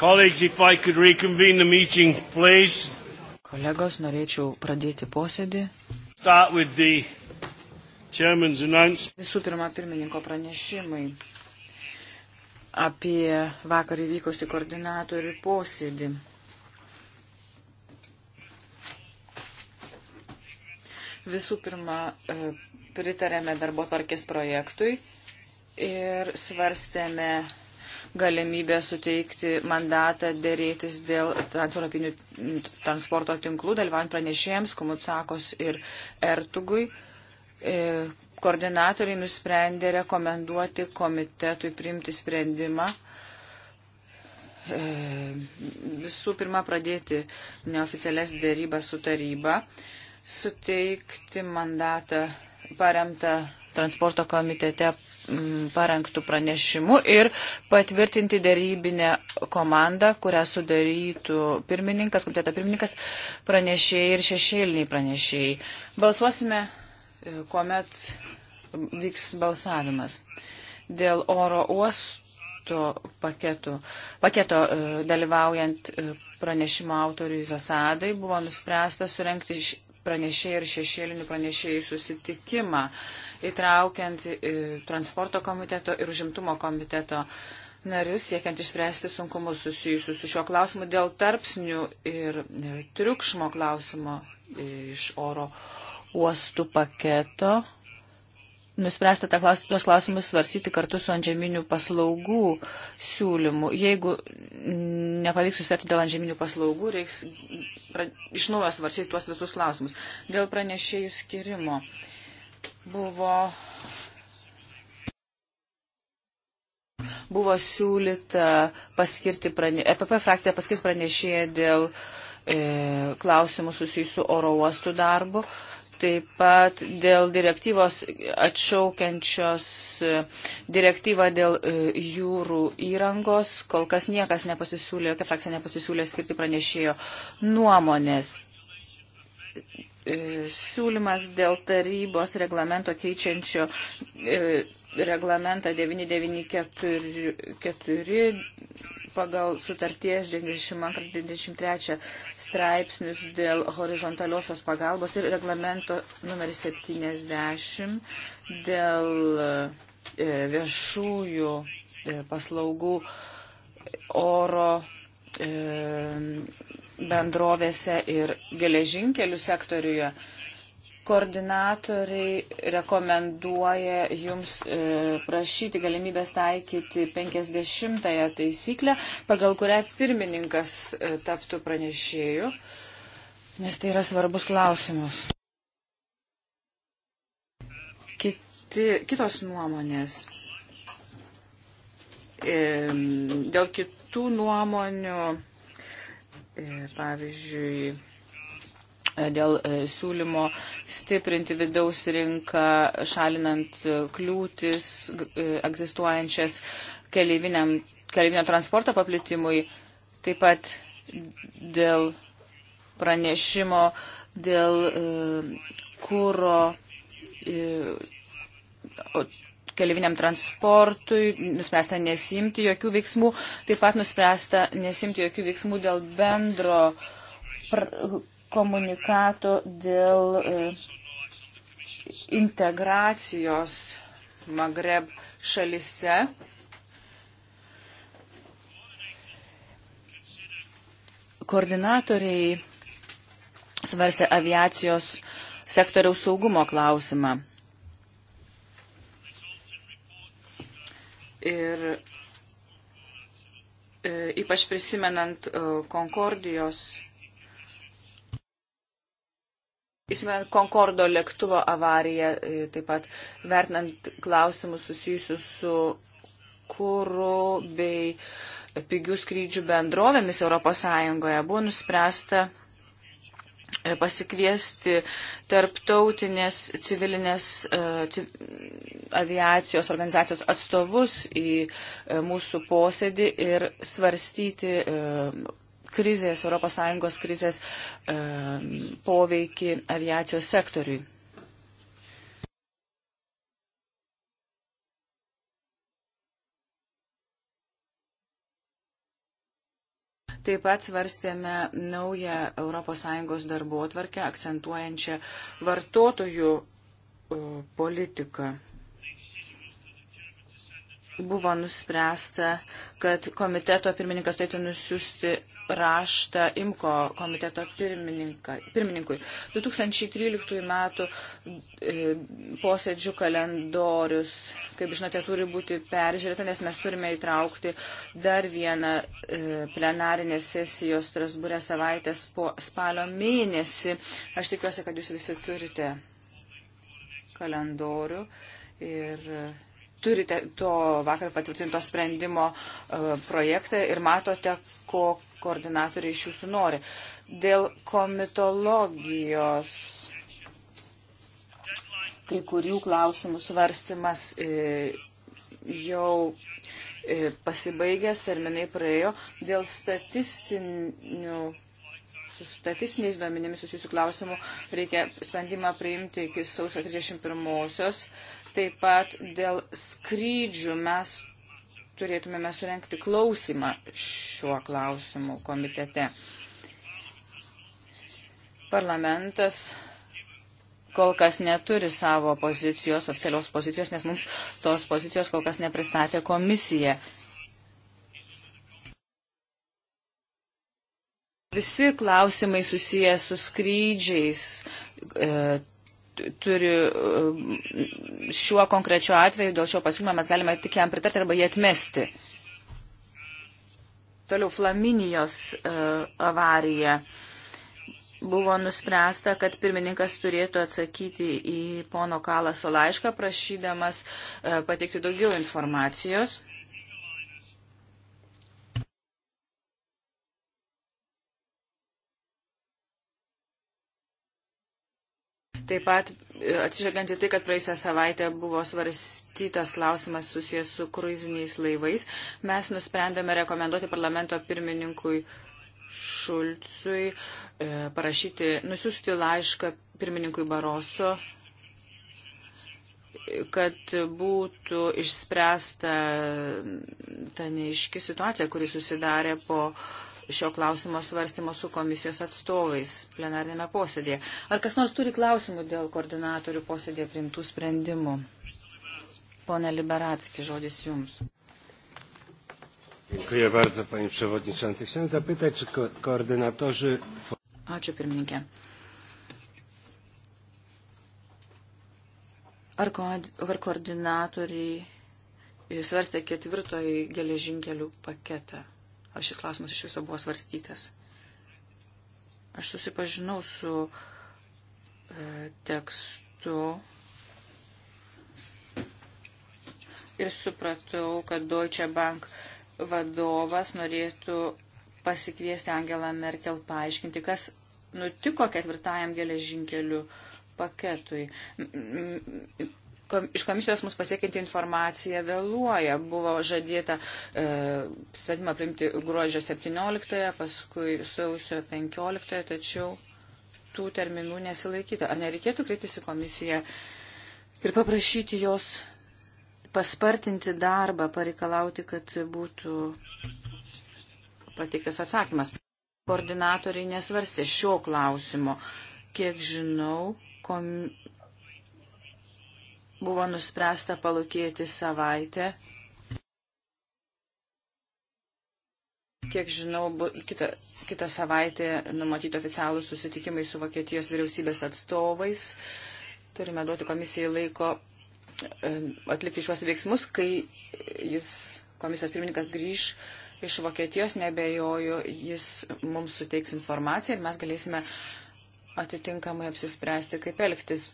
Colleagues, if I could reconvene the meeting, please. Kolegos, norėčiau pradėti posėdį. Start with the chairman's announcement. Visų pirma, pirmininko pranešimai apie vakar įvykusi koordinatorių posėdį. Visų pirma, e, pritarėme darbo tvarkės projektui ir svarstėme galimybę suteikti mandatą dėrėtis dėl transeuropinių transporto tinklų, dalyvaujant pranešėjams, Komutsakos ir Ertugui. E, koordinatoriai nusprendė rekomenduoti komitetui priimti sprendimą e, visų pirma pradėti neoficialias dėrybas su taryba, suteikti mandatą paremtą transporto komitete Mm, parengtų pranešimų ir patvirtinti darybinę komandą, kurią sudarytų pirmininkas, komiteto pirmininkas, pranešėjai ir šešėliniai pranešėjai. Balsuosime, e, kuomet vyks balsavimas. Dėl oro uosto paketų, paketo e, dalyvaujant e, pranešimo autoriui Zasadai buvo nuspręsta surenkti pranešėjai ir šešėlinių pranešėjai susitikimą. Uh, įtraukiant transporto komiteto ir užimtumo komiteto narius, siekiant išspręsti sunkumus susijusius su šiuo klausimu dėl tarpsnių ir e, triukšmo klausimo iš oro uostų paketo. Nuspręsta klaus, tuos klausimus svarstyti kartu su antžeminių paslaugų siūlymu. Jeigu nepavyks susitarti dėl antžeminių paslaugų, reiks pra, iš naujo svarstyti tuos visus klausimus. Dėl pranešėjų skirimo. Uh, buvo, buvo siūlyta paskirti, prane, EPP frakcija paskirs pranešėją dėl e, klausimų susijusių oro uostų darbu, taip pat dėl direktyvos atšaukiančios e, direktyvą dėl e, jūrų įrangos, kol kas niekas nepasisiūlė, jokia frakcija nepasisiūlė skirti pranešėjo nuomonės. E, siūlymas dėl tarybos reglamento keičiančio e, reglamentą 994 pagal sutarties 92-93 straipsnius dėl horizontaliosios pagalbos ir reglamento numeris 70 dėl e, viešųjų paslaugų oro bendrovėse ir geležinkelių sektoriuje. Koordinatoriai rekomenduoja jums e, prašyti galimybės taikyti 50-ąją taisyklę, pagal kurią pirmininkas e, taptų pranešėjų, nes tai yra svarbus klausimas. Kiti, kitos nuomonės e, dėl kitų nuomonių pavyzdžiui, dėl e, siūlymo stiprinti vidaus rinką, šalinant e, kliūtis e, egzistuojančias keleivinio transporto paplitimui, taip pat dėl pranešimo, dėl kūro keliviniam transportui, nuspręsta nesimti jokių veiksmų, taip pat nuspręsta nesimti jokių veiksmų dėl bendro komunikato, dėl e, integracijos Magreb šalise. Koordinatoriai svarstė aviacijos sektoriaus saugumo klausimą. Ir e, ypač prisimenant e, Konkordijos, įsimenant Konkordo lėktuvo avariją, e, taip pat vertinant klausimus susijusius su kūru bei pigių skrydžių bendrovėmis ES, buvo nuspręsta E, pasikviesti tarptautinės civilinės e, aviacijos organizacijos atstovus į e, mūsų posėdį ir svarstyti krizės, ES krizės poveikį aviacijos sektoriui. Taip pat svarstėme naują ES darbo atvarkę, akcentuojančią vartotojų e, politiką. Buvo nuspręsta, kad komiteto pirmininkas turėtų nusiųsti raštą IMKO komiteto pirmininkui. 2013 metų e, posėdžių kalendorius, kaip žinote, turi būti peržiūrėta, nes mes turime įtraukti dar vieną e, plenarinės sesijos Strasbūrė savaitės po spalio mėnesį. Aš tikiuosi, kad jūs visi turite kalendorių ir turite to vakar patvirtinto sprendimo e, projektą ir matote, ko, koordinatoriai iš jūsų nori. Dėl komitologijos kai kurių klausimų svarstymas e, jau e, pasibaigęs, terminai praėjo. Dėl statistinių, su statistiniais duomenimis susijusių klausimų reikia sprendimą priimti iki sausio 31-osios. Taip pat dėl skrydžių mes turėtumėme surenkti klausimą šiuo klausimu komitete. Parlamentas kol kas neturi savo pozicijos, oficialios pozicijos, nes mums tos pozicijos kol kas nepristatė komisija. Visi klausimai susijęs su skrydžiais, e, turi e, šiuo konkrečiu atveju, dėl šio pasiūlymo mes galime tik jam pritarti arba jį atmesti. Toliau Flaminijos e, avarija. Buvo nuspręsta, kad pirmininkas turėtų atsakyti į pono Kalaso laišką, prašydamas e, pateikti daugiau informacijos. Taip pat e, atsižvelgiant į tai, kad praėjusią savaitę buvo svarstytas klausimas susijęs su kruiziniais laivais, mes nusprendėme rekomenduoti parlamento pirmininkui Šulcui e, parašyti, nusiųsti laišką pirmininkui Baroso, kad būtų išspręsta ta neiški situacija, kuri susidarė po uh, šio klausimo svarstymo su komisijos atstovais plenarnėme posėdėje. Ar kas nors turi klausimų dėl koordinatorių posėdėje priimtų sprendimų? Pone Liberatski, žodis Jums. Dziękuję bardzo, panie przewodniczący. Chciałem zapytać, czy ko koordynatorzy... Ačiū, pirmininkė. Ar, ko ar koordinatoriai svarstė ketvirtąjį geležinkelių paketą? ar šis klausimas iš viso buvo svarstytas. Aš susipažinau su e, tekstu ir supratau, kad Deutsche Bank vadovas norėtų pasikviesti Angelą Merkel paaiškinti, kas nutiko ketvirtajam geležinkeliu paketui kom, iš komisijos mus pasiekinti informacija vėluoja. Buvo žadėta e, sprendimą priimti gruodžio 17, paskui sausio 15, tačiau tų terminų nesilaikyta. Ar nereikėtų kreiptis į komisiją ir paprašyti jos paspartinti darbą, pareikalauti, kad būtų pateiktas atsakymas. Koordinatoriai nesvarstė šio klausimo. Kiek žinau, kom buvo nuspręsta palūkėti savaitę. Kiek žinau, bu, kita, kita savaitė numatyti oficialų susitikimai su Vokietijos vyriausybės atstovais. Turime duoti komisijai laiko e, atlikti šiuos veiksmus, kai jis, komisijos pirmininkas, grįž iš Vokietijos, nebejoju, jis mums suteiks informaciją ir mes galėsime atitinkamai apsispręsti, kaip elgtis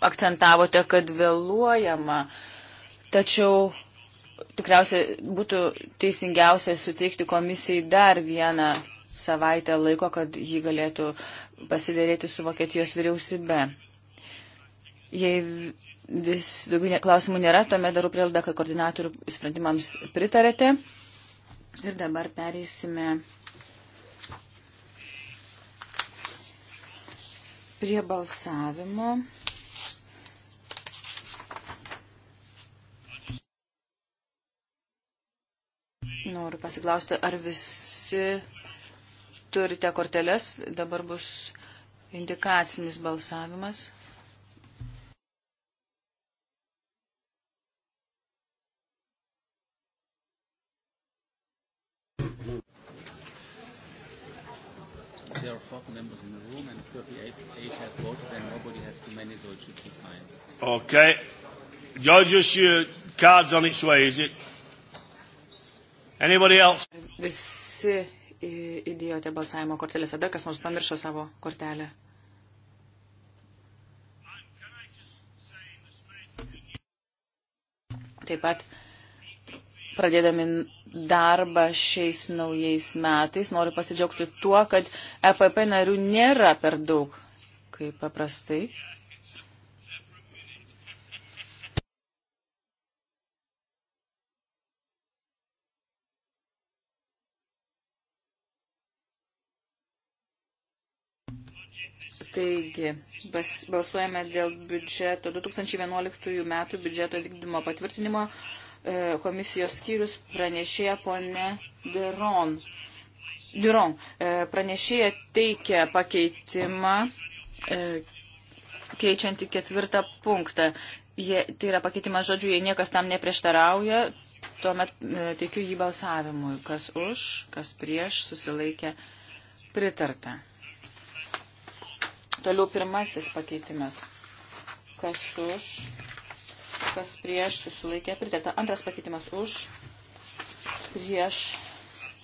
akcentavote, kad vėluojama, tačiau tikriausiai būtų teisingiausia suteikti komisijai dar vieną savaitę laiko, kad ji galėtų pasidėrėti su Vokietijos vyriausybe. Jei vis daugiau klausimų nėra, tuomet darau prielaidą, kad koordinatorių sprendimams pritarėte. Ir dabar pereisime prie balsavimo. Noriu pasiklausti, ar visi turite korteles, dabar bus indikacinis balsavimas. There are four members in the 38 have voted and nobody has too many, so it should be fine. Okay. Judges, your card's on its way, is it? Anybody else? Visi įdėjote balsavimo kortelės, tada kas nors pamiršo savo kortelę. Taip pat pradėdami darbą šiais naujais metais. Noriu pasidžiaugti tuo, kad EPP narių nėra per daug, kaip paprastai. Taigi, bas, balsuojame dėl biudžeto 2011 metų biudžeto vykdymo patvirtinimo E, komisijos skyrius pranešėja ponė Duron. Duron e, pranešėja teikia pakeitimą e, keičianti ketvirtą punktą. Jie, tai yra pakeitimas žodžių, jei niekas tam neprieštarauja, tuomet teikiu jį balsavimui. Kas už, kas prieš, susilaikė pritarta. Toliau pirmasis pakeitimas. Kas už, kas prieš susilaikė pritarta. Antras pakeitimas už, prieš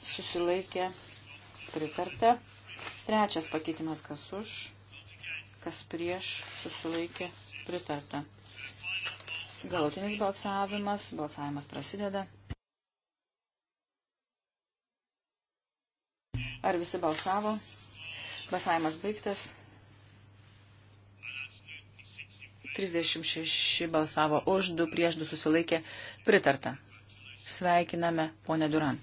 susilaikė pritarta. Trečias pakeitimas kas už, kas prieš susilaikė pritarta. Galutinis balsavimas, balsavimas prasideda. Ar visi balsavo? Balsavimas baigtas. 36 balsavo už, 2 prieš 2 susilaikė pritarta. Sveikiname, ponė Duran.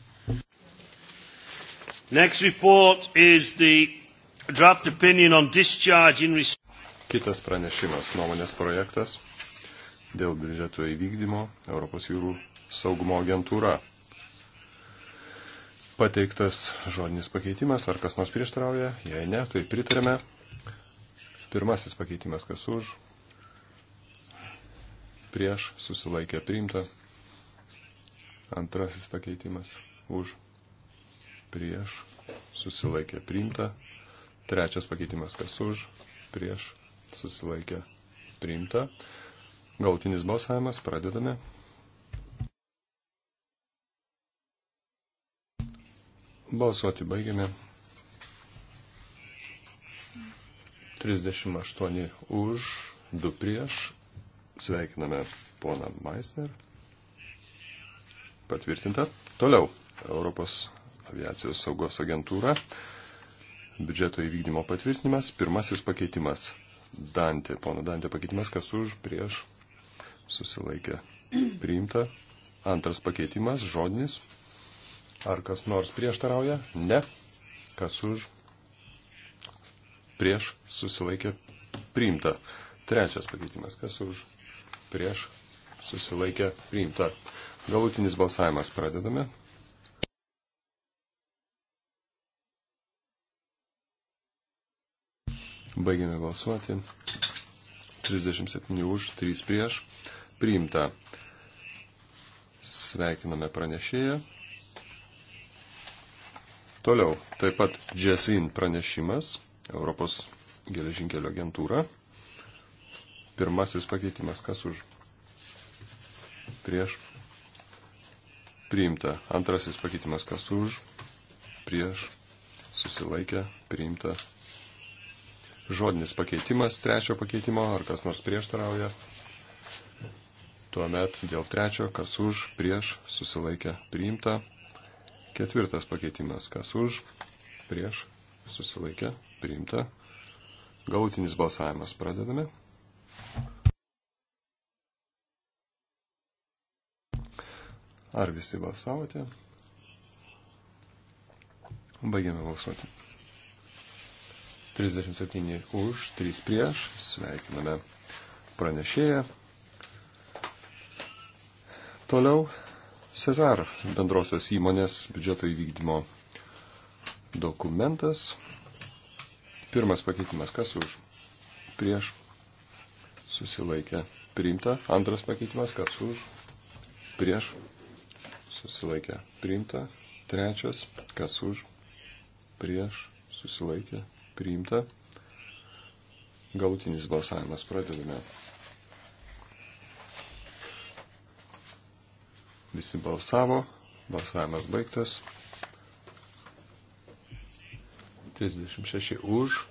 Next report is the draft opinion on discharge in Kitas pranešimas, nuomonės projektas dėl biudžeto įvykdymo Europos jūrų saugumo agentūra. Pateiktas žodinis pakeitimas, ar kas nors prieštarauja, jei ne, tai pritarėme. Pirmasis pakeitimas, kas už, prieš susilaikė priimta. Antrasis pakeitimas už prieš susilaikė priimta. Trečias pakeitimas kas už prieš susilaikė priimta. Gautinis balsavimas pradedame. Balsuoti baigiame. 38 už, 2 prieš, Sveikiname poną Meisner. Patvirtinta. Toliau Europos aviacijos saugos agentūra. Biudžeto įvykdymo patvirtinimas. Pirmasis pakeitimas. Dantė. Pono Dantė pakeitimas, kas už, prieš, susilaikė. Priimta. Antras pakeitimas, žodinis. Ar kas nors prieštarauja? Ne. Kas už, prieš, susilaikė. Priimta. Trečias pakeitimas, kas už, prieš susilaikę priimta. Galutinis balsavimas pradedame. Baigiame balsuoti. 37 už, 3 prieš. Priimta. Sveikiname pranešėją. Toliau, taip pat Jasin pranešimas, Europos geležinkelio agentūra. Pirmasis pakeitimas, kas už? Prieš. Priimta. Antrasis pakeitimas, kas už? Prieš. Susilaikė. Priimta. Žodinis pakeitimas trečio pakeitimo, ar kas nors prieštarauja? Tuomet dėl trečio, kas už, prieš, susilaikė, priimta. Ketvirtas pakeitimas, kas už, prieš, susilaikė, priimta. Galutinis balsavimas pradedame. Ar visi balsavote? Baigiame balsuoti. 37 už, 3 prieš. Sveikiname pranešėją. Toliau Cezar bendrosios įmonės biudžeto įvykdymo dokumentas. Pirmas pakeitimas, kas už prieš susilaikė priimta. Antras pakeitimas, kas už, prieš, susilaikė priimta. Trečias, kas už, prieš, susilaikė priimta. Galutinis balsavimas pradedame. Visi balsavo, balsavimas baigtas. 36 už,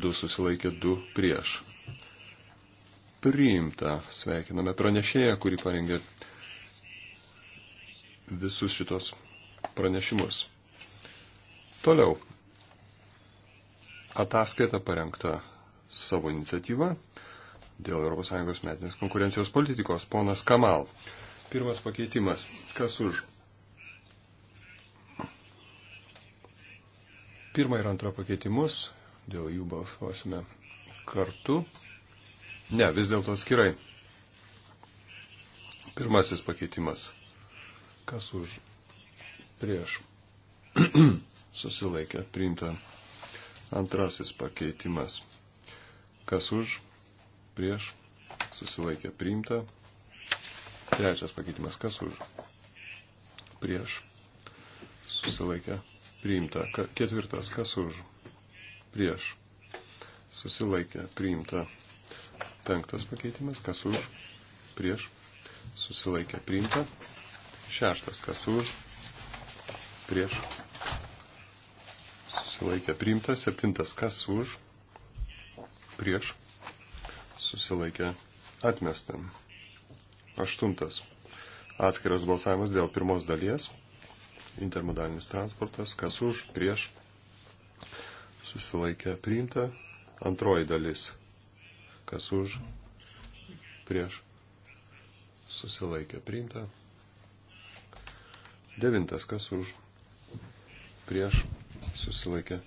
2 susilaikė, 2 prieš priimta. Sveikiname pranešėją, kurį parengė visus šitos pranešimus. Toliau. Ataskaita parengta savo iniciatyva dėl ES metinės konkurencijos politikos. Ponas Kamal. Pirmas pakeitimas. Kas už? Pirmą ir antrą pakeitimus. Dėl jų balsuosime kartu. Ne, vis dėlto atskirai. Pirmasis pakeitimas. Kas už prieš susilaikė priimta. Antrasis pakeitimas. Kas už prieš susilaikė priimta. Trečias pakeitimas. Kas už prieš susilaikė priimta. Ketvirtas. Kas už prieš susilaikė priimta. Penktas pakeitimas, kas už, prieš, susilaikė priimta. Šeštas, kas už, prieš, susilaikė priimta. Septintas, kas už, prieš, susilaikė atmestą. Aštuntas, atskiras balsavimas dėl pirmos dalies, intermodalinis transportas, kas už, prieš, susilaikė priimta. Antroji dalis kas už, prieš, susilaikė priimta. Devintas, kas už, prieš, susilaikė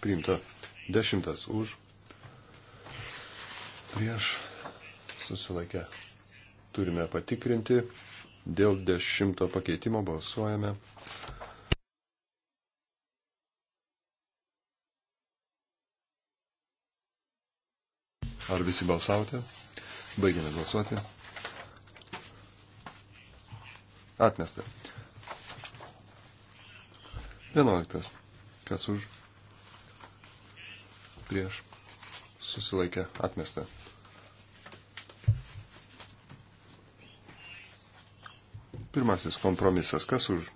priimta. Dešimtas už, prieš, susilaikė. Turime patikrinti. Dėl dešimto pakeitimo balsuojame. Ar visi balsavote? Baigėme balsuoti. Atmesta. 11. Kas už? Prieš. Susilaikė. Atmesta. Pirmasis kompromisas. Kas už?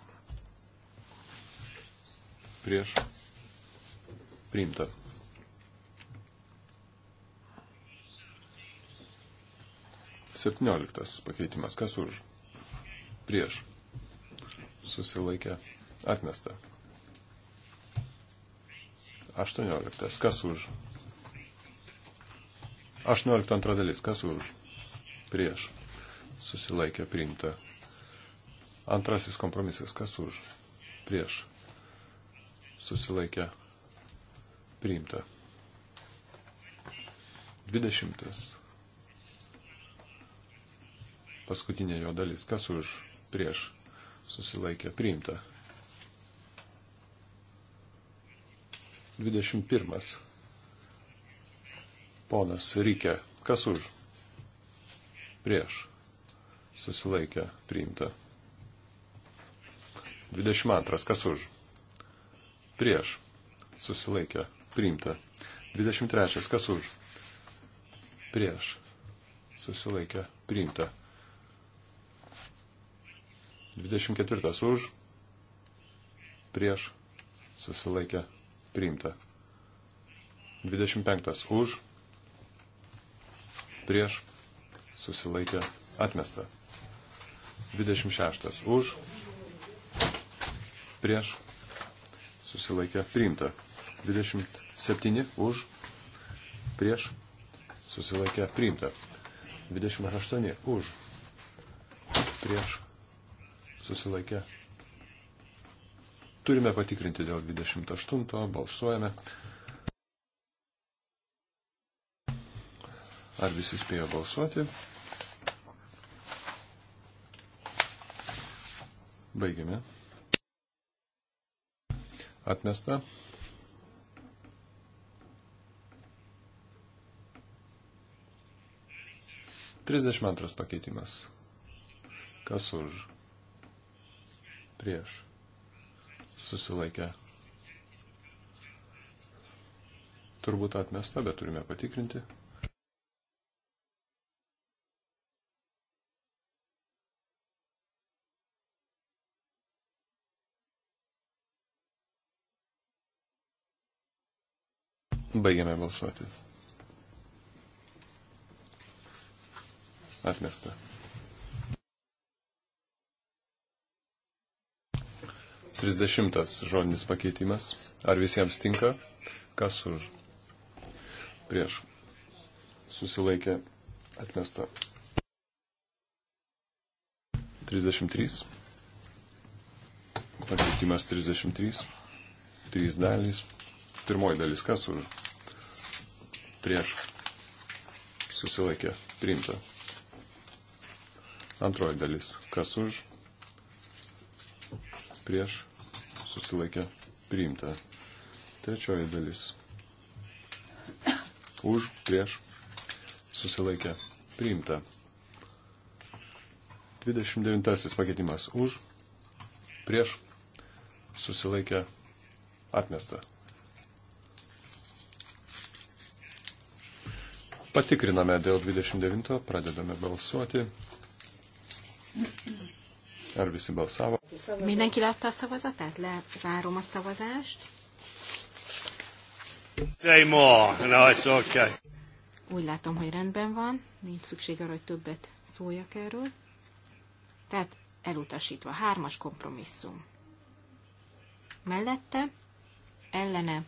Prieš. Priimta. 17 pakeitimas. Kas už? Prieš. Susilaikė. Atmesta. 18. Kas už? 18 antra dalis. Kas už? Prieš. Susilaikė priimta. Antrasis kompromisas. Kas už? Prieš. Susilaikė priimta. 20 paskutinė jo dalis. Kas už prieš susilaikė priimta. 21. Ponas Rykė. Kas už? Prieš. Susilaikė priimta. 22. Kas už? Prieš. Susilaikė priimta. 23. Kas už? Prieš. Susilaikė priimta. 24 už, prieš, susilaikė, priimta. 25 už, prieš, susilaikė, atmesta. 26 už, prieš, susilaikė, priimta. 27 už, prieš, susilaikė, priimta. 28 už, prieš, susilaikė. Turime patikrinti dėl 28, balsuojame. Ar visi spėjo balsuoti? Baigiame. Atmesta. Trisdešimt antras pakeitimas. Kas už? prieš susilaikę. Turbūt atmesta, bet turime patikrinti. Baigiame balsuoti. Atmesta. 30 žodinis pakeitimas. Ar visiems tinka? Kas už? Prieš. Susilaikė atmesta. 33. Pakeitimas 33. 3 dalys. Pirmoji dalis kas už? Prieš. Susilaikė. Priimta. Antroji dalis. Kas už? Prieš susilaikė priimta. Trečioji dalis. Už, prieš, susilaikė priimta. 29 pakeitimas. Už, prieš, susilaikė atmesta. Patikriname dėl 29, pradedame balsuoti. Ar visi balsavo? szavazatot. Mindenki látta a szavazatát? Lezárom a szavazást. Say more. No, it's okay. Úgy látom, hogy rendben van. Nincs szükség arra, hogy többet szóljak erről. Tehát elutasítva. Hármas kompromisszum. Mellette, ellene,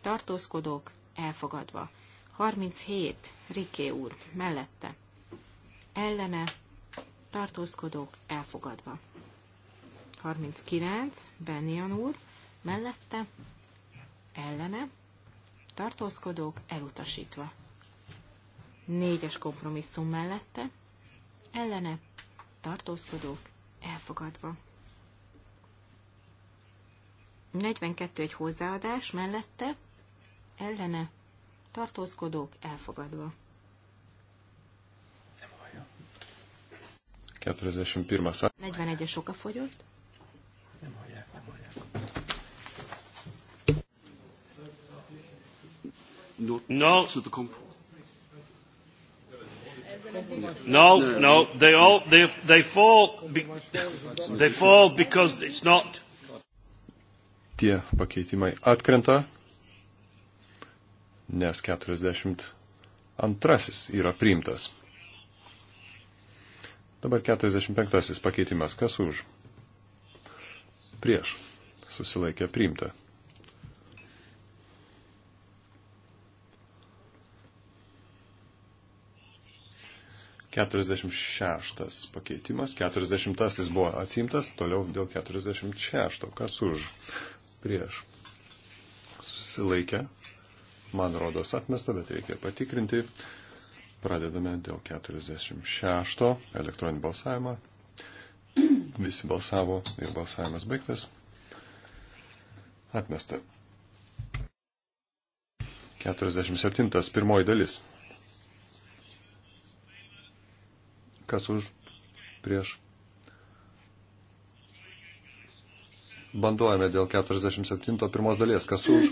tartózkodók, elfogadva. 37. Riké úr, mellette. Ellene, tartózkodók, elfogadva. 39, Bennion úr, mellette, ellene, tartózkodók elutasítva. Négyes kompromisszum mellette, ellene, tartózkodók elfogadva. 42 egy hozzáadás mellette, ellene, tartózkodók elfogadva. 41-es oka fogyott. not no. to the compromise? No, no, no, they all they they fall be, they fall because it's not. Tie pakeitimai atkrenta, nes 42 yra priimtas. Dabar 45 pakeitimas. Kas už? Prieš. Susilaikė priimta. 46 pakeitimas, 40 buvo atsimtas, toliau dėl 46. Kas už? Prieš. Susilaikė. Man rodos atmesta, bet reikia patikrinti. Pradedame dėl 46 elektroninį balsavimą. Visi balsavo ir balsavimas baigtas. Atmesta. 47. Pirmoji dalis. Kas už? Prieš. Banduojame dėl 47 pirmos dalies. Kas už?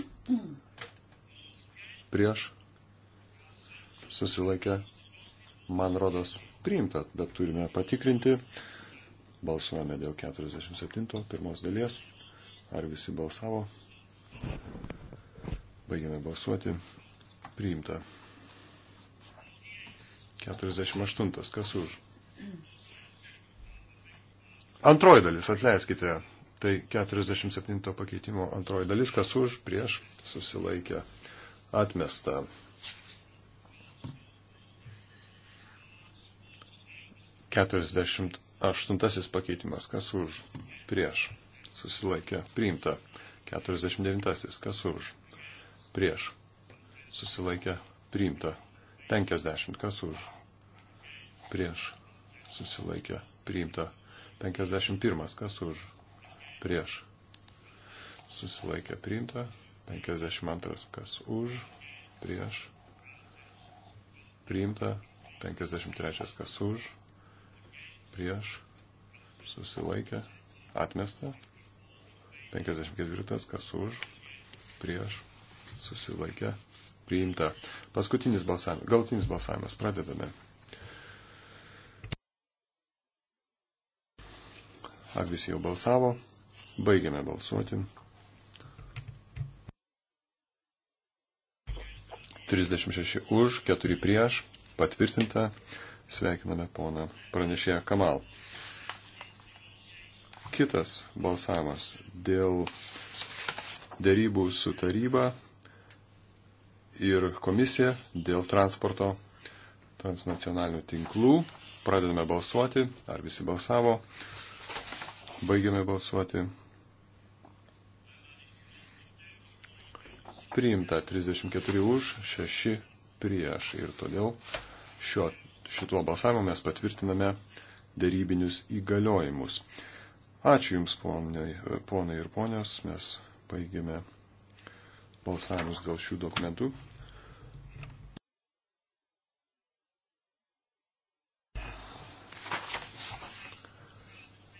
Prieš. Susilaikė. Man rodos priimta, bet turime patikrinti. Balsuojame dėl 47 pirmos dalies. Ar visi balsavo? Baigiame balsuoti. Priimta. 48. Kas už? Antroji dalis, atleiskite, tai 47 pakeitimo antroji dalis, kas už, prieš, susilaikė, atmesta. Keturiasdešimt aštuntasis pakeitimas, kas už, prieš, susilaikė, priimta. Keturiasdešimt devintasis, kas už, prieš, susilaikė, priimta. Penkiasdešimt, kas už, prieš, susilaikė priimta. 51. Kas už? Prieš. Susilaikė priimta. 52. Kas už? Prieš. Priimta. 53. Kas už? Prieš. Susilaikė. Atmesta. 54. Kas už? Prieš. Susilaikė. Priimta. Paskutinis balsavimas. Galutinis balsavimas. Pradedame. Ar visi jau balsavo? Baigiame balsuoti. 36 už, 4 prieš, patvirtinta. Sveikiname poną pranešėją Kamal. Kitas balsavimas dėl dėrybų su taryba ir komisija dėl transporto transnacionalinių tinklų. Pradedame balsuoti. Ar visi balsavo? Baigiame balsuoti. Priimta 34 už, 6 prieš. Ir todėl šio, šituo balsavimu mes patvirtiname darybinius įgaliojimus. Ačiū Jums, ponai, ponai ir ponios. Mes baigėme balsavimus dėl šių dokumentų.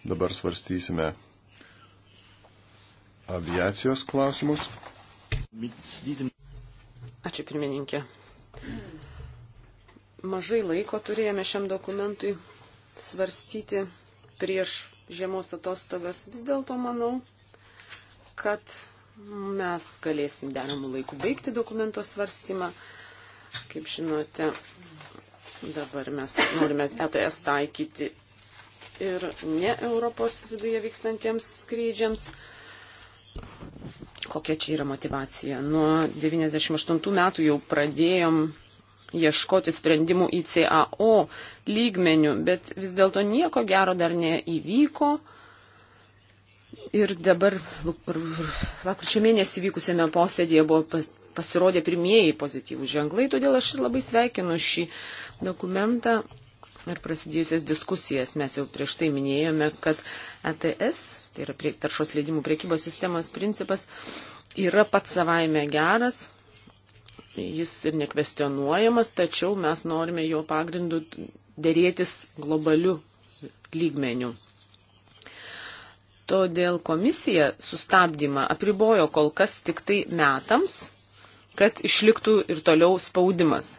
Dabar svarstysime aviacijos klausimus. Ačiū pirmininkė. Mažai laiko turėjome šiam dokumentui svarstyti prieš žiemos atostogas. Vis dėlto manau, kad mes galėsim deramų laikų baigti dokumento svarstymą. Kaip žinote, dabar mes norime ETS taikyti ir ne Europos viduje vykstantiems skrydžiams. Kokia čia yra motivacija? Nuo 1998 metų jau pradėjom ieškoti sprendimų į CAO lygmenių, bet vis dėlto nieko gero dar neįvyko. Ir dabar lapkričio mėnesį vykusėme posėdėje buvo pas, pasirodė pirmieji pozityvų ženklai, todėl aš ir labai sveikinu šį dokumentą ir prasidėjusias diskusijas. Mes jau prieš tai minėjome, kad ATS, tai yra prie, taršos leidimų priekybos sistemos principas, yra pats savaime geras, jis ir nekvestionuojamas, tačiau mes norime jo pagrindu dėrėtis globaliu lygmeniu. Todėl komisija sustabdymą apribojo kol kas tik tai metams, kad išliktų ir toliau spaudimas.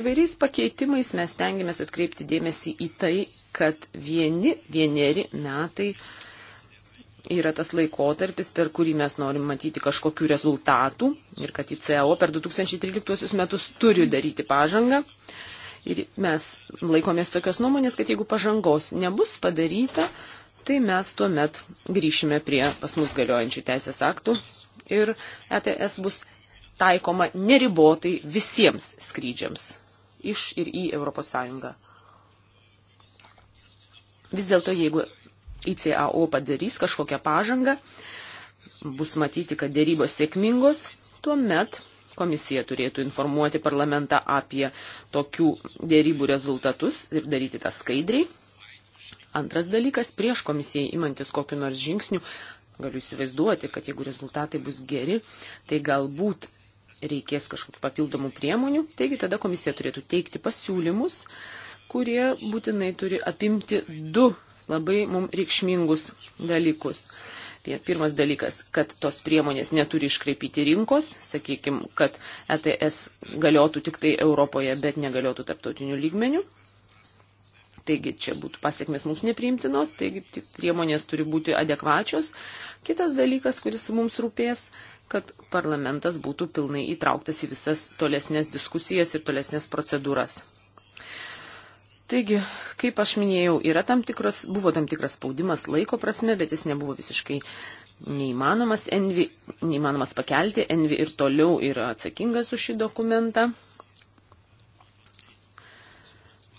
Įvairiais pakeitimais mes tengiamės atkreipti dėmesį į tai, kad vieni vieneri metai yra tas laikotarpis, per kurį mes norim matyti kažkokių rezultatų ir kad ICAO per 2013 metus turi daryti pažangą. Ir mes laikomės tokios nuomonės, kad jeigu pažangos nebus padaryta, tai mes tuomet grįšime prie pas mus galiojančių teisės aktų ir ETS bus taikoma neribotai visiems skrydžiams iš ir į ES. Vis dėlto, jeigu ICAO padarys kažkokią pažangą, bus matyti, kad dėrybos sėkmingos, tuomet komisija turėtų informuoti parlamentą apie tokių dėrybų rezultatus ir daryti tą skaidriai. Antras dalykas, prieš komisijai imantis kokiu nors žingsniu, galiu įsivaizduoti, kad jeigu rezultatai bus geri, tai galbūt reikės kažkokių papildomų priemonių, taigi tada komisija turėtų teikti pasiūlymus, kurie būtinai turi apimti du labai mums reikšmingus dalykus. Pirmas dalykas, kad tos priemonės neturi iškreipyti rinkos, sakykime, kad ETS galiotų tik tai Europoje, bet negaliotų tarptautiniu lygmeniu. Taigi čia būtų pasiekmes mums nepriimtinos, taigi priemonės turi būti adekvačios. Kitas dalykas, kuris mums rūpės, kad parlamentas būtų pilnai įtrauktas į visas tolesnės diskusijas ir tolesnės procedūras. Taigi, kaip aš minėjau, tam tikras, buvo tam tikras spaudimas laiko prasme, bet jis nebuvo visiškai neįmanomas, Envi, neįmanomas pakelti. Envi ir toliau yra atsakingas už šį dokumentą.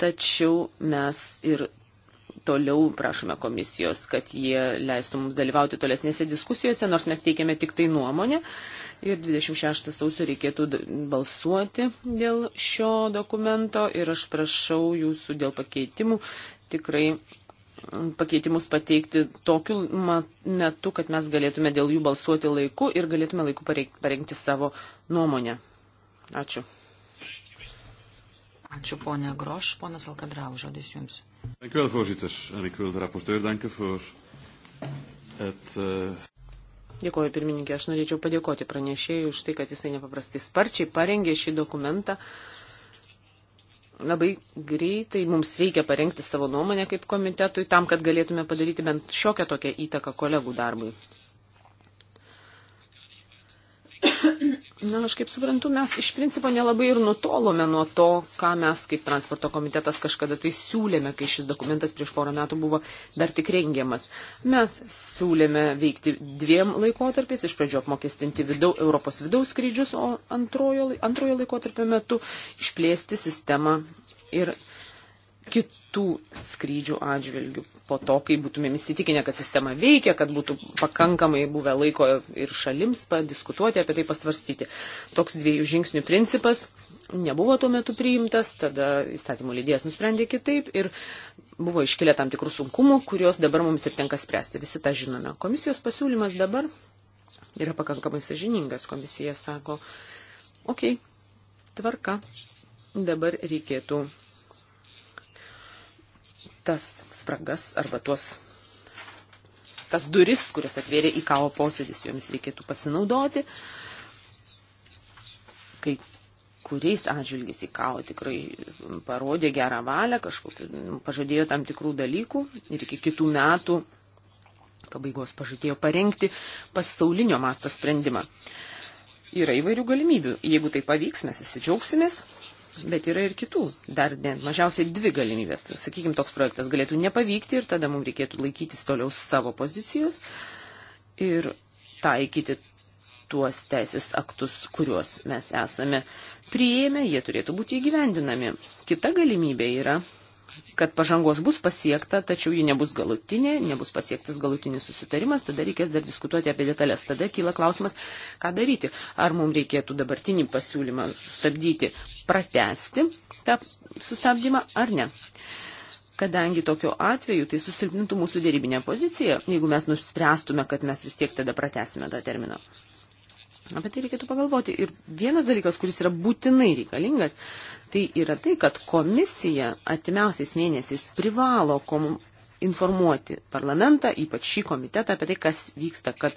Tačiau mes ir toliau prašome komisijos, kad jie leistų mums dalyvauti tolesnėse diskusijose, nors mes teikiame tik tai nuomonę. Ir 26 sausio reikėtų balsuoti dėl šio dokumento ir aš prašau jūsų dėl pakeitimų tikrai pakeitimus pateikti tokiu metu, kad mes galėtume dėl jų balsuoti laiku ir galėtume laiku parengti savo nuomonę. Ačiū. Ačiū ponė Groš, ponas Alkadrau, žodis jums. Dank u wel, voorzitter. En ik wil de rapporteur danken voor het. Uh... Eh, Dėkuoju pirmininkė, aš norėčiau padėkoti pranešėjui už tai, kad jisai nepaprastai sparčiai parengė šį dokumentą. Labai greitai mums reikia parengti savo nuomonę kaip komitetui tam, kad galėtume padaryti bent šiokią tokią įtaką kolegų darbui. Na, aš kaip suprantu, mes iš principo nelabai ir nutolome nuo to, ką mes kaip transporto komitetas kažkada tai siūlėme, kai šis dokumentas prieš porą metų buvo dar tik rengiamas. Mes siūlėme veikti dviem laikotarpiais, iš pradžio apmokestinti vidau, Europos vidaus skrydžius, o antrojo, antrojo laikotarpio metu išplėsti sistemą ir kitų skrydžių atžvilgių po to, kai būtumėm įsitikinę, kad sistema veikia, kad būtų pakankamai buvę laiko ir šalims padiskutuoti apie tai, pasvarstyti. Toks dviejų žingsnių principas nebuvo tuo metu priimtas, tada įstatymų leidėjas nusprendė kitaip ir buvo iškilę tam tikrų sunkumų, kuriuos dabar mums ir tenka spręsti. Visi tą žinome. Komisijos pasiūlymas dabar yra pakankamai sažiningas. Komisija sako, okei, okay, tvarka, dabar reikėtų tas spragas arba tuos tas duris, kurias atvėrė į kavo posėdis, jomis reikėtų pasinaudoti. Kai kuriais atžvilgiais į kavo tikrai parodė gerą valią, kažkokiu pažadėjo tam tikrų dalykų ir iki kitų metų pabaigos pažadėjo parengti pasaulinio masto sprendimą. Yra įvairių galimybių. Jeigu tai pavyks, mes įsidžiaugsimės, Bet yra ir kitų, dar ne, mažiausiai dvi galimybės. Sakykime, toks projektas galėtų nepavykti ir tada mums reikėtų laikytis toliau savo pozicijos ir taikyti tuos teisės aktus, kuriuos mes esame priėmę, jie turėtų būti įgyvendinami. Kita galimybė yra kad pažangos bus pasiekta, tačiau ji nebus galutinė, nebus pasiektas galutinis susitarimas, tada reikės dar diskutuoti apie detalės. Tada kyla klausimas, ką daryti. Ar mums reikėtų dabartinį pasiūlymą sustabdyti, pratesti tą sustabdymą ar ne. Kadangi tokiu atveju tai susilpnintų mūsų dėrybinę poziciją, jeigu mes nuspręstume, kad mes vis tiek tada pratesime tą terminą. Apie tai reikėtų pagalvoti. Ir vienas dalykas, kuris yra būtinai reikalingas, tai yra tai, kad komisija atimiausiais mėnesiais privalo komu informuoti parlamentą, ypač šį komitetą, apie tai, kas vyksta, kad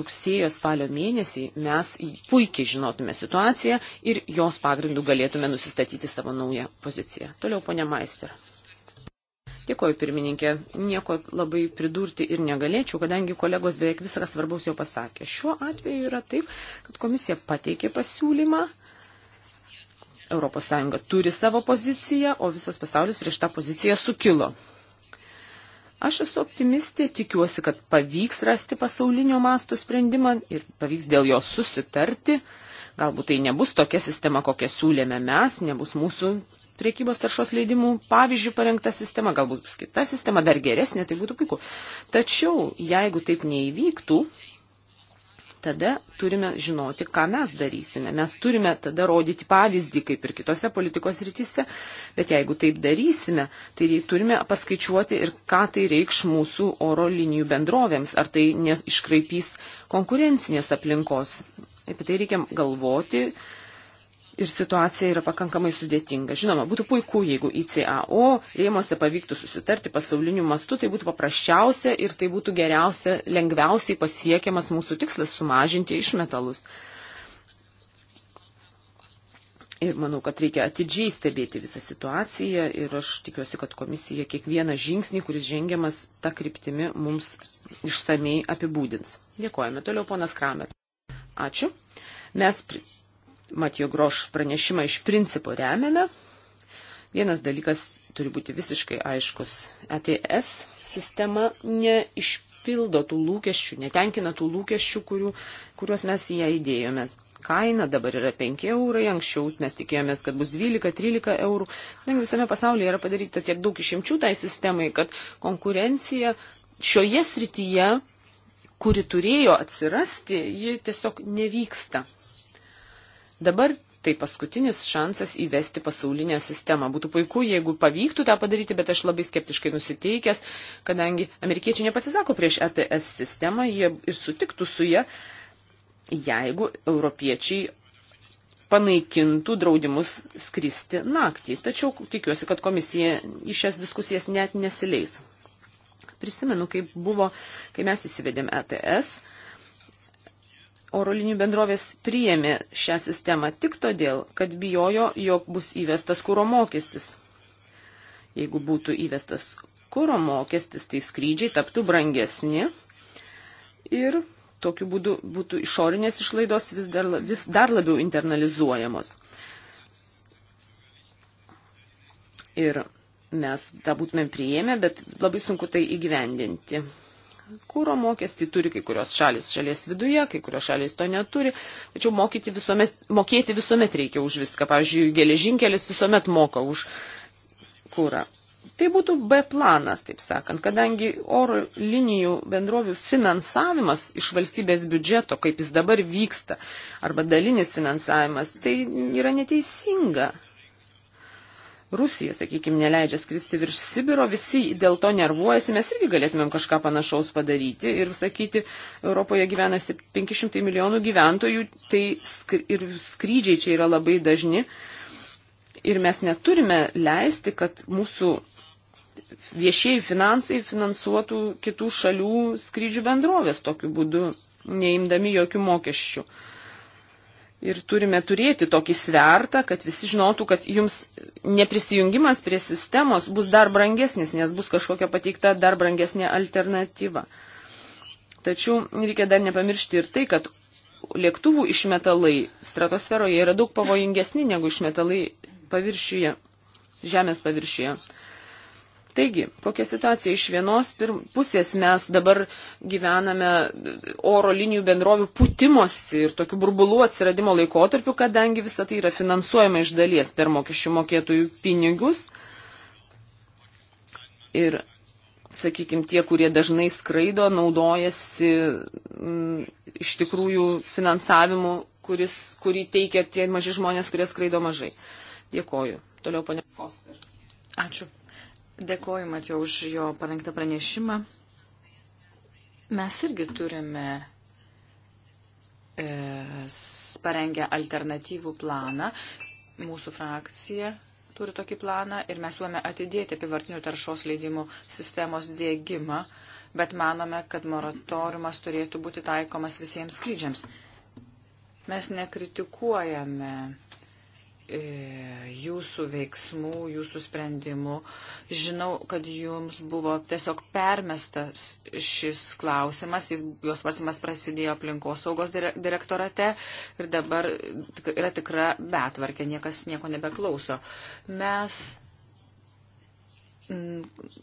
rugsėjo spalio mėnesį mes puikiai žinotume situaciją ir jos pagrindų galėtume nusistatyti savo naują poziciją. Toliau, ponia Maister. Dėkoju, pirmininkė. Nieko labai pridurti ir negalėčiau, kadangi kolegos beveik viskas svarbaus jau pasakė. Šiuo atveju yra taip, kad komisija pateikė pasiūlymą. ES turi savo poziciją, o visas pasaulis prieš tą poziciją sukilo. Aš esu optimistė, tikiuosi, kad pavyks rasti pasaulinio masto sprendimą ir pavyks dėl jo susitarti. Galbūt tai nebus tokia sistema, kokią siūlėme mes, nebus mūsų priekybos taršos leidimų pavyzdžių parengta sistema, galbūt bus kita sistema, dar geresnė, tai būtų puiku. Tačiau, jeigu taip neįvyktų, tada turime žinoti, ką mes darysime. Mes turime tada rodyti pavyzdį, kaip ir kitose politikos rytise, bet jeigu taip darysime, tai turime paskaičiuoti ir ką tai reikš mūsų oro linijų bendrovėms, ar tai neiškraipys konkurencinės aplinkos. Apie tai reikia galvoti, ir situacija yra pakankamai sudėtinga. Žinoma, būtų puiku, jeigu ICAO rėmose pavyktų susitarti pasauliniu mastu, tai būtų paprasčiausia ir tai būtų geriausia, lengviausiai pasiekiamas mūsų tikslas sumažinti išmetalus. Ir manau, kad reikia atidžiai stebėti visą situaciją ir aš tikiuosi, kad komisija kiekvieną žingsnį, kuris žengiamas tą kryptimį, mums išsamei apibūdins. Dėkojame toliau, ponas Kramer. Ačiū. Mes Matijo Groš pranešimą iš principo remiame. Vienas dalykas turi būti visiškai aiškus. ETS sistema neišpildo tų lūkesčių, netenkina tų lūkesčių, kurių, kuriuos mes į ją įdėjome. Kaina dabar yra 5 eurai, anksčiau mes tikėjomės, kad bus 12-13 eurų. Kadangi visame pasaulyje yra padaryta tiek daug išimčių tai sistemai, kad konkurencija šioje srityje, kuri turėjo atsirasti, ji tiesiog nevyksta. Dabar tai paskutinis šansas įvesti pasaulinę sistemą. Būtų puiku, jeigu pavyktų tą padaryti, bet aš labai skeptiškai nusiteikęs, kadangi amerikiečiai nepasisako prieš ETS sistemą, jie ir sutiktų su ją, jeigu europiečiai panaikintų draudimus skristi naktį. Tačiau tikiuosi, kad komisija į šias diskusijas net nesileis. Prisimenu, kaip buvo, kai mes įsivedėm ETS oro linijų bendrovės priėmė šią sistemą tik todėl, kad bijojo, jog bus įvestas kūro mokestis. Jeigu būtų įvestas kūro mokestis, tai skrydžiai taptų brangesni ir tokiu būdu būtų išorinės išlaidos vis dar, vis dar labiau internalizuojamos. Ir mes tą būtumėm priėmę, bet labai sunku tai įgyvendinti kūro mokestį turi kai kurios šalis šalies viduje, kai kurios šalis to neturi, tačiau visuomet, mokėti visuomet reikia už viską. Pavyzdžiui, geležinkelis visuomet moka už kūrą. Tai būtų B planas, taip sakant, kadangi oro linijų bendrovių finansavimas iš valstybės biudžeto, kaip jis dabar vyksta, arba dalinis finansavimas, tai yra neteisinga. Rusija, sakykime, neleidžia skristi virš Sibiro, visi dėl to nervuojasi, mes irgi galėtumėm kažką panašaus padaryti ir sakyti, Europoje gyvena 500 milijonų gyventojų, tai skry, ir skrydžiai čia yra labai dažni. Ir mes neturime leisti, kad mūsų viešieji finansai finansuotų kitų šalių skrydžių bendrovės tokiu būdu, neimdami jokių mokesčių. Uh, ir turime turėti tokį svertą, kad visi žinotų, kad jums neprisijungimas prie sistemos bus dar brangesnis, nes bus kažkokia pateikta dar brangesnė alternatyva. Tačiau reikia dar nepamiršti ir tai, kad lėktuvų išmetalai stratosferoje yra daug pavojingesni negu išmetalai paviršiuje, žemės paviršiuje. Taigi, kokia situacija iš vienos pusės mes dabar gyvename oro linijų bendrovių putimosi ir tokių burbulų atsiradimo laikotarpiu, kadangi visa tai yra finansuojama iš dalies per mokesčių mokėtojų pinigus. Ir, sakykime, tie, kurie dažnai skraido, naudojasi m, mm, iš tikrųjų finansavimu, kuris, kurį teikia tie maži žmonės, kurie skraido mažai. Dėkoju. Toliau, ponė Foster. Ačiū. Dėkoju, Matijo, už jo parengtą pranešimą. Mes irgi turime e, parengę alternatyvų planą. Mūsų frakcija turi tokį planą ir mes siūlome atidėti apivartinių taršos leidimų sistemos dėgymą, bet manome, kad moratoriumas turėtų būti taikomas visiems skrydžiams. Mes nekritikuojame E, jūsų veiksmų, jūsų sprendimų. Žinau, kad jums buvo tiesiog permestas šis klausimas, jis, jos vasimas prasidėjo aplinkosaugos direktorate ir dabar yra tikra betvarkė, niekas nieko nebeklauso. Mes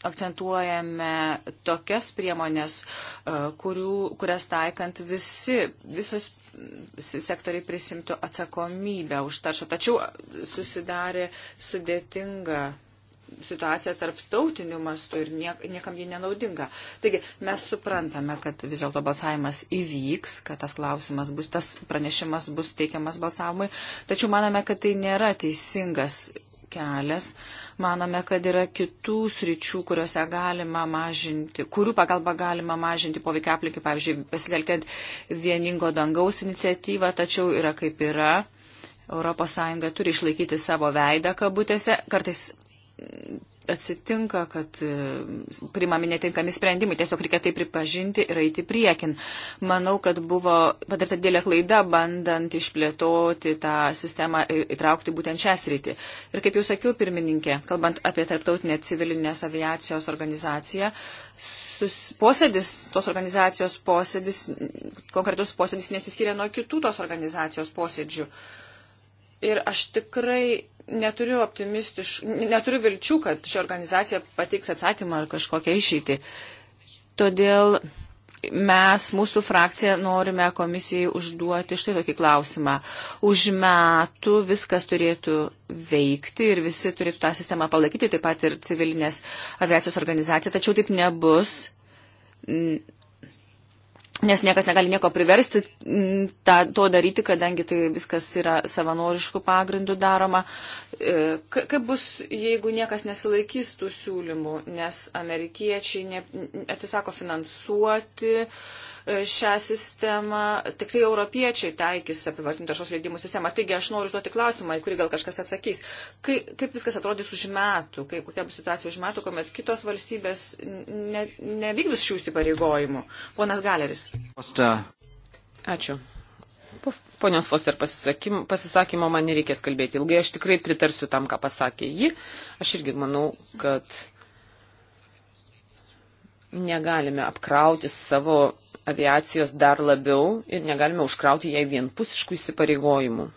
akcentuojame tokias priemonės, e, kurių, kurias taikant visi, visos sektoriai prisimtų atsakomybę už taršą. Tačiau susidarė sudėtinga situacija tarptautiniu mastu ir niek, niekam ji nenaudinga. Taigi mes suprantame, kad vis dėlto balsavimas įvyks, kad tas klausimas bus, tas pranešimas bus teikiamas balsavimui, tačiau maname, kad tai nėra teisingas kelias. Manome, kad yra kitų sričių, kuriuose galima mažinti, kurių pagalba galima mažinti poveikia aplinkai, pavyzdžiui, pasitelkiant vieningo dangaus iniciatyvą, tačiau yra kaip yra. ES turi išlaikyti savo veidą kabutėse, kartais atsitinka, kad e, primami netinkami sprendimai, tiesiog reikia tai pripažinti ir eiti priekin. Manau, kad buvo padarta dėlė klaida, bandant išplėtoti tą sistemą ir įtraukti būtent šią sritį. Ir kaip jau sakiau, pirmininkė, kalbant apie tarptautinę civilinės aviacijos organizaciją, sus, posėdis, tos organizacijos posėdis, konkretus posėdis nesiskiria nuo kitų tos organizacijos posėdžių. Ir aš tikrai neturiu, neturiu vilčių, kad ši organizacija pateiks atsakymą ar kažkokią išeitį. Todėl mes, mūsų frakcija, norime komisijai užduoti štai tokį klausimą. Už metų viskas turėtų veikti ir visi turėtų tą sistemą palaikyti, taip pat ir civilinės aviacijos organizacija, tačiau taip nebus nes niekas negali nieko priversti mm, ta, to daryti, kadangi tai viskas yra savanoriškų pagrindų daroma. E, ka, kaip bus, jeigu niekas nesilaikys tų siūlymų, nes amerikiečiai ne, atsisako finansuoti uh, šią sistemą tikrai europiečiai taikys apivartinių taršos leidimų sistemą. Taigi aš noriu užduoti klausimą, į kurį gal kažkas atsakys. Kai, kaip viskas atrodys už metų, kaip, kokia bus situacija už metų, kuomet kitos valstybės ne, nevykdys šių įsipareigojimų? Ponas Galeris. Foster. Ačiū. Po ponios Foster pasisakymo man nereikės kalbėti ilgai, aš tikrai pritarsiu tam, ką pasakė ji. Aš irgi manau, kad negalime apkrauti savo aviacijos dar labiau ir negalime užkrauti jai vienpusiškų įsipareigojimų.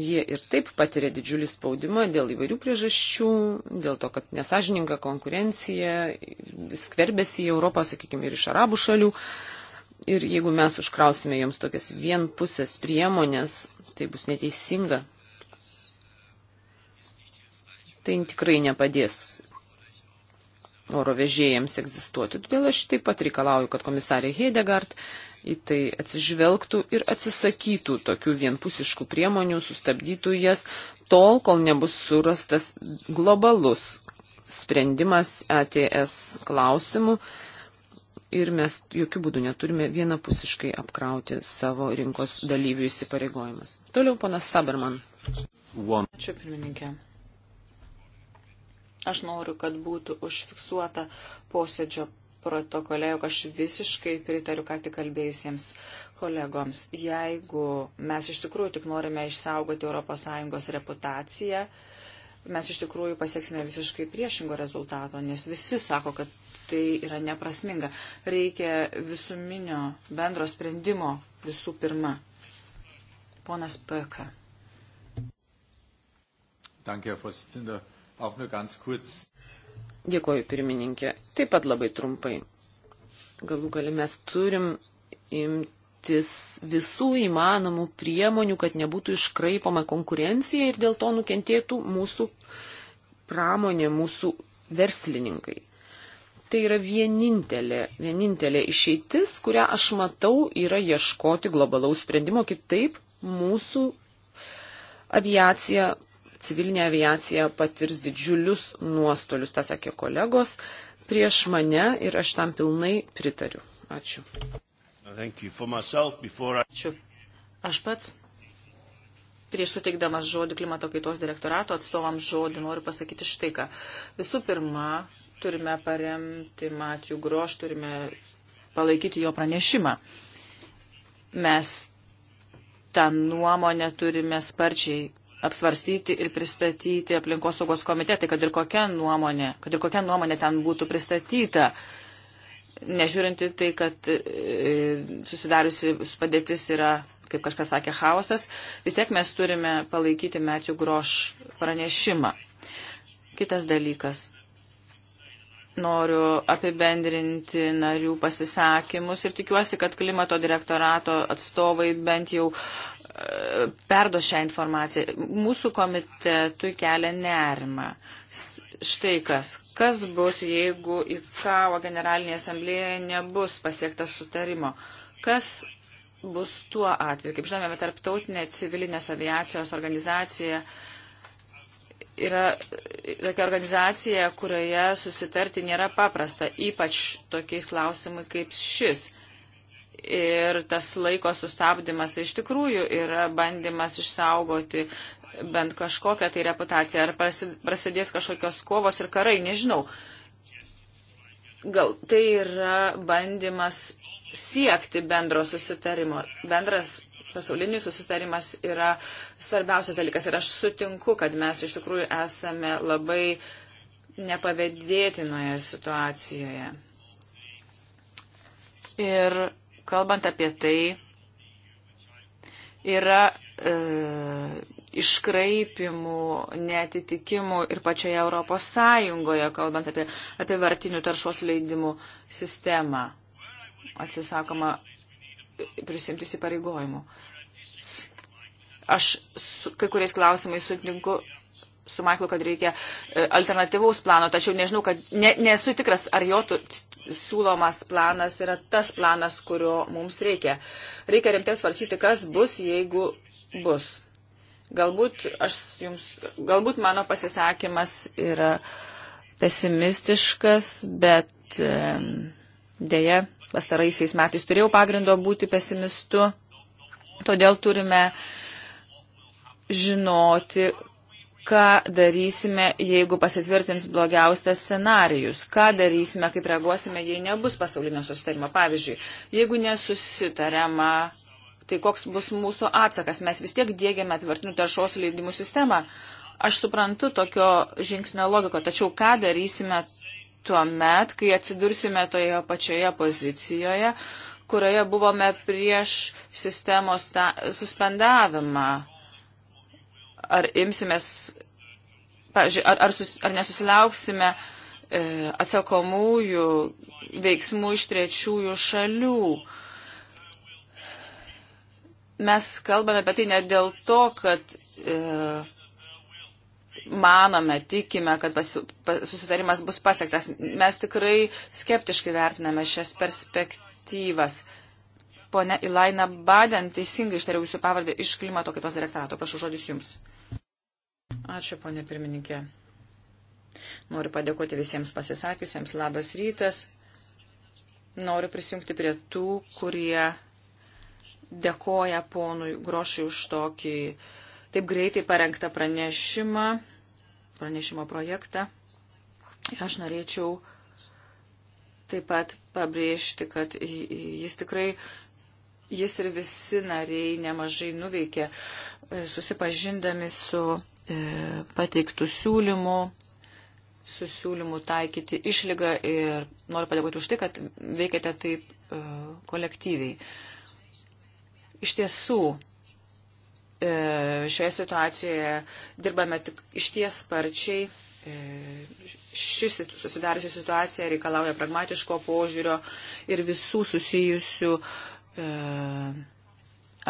Jie ir taip patiria didžiulį spaudimą dėl įvairių priežasčių, dėl to, kad nesažininga konkurencija skverbėsi į Europą, sakykime, ir iš arabų šalių. Ir jeigu mes užkrausime jiems tokias vienpusės priemonės, tai bus neteisinga tai tikrai nepadės oro vežėjams egzistuoti. Todėl aš taip pat reikalauju, kad komisarė Hedegard į tai atsižvelgtų ir atsisakytų tokių vienpusiškų priemonių, sustabdytų jas tol, kol nebus surastas globalus sprendimas ATS e klausimų ir mes jokių būdų neturime vienapusiškai apkrauti savo rinkos dalyvių įsipareigojimas. Toliau ponas Saberman. Ačiū pirmininkė. Aš noriu, kad būtų užfiksuota posėdžio protokole, jog aš visiškai pritariu ką tik kalbėjusiems kolegoms. Jeigu mes iš tikrųjų tik norime išsaugoti ES reputaciją, mes iš tikrųjų pasieksime visiškai priešingo rezultato, nes visi sako, kad tai yra neprasminga. Reikia visuminio bendro sprendimo visų pirma. Ponas Peka. Danke, Herr Vorsitzender auch nur ganz kurz. Dėkoju, pirmininkė. Taip pat labai trumpai. Galų gali mes turim imtis visų įmanomų priemonių, kad nebūtų iškraipama konkurencija ir dėl to nukentėtų mūsų pramonė, mūsų verslininkai. Tai yra vienintelė, vienintelė išeitis, kurią aš matau, yra ieškoti globalaus sprendimo, kitaip mūsų aviacija civilinė aviacija patirs didžiulius nuostolius, tą sakė kolegos, prieš mane ir aš tam pilnai pritariu. Ačiū. Ačiū. Aš pats prieš suteikdamas žodį klimato kaitos direktorato atstovams žodį noriu pasakyti štai ką. Visų pirma, turime paremti Matijų Groš, turime palaikyti jo pranešimą. Mes tą nuomonę turime sparčiai apsvarstyti ir pristatyti aplinkosaugos komitetai, kad ir kokia nuomonė, kad ir kokia nuomonė ten būtų pristatyta. Nežiūrinti tai, kad e, susidariusi padėtis yra, kaip kažkas sakė, chaosas, vis tiek mes turime palaikyti Metijų Groš pranešimą. Kitas dalykas. Noriu apibendrinti narių pasisakymus ir tikiuosi, kad klimato direktorato atstovai bent jau uh, perdo šią informaciją. Mūsų komitetui kelia nerima. Štai kas. Kas bus, jeigu į KAO generalinėje asamblėje nebus pasiektas sutarimo? Kas bus tuo atveju? Kaip žinome, tarptautinė civilinės aviacijos organizacija yra tokia organizacija, kurioje susitarti nėra paprasta, ypač tokiais klausimai kaip šis ir tas laiko sustabdymas tai iš tikrųjų yra bandymas išsaugoti bent kažkokią tai reputaciją. Ar prasidės kažkokios kovos ir karai, nežinau. Gal tai yra bandymas siekti bendro susitarimo. Bendras pasaulinis susitarimas yra svarbiausias dalykas ir aš sutinku, kad mes iš tikrųjų esame labai nepavėdėtinoje situacijoje. Ir kalbant apie tai, yra e, iškraipimų, netitikimų ir pačioje Europos Sąjungoje, kalbant apie, apie vartinių taršos leidimų sistemą. Atsisakoma prisimti įsipareigojimų. Aš su, kai kuriais klausimais sutinku su Maiklu, kad reikia e, alternatyvaus plano, tačiau nežinau, kad ne, nesu tikras, ar jo siūlomas planas yra tas planas, kurio mums reikia. Reikia rimtai svarsyti, kas bus, jeigu bus. Galbūt, jums, galbūt mano pasisakymas yra pesimistiškas, bet e, dėja, pastaraisiais metais turėjau pagrindo būti pesimistu. Todėl turime žinoti, ką darysime, jeigu pasitvirtins blogiausias scenarijus, ką darysime, kaip reaguosime, jei nebus pasaulinio susitarimo. Pavyzdžiui, jeigu nesusitariama, tai koks bus mūsų atsakas, mes vis tiek dėgiame apivartinių taršos leidimų sistemą. Aš suprantu tokio žingsnio logiko, tačiau ką darysime tuo met, kai atsidursime toje pačioje pozicijoje, kurioje buvome prieš sistemos ta, suspendavimą. Ar imsimės pavyzdžiui, ar, ar, sus, ar nesusilauksime e, atsakomųjų veiksmų iš trečiųjų šalių. Mes kalbame apie tai ne dėl to, kad e, manome, tikime, kad pas, pas, susitarimas bus pasiektas. Mes tikrai skeptiškai vertiname šias perspektyvas. Pone Ilaina Baden, teisingai ištariau jūsų pavardę iš klimato kitos direktorato. Prašau žodis jums. Ačiū, ponė pirmininkė. Noriu padėkoti visiems pasisakiusiems. Labas rytas. Noriu prisijungti prie tų, kurie dėkoja ponui Grošui už tokį taip greitai parengtą pranešimą, pranešimo projektą. Ir aš norėčiau taip pat pabrėžti, kad jis tikrai, jis ir visi nariai nemažai nuveikė, e, susipažindami su E, pateiktų siūlymų, su siūlymu taikyti išlygą ir noriu padėkoti už tai, kad veikiate taip e, kolektyviai. Iš tiesų, e, šioje situacijoje dirbame tik išties sparčiai. Ši susidariusi situacija reikalauja pragmatiško požiūrio ir visų susijusių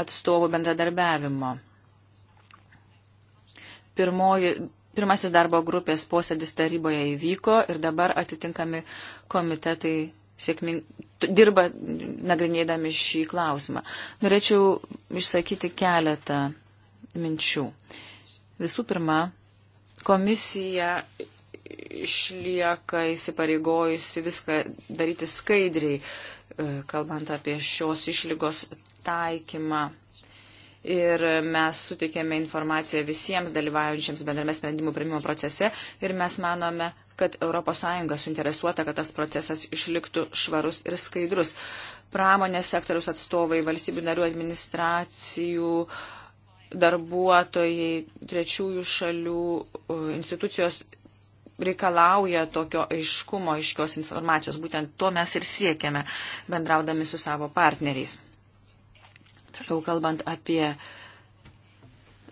atstovų bendradarbiavimo. Pirmoji, pirmasis darbo grupės posėdis taryboje įvyko ir dabar atitinkami komitetai sėkming, dirba nagrinėdami šį klausimą. Norėčiau išsakyti keletą minčių. Visų pirma, komisija išlieka įsipareigojusi viską daryti skaidriai, e, kalbant apie šios išlygos taikymą ir mes sutikėme informaciją visiems dalyvaujančiams bendrame sprendimų priimimo procese ir mes manome, kad ES suinteresuota, kad tas procesas išliktų švarus ir skaidrus. Pramonės sektoriaus atstovai, valstybių narių administracijų, darbuotojai, trečiųjų šalių institucijos reikalauja tokio aiškumo, aiškios informacijos. Būtent to mes ir siekiame, bendraudami su savo partneriais. Toliau kalbant apie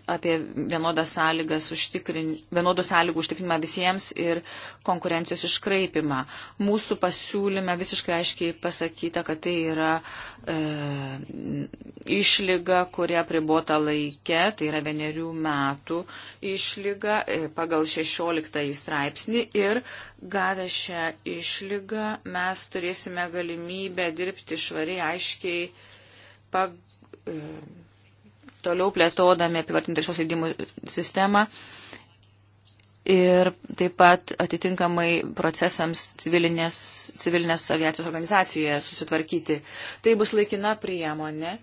apie vienodas sąlygas užtikrin, vienodų sąlygų užtikrinimą visiems ir konkurencijos iškraipimą. Mūsų pasiūlyme visiškai aiškiai pasakyta, kad tai yra e, išlyga, kuria pribota laikė, tai yra vienerių metų išlyga e, pagal 16 straipsnį ir gavę šią išlygą mes turėsime galimybę dirbti švariai, aiškiai pagal E, toliau plėtodami apivartinti taršos leidimų sistemą ir taip pat atitinkamai procesams civilinės, civilinės aviacijos organizacijoje susitvarkyti. Tai bus laikina priemonė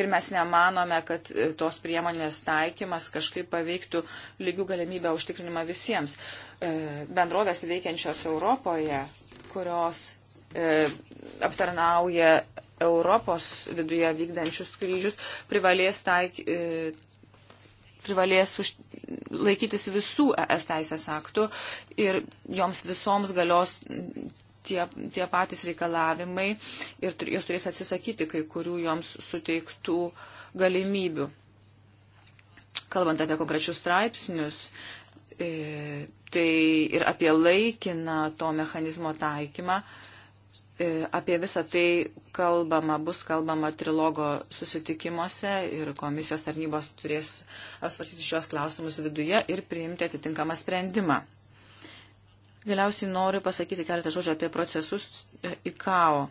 ir mes nemanome, kad tos priemonės taikymas kažkaip paveiktų lygių galimybę užtikrinimą visiems. E, bendrovės veikiančios Europoje, kurios E, aptarnauja Europos viduje vykdančius skrydžius, privalės, taik, e, privalės už, laikytis visų ES teisės aktų ir joms visoms galios tie, tie patys reikalavimai ir jos turės atsisakyti kai kurių joms suteiktų galimybių. Kalbant apie konkrečius straipsnius, e, tai ir apie laikiną to mechanizmo taikymą, E, apie visą tai kalbama, bus kalbama trilogo susitikimuose ir komisijos tarnybos turės apsvarstyti šios klausimus viduje ir priimti atitinkamą sprendimą. Galiausiai noriu pasakyti keletą žodžių apie procesus e, ICAO.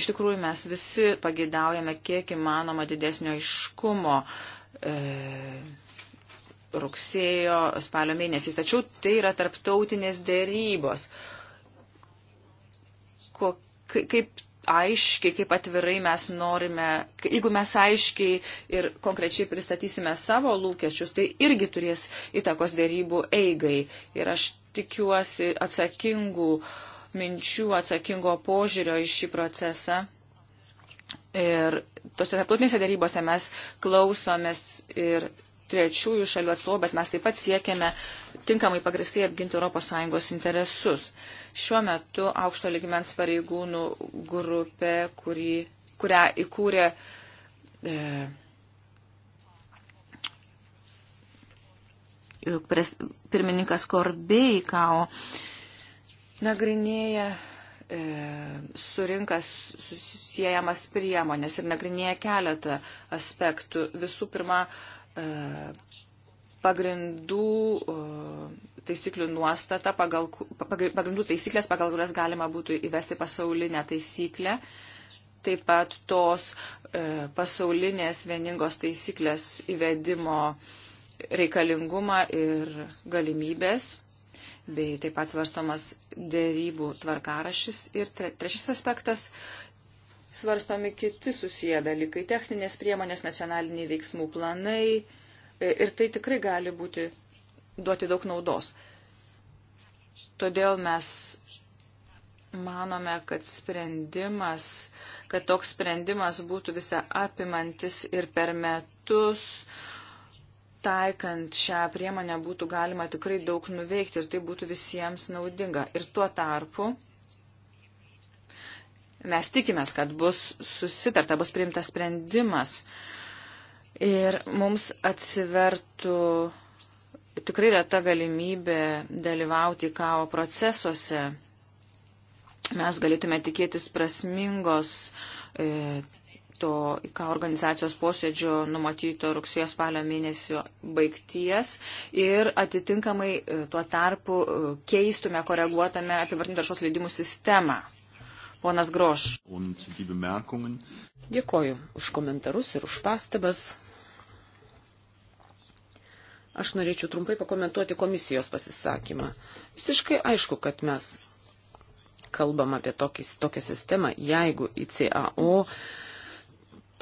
Iš tikrųjų, mes visi pageidaujame kiek įmanoma didesnio iškumo e, rugsėjo, spalio mėnesiais. Tačiau tai yra tarptautinės dėrybos. E, kaip aiškiai, kaip atvirai mes norime, jeigu mes aiškiai ir konkrečiai pristatysime savo lūkesčius, tai irgi turės įtakos dėrybų eigai. Ir aš tikiuosi atsakingų minčių, atsakingo požiūrio į šį procesą. Ir tose tarptautinėse dėrybose mes klausomės ir trečiųjų šalių atstovų, bet mes taip pat siekiame tinkamai pagristai apginti ES interesus. Uh, Šiuo metu aukšto ligmens pareigūnų grupė, kurį, kurią įkūrė e, pirmininkas Korbei Kao, nagrinėja e, surinkas susijęjamas priemonės ir nagrinėja keletą aspektų. Visų pirma, e, pagrindų. E, taisyklių nuostata, pagal, pagrindų taisyklės, pagal kurias galima būtų įvesti pasaulinę taisyklę. Taip pat tos e, pasaulinės vieningos taisyklės įvedimo reikalingumą ir galimybės, bei taip pat svarstomas dėrybų tvarkarašys. Ir tre, trečias aspektas - svarstomi kiti susiję dalykai - techninės priemonės, nacionaliniai veiksmų planai. E, ir tai tikrai gali būti duoti daug naudos. Todėl mes manome, kad sprendimas, kad toks sprendimas būtų visa apimantis ir per metus taikant šią priemonę būtų galima tikrai daug nuveikti ir tai būtų visiems naudinga. Ir tuo tarpu mes tikimės, kad bus susitarta, bus priimtas sprendimas ir mums atsivertų tikrai reta galimybė dalyvauti kavo procesuose. Mes galėtume tikėtis prasmingos e, to IKA organizacijos posėdžio numatyto rugsėjo spalio mėnesio baigties ir atitinkamai e, tuo tarpu e, keistume, koreguotume apivartinių taršos leidimų sistemą. Ponas Groš. Dėkoju už komentarus ir už pastabas. Aš norėčiau trumpai pakomentuoti komisijos pasisakymą. Visiškai aišku, kad mes kalbam apie tokį, tokią sistemą, jeigu ICAO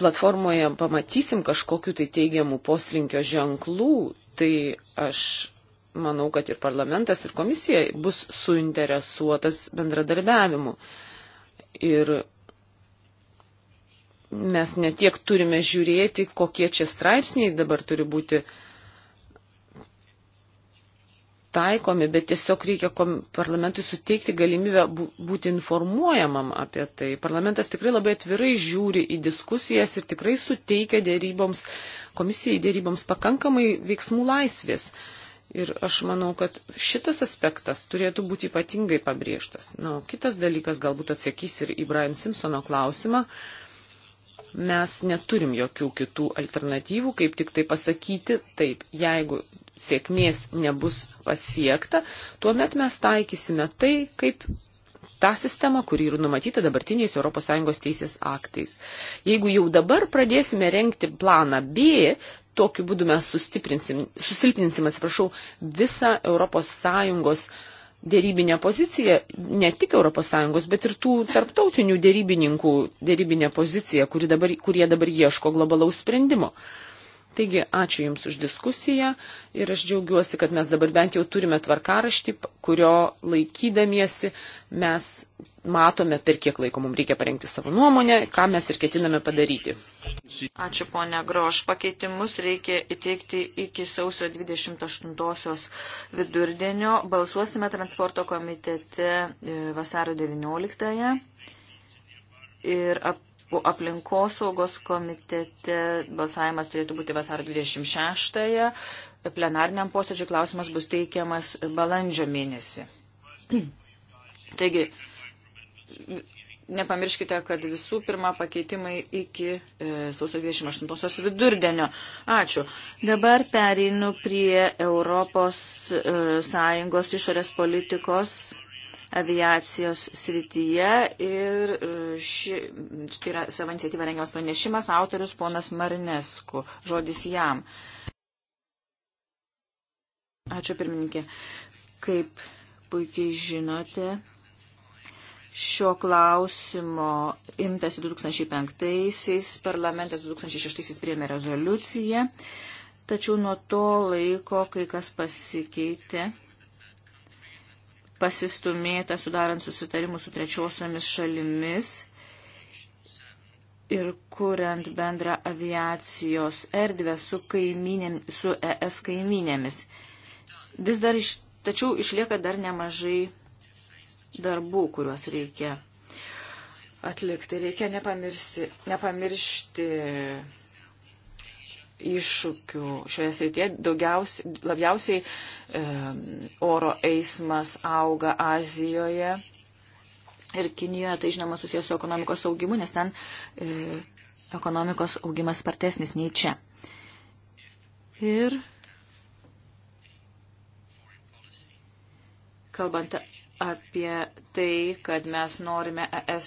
platformoje pamatysim kažkokiu tai teigiamų poslinkio ženklų, tai aš manau, kad ir parlamentas, ir komisija bus suinteresuotas bendradarbiavimu. Ir mes netiek turime žiūrėti, kokie čia straipsniai dabar turi būti uh, taikomi, bet tiesiog reikia parlamentui suteikti galimybę būti informuojamam apie tai. Parlamentas tikrai labai atvirai žiūri į diskusijas ir tikrai suteikia dėryboms, komisijai dėryboms pakankamai veiksmų laisvės. Ir aš manau, kad šitas aspektas turėtų būti ypatingai pabrėžtas. Na, kitas dalykas, galbūt atsakys ir į Brian Simpsono klausimą. Uh, mes neturim jokių kitų alternatyvų, kaip tik tai pasakyti taip, jeigu sėkmės nebus pasiekta, tuomet mes taikysime tai, kaip tą sistemą, kuri yra numatyta dabartiniais ES teisės aktais. Jeigu jau dabar pradėsime renkti planą B, tokiu būdu mes susilpninsim, atsiprašau, visą ES dėrybinę poziciją ne tik ES, bet ir tų tarptautinių dėrybininkų dėrybinę poziciją, kuri dabar, kurie dabar ieško globalaus sprendimo. Taigi, ačiū Jums už diskusiją ir aš džiaugiuosi, kad mes dabar bent jau turime tvarkaraštį, kurio laikydamiesi mes matome, per kiek laiko mums reikia parengti savo nuomonę, ką mes ir ketiname padaryti. Ačiū, ponia Groš. Pakeitimus reikia įteikti iki sausio 28 vidurdienio. Balsuosime transporto komitete e, vasaro 19 ir ap aplinkosaugos komitete balsavimas turėtų būti vasaro 26-ąją, plenariniam posėdžiui klausimas bus teikiamas balandžio mėnesį. Taigi, nepamirškite, kad visų pirma pakeitimai iki e, sausio 28 vidurdienio. Ačiū. Dabar pereinu prie Europos e, Sąjungos išorės politikos aviacijos srityje ir e, ši, tai yra savo iniciatyvą rengiamas pranešimas, autorius ponas Marinesku. Žodis jam. Ačiū pirmininkė. Kaip puikiai žinote, Šio klausimo imtasi 2005-aisiais, parlamentas 2006-aisiais priėmė rezoliuciją, tačiau nuo to laiko kai kas pasikeitė, pasistumėta sudarant susitarimus su trečiosiomis šalimis ir kuriant bendrą aviacijos erdvę su, kaiminėm, su ES kaiminėmis. Vis dar iš, tačiau išlieka dar nemažai darbų, kuriuos reikia atlikti. Reikia nepamiršti, nepamiršti iššūkių šioje srityje. Daugiausiai, labiausiai e, oro eismas auga Azijoje ir Kinijoje, tai žinoma susijęs su ekonomikos augimu, nes ten e, ekonomikos augimas spartesnis nei čia. Ir kalbant apie tai, kad mes norime ES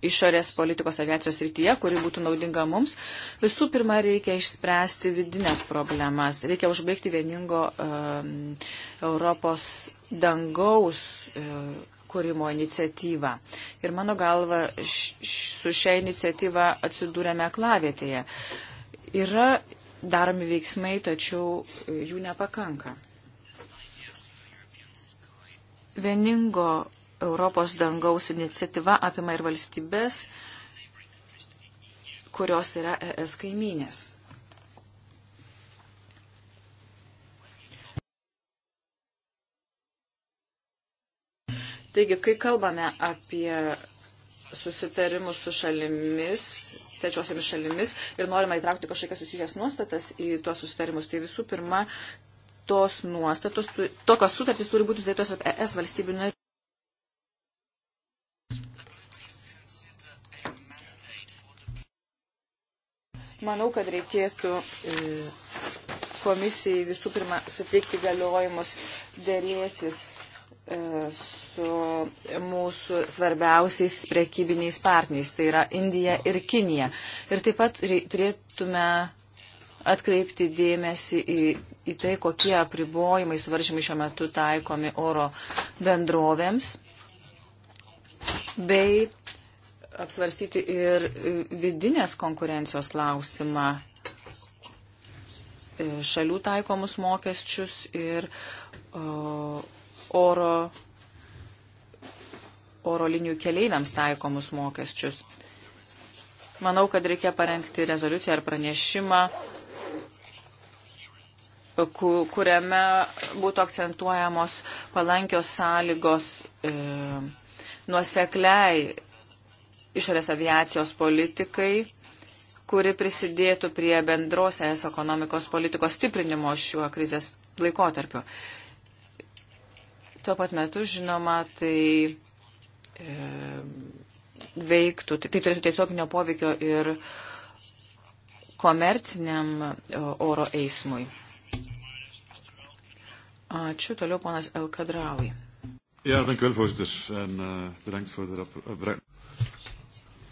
išorės politikos aviacijos rytyje, kuri būtų naudinga mums, visų pirma reikia išspręsti vidinės problemas. Reikia užbaigti vieningo um, Europos dangaus um, kūrimo iniciatyvą. Ir mano galva, š, š, su šia iniciatyva atsidūrėme klavietėje. Yra daromi veiksmai, tačiau jų nepakanka. Vieningo Europos dangaus iniciatyva apima ir valstybės, kurios yra ES kaimynės. Taigi, kai kalbame apie susitarimus su šalimis, trečiosiamis šalimis ir norime įtraukti kažkokias susijęs nuostatas į tuos susitarimus, tai visų pirma, tos nuostatos, tokios sutartys turi būti sudarytos ES valstybių narių. Manau, kad reikėtų e, komisijai visų pirma suteikti galiojimus dėrėtis e, su mūsų svarbiausiais prekybiniais partneriais, tai yra Indija ir Kinija. Ir taip pat turėtume atkreipti dėmesį į į tai, kokie apribojimai suvaržymai šiuo metu taikomi oro bendrovėms, bei apsvarstyti ir e, vidinės konkurencijos klausimą e, šalių taikomus mokesčius ir oro, oro linijų keleiviams taikomus mokesčius. Manau, kad reikia parengti rezoliuciją ar pranešimą kuriame būtų akcentuojamos palankios sąlygos e, nuosekliai išorės aviacijos politikai, kuri prisidėtų prie bendros ES ekonomikos politikos stiprinimo šiuo krizės laikotarpiu. Tuo pat metu, žinoma, tai e, veiktų, tai, tai turėtų tiesioginio poveikio ir komerciniam e, oro eismui. Ačiū. Toliau ponas Elkadraui. Ja, dank u wel, voorzitter. En uh, bedankt voor de rapport.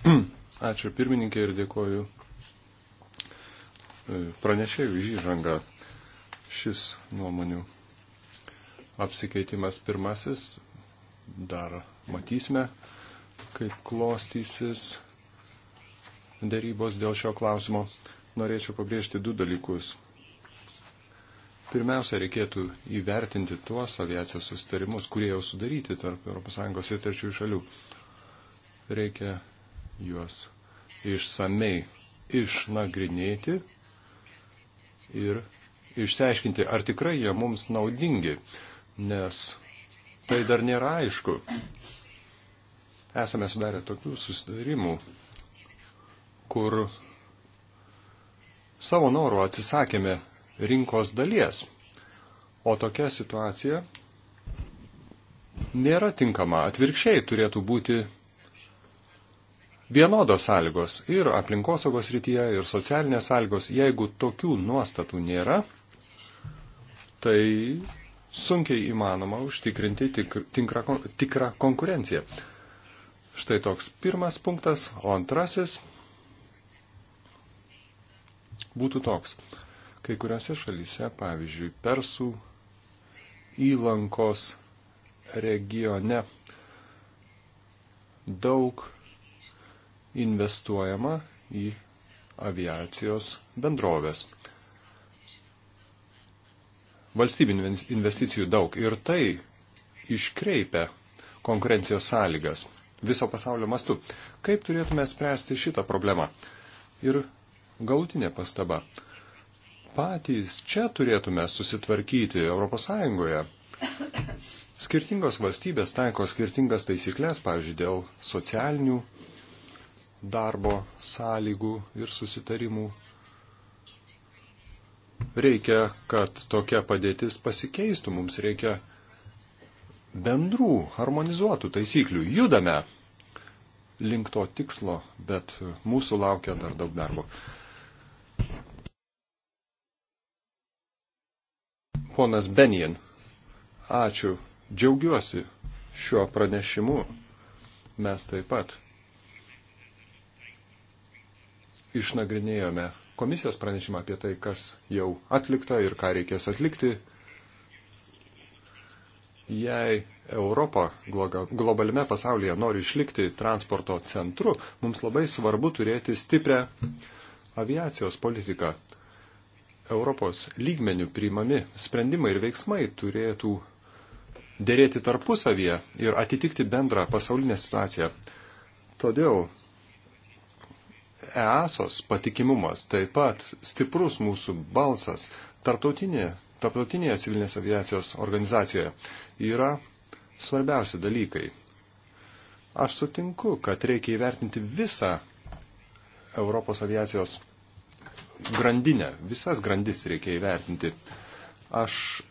Eh, Ačiū pirmininkė ir dėkoju e, pranešėjų įžanga. Šis nuomonių apsikeitimas pirmasis dar matysime, kaip klostysis dėrybos dėl šio klausimo. Norėčiau pabrėžti du dalykus. Pirmiausia, reikėtų įvertinti tuos aviacijos sustarimus, kurie jau sudaryti tarp ES ir trečiųjų šalių. Reikia juos išsamei išnagrinėti ir išsiaiškinti, ar tikrai jie mums naudingi, nes tai dar nėra aišku. Esame sudarę tokių susidarimų, kur savo norų atsisakėme rinkos dalies. O tokia situacija nėra tinkama. Atvirkščiai turėtų būti vienodos sąlygos ir aplinkosaugos rytyje, ir socialinės sąlygos. Jeigu tokių nuostatų nėra, tai sunkiai įmanoma užtikrinti tikr, tinkra, tikrą konkurenciją. Štai toks pirmas punktas, o antrasis būtų toks. Kai kuriuose šalyse, pavyzdžiui, Persų įlankos regione daug investuojama į aviacijos bendrovės. Valstybinių investicijų daug ir tai iškreipia konkurencijos sąlygas viso pasaulio mastu. Kaip turėtume spręsti šitą problemą? Ir galutinė pastaba patys čia turėtume susitvarkyti ES. Skirtingos valstybės taiko skirtingas taisyklės, pavyzdžiui, dėl socialinių darbo sąlygų ir susitarimų. Reikia, kad tokia padėtis pasikeistų, mums reikia bendrų, harmonizuotų taisyklių. Judame link to tikslo, bet mūsų laukia dar daug darbo. ponas Benjen. Ačiū. Džiaugiuosi šiuo pranešimu. Mes taip pat išnagrinėjome komisijos pranešimą apie tai, kas jau atlikta ir ką reikės atlikti. Jei Europa globalime pasaulyje nori išlikti transporto centru, mums labai svarbu turėti stiprią aviacijos politiką. Europos lygmenių priimami sprendimai ir veiksmai turėtų dėrėti tarpusavyje ir atitikti bendrą pasaulinę situaciją. Todėl EASOS patikimumas, taip pat stiprus mūsų balsas tarptautinė, tarptautinėje civilinės aviacijos organizacijoje yra svarbiausi dalykai. Aš sutinku, kad reikia įvertinti visą Europos aviacijos organizaciją grandinę, visas grandis reikia įvertinti. Aš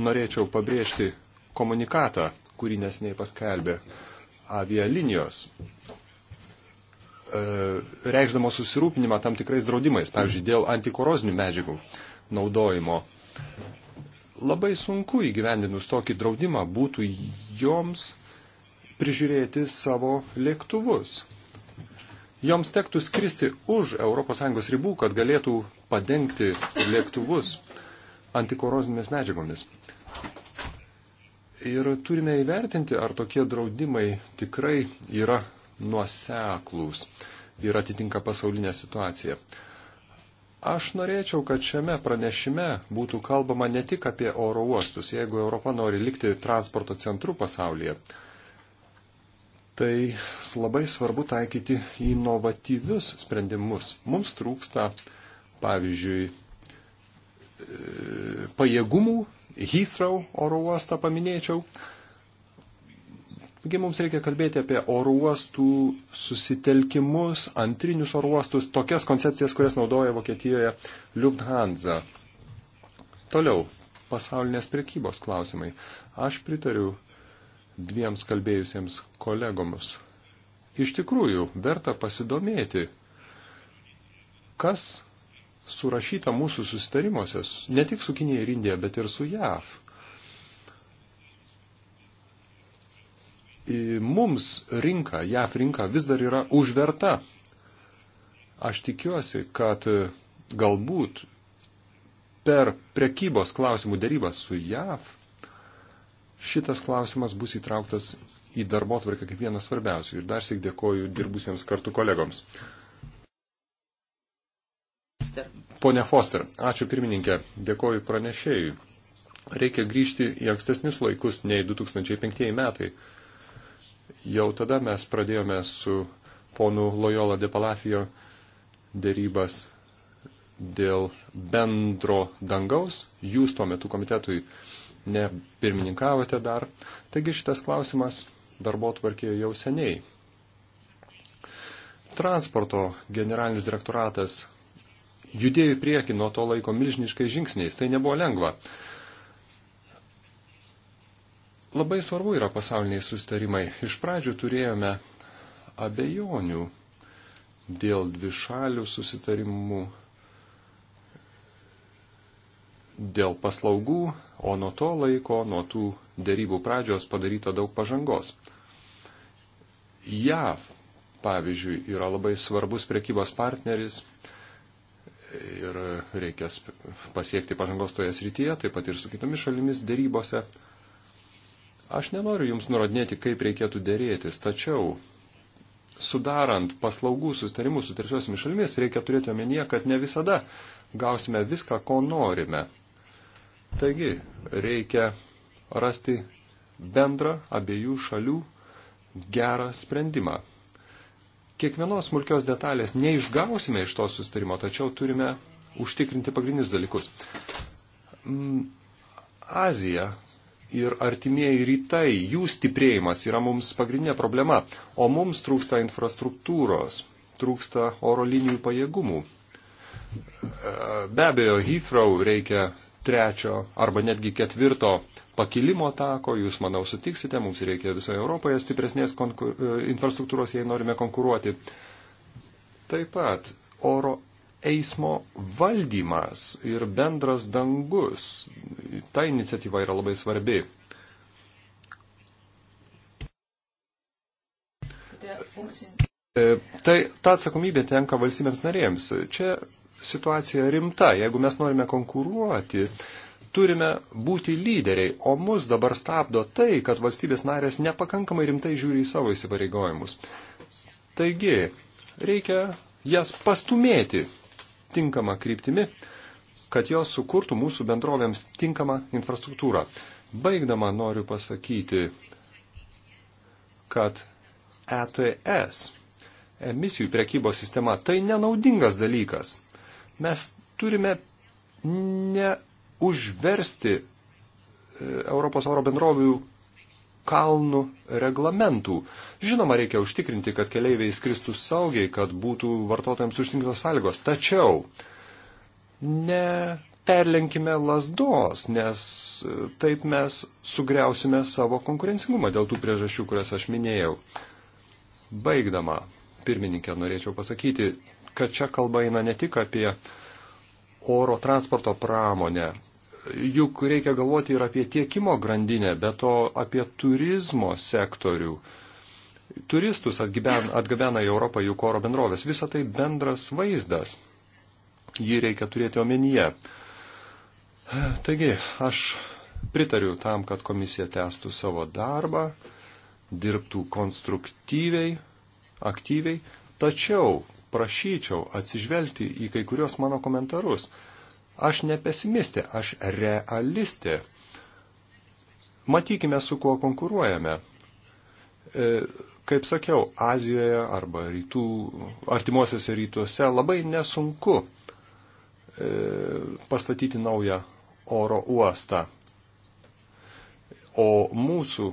norėčiau pabrėžti komunikatą, kurį nesiniai paskelbė avialinijos, e, reikšdamo susirūpinimą tam tikrais draudimais, pavyzdžiui, dėl antikorozinių medžiagų naudojimo. Labai sunku įgyvendinus tokį draudimą būtų joms prižiūrėti savo lėktuvus joms tektų skristi už ES ribų, kad galėtų padengti lėktuvus antikorozinėmis medžiagomis. Ir turime įvertinti, ar tokie draudimai tikrai yra nuoseklūs ir atitinka pasaulinę situaciją. Aš norėčiau, kad šiame pranešime būtų kalbama ne tik apie oro uostus, jeigu Europa nori likti transporto centru pasaulyje, tai labai svarbu taikyti inovatyvius sprendimus. Mums trūksta, pavyzdžiui, e, pajėgumų, Heathrow oro uostą paminėčiau. Taigi mums reikia kalbėti apie oro uostų susitelkimus, antrinius oro uostus, tokias koncepcijas, kurias naudoja Vokietijoje Lufthansa. Toliau, pasaulinės priekybos klausimai. Aš pritariu dviems kalbėjusiems kolegomus. Iš tikrųjų, verta pasidomėti, kas surašyta mūsų susitarimuose, ne tik su Kinėje ir Indija, bet ir su JAV. Mums rinka, JAV rinka vis dar yra užverta. Aš tikiuosi, kad e, galbūt per prekybos klausimų dėrybas su JAV šitas klausimas bus įtrauktas į darbo tvarką kaip vienas svarbiausių. Ir dar sėk dėkoju dirbusiems kartu kolegoms. Pone Foster, ačiū pirmininkė, dėkoju pranešėjui. Reikia grįžti į ankstesnius laikus, nei 2005 metai. Jau tada mes pradėjome su ponu Loyola de Palafijo dėrybas dėl bendro dangaus. Jūs tuo metu komitetui uh, nepirmininkavote dar. Taigi šitas klausimas darbo tvarkėjo jau seniai. Transporto generalinis direktoratas judėjo į priekį nuo to laiko milžiniškai žingsniais. Tai nebuvo lengva. Labai svarbu yra pasauliniai sustarimai. Iš pradžių turėjome abejonių dėl dvišalių susitarimų dėl paslaugų, o nuo to laiko, nuo tų dėrybų pradžios padaryta daug pažangos. JAV, pavyzdžiui, yra labai svarbus priekybos partneris ir reikės pasiekti pažangos toje srityje, taip pat ir su kitomis šalimis dėrybose. Aš nenoriu Jums nurodinėti, kaip reikėtų dėrėtis, tačiau sudarant paslaugų sustarimus su trečiosiomis šalimis reikia turėti omenyje, kad ne visada gausime viską, ko norime. Taigi reikia rasti bendrą abiejų šalių gerą sprendimą. Kiekvienos smulkios detalės neišgausime iš to sustarimo, tačiau turime užtikrinti pagrindinius dalykus. Mm, Azija ir artimieji rytai, jų stiprėjimas yra mums pagrindinė problema, o mums trūksta infrastruktūros, trūksta oro linijų pajėgumų. Be abejo, Heathrow reikia trečio arba netgi ketvirto pakilimo tako, jūs, manau, sutiksite, mums reikia visoje Europoje stipresnės konkur... E, infrastruktūros, jei norime konkuruoti. Taip pat oro eismo valdymas ir bendras dangus. Ta iniciatyva yra labai svarbi. E, tai ta atsakomybė tenka valstybėms narėms. Čia situacija rimta. Jeigu mes norime konkuruoti, turime būti lyderiai, o mus dabar stabdo tai, kad valstybės narės nepakankamai rimtai žiūri į savo įsipareigojimus. Taigi, reikia jas pastumėti tinkamą kryptimi, kad jos sukurtų mūsų bendrovėms tinkamą infrastruktūrą. Baigdama noriu pasakyti, kad ETS, emisijų prekybos sistema, tai nenaudingas dalykas. Mes turime neužversti e, Europos oro bendrovių kalnų reglamentų. Žinoma, reikia užtikrinti, kad keleiviai skristų saugiai, kad būtų vartotojams užtikrintos sąlygos. Tačiau neperlenkime lasdos, nes e, taip mes sugriausime savo konkurencingumą dėl tų priežasčių, kurias aš minėjau. Baigdama, pirmininkė, norėčiau pasakyti, kad čia kalba eina ne tik apie oro transporto pramonę, juk reikia galvoti ir apie tiekimo grandinę, bet to apie turizmo sektorių. Turistus atgabena, atgabena į Europą juk oro bendrovės. Visą tai bendras vaizdas. Jį reikia turėti omenyje. Taigi, aš pritariu tam, kad komisija tęstų savo darbą, dirbtų konstruktyviai, aktyviai, tačiau prašyčiau atsižvelgti į kai kurios mano komentarus. Aš ne pesimistė, aš realistė. Matykime, su kuo konkuruojame. E, kaip sakiau, Azijoje arba rytų, artimuosiuose rytuose labai nesunku e, pastatyti naują oro uostą. O mūsų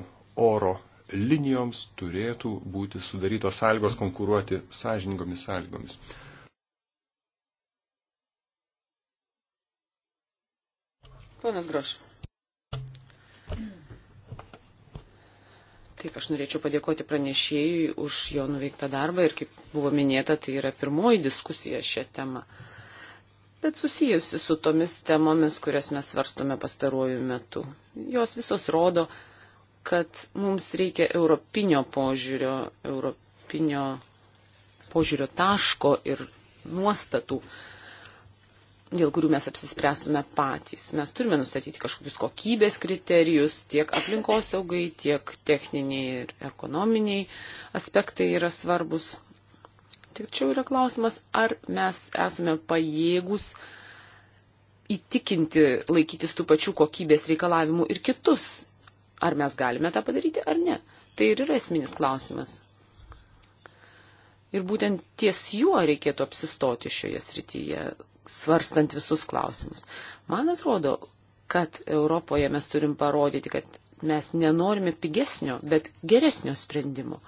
oro linijoms turėtų būti sudarytos sąlygos konkuruoti sąžiningomis sąlygomis. Ponas Groš. Taip, aš norėčiau padėkoti pranešėjui už jo nuveiktą darbą ir kaip buvo minėta, tai yra pirmoji diskusija šią temą. Bet susijusi su tomis temomis, kurias mes svarstome pastaruoju metu. Jos visos rodo, kad mums reikia europinio požiūrio, europinio požiūrio taško ir nuostatų, dėl kurių mes apsispręstume patys. Mes turime nustatyti kažkokius kokybės kriterijus, tiek aplinkosaugai, tiek techniniai ir ekonominiai aspektai yra svarbus. Tačiau yra klausimas, ar mes esame pajėgus įtikinti laikytis tų pačių kokybės reikalavimų ir kitus Ar mes galime tą padaryti, ar ne? Tai ir yra esminis klausimas. Ir būtent ties juo reikėtų apsistoti šioje srityje, svarstant visus klausimus. Man atrodo, kad Europoje mes turim parodyti, kad mes nenorime pigesnio, bet geresnio sprendimo.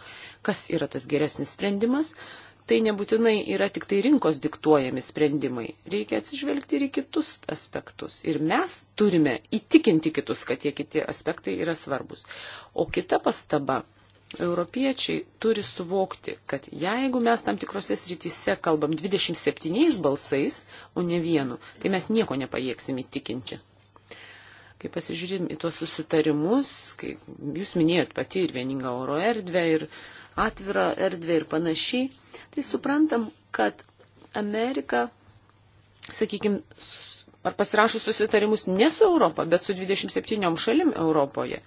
Kas yra tas geresnis sprendimas? Uh, tai nebūtinai yra tik tai rinkos diktuojami sprendimai. Reikia atsižvelgti ir į kitus aspektus. Ir mes turime įtikinti kitus, kad tie kiti aspektai yra svarbus. O kita pastaba. Europiečiai turi suvokti, kad jeigu mes tam tikrose srityse kalbam 27 balsais, o ne vienu, tai mes nieko nepajėgsim įtikinti kai pasižiūrim į tuos susitarimus, kai jūs minėjot pati ir vieningą oro erdvę, ir atvirą erdvę ir panašiai, tai suprantam, kad Amerika, sakykime, ar pasirašus susitarimus ne su Europą, bet su 27 šalim Europoje.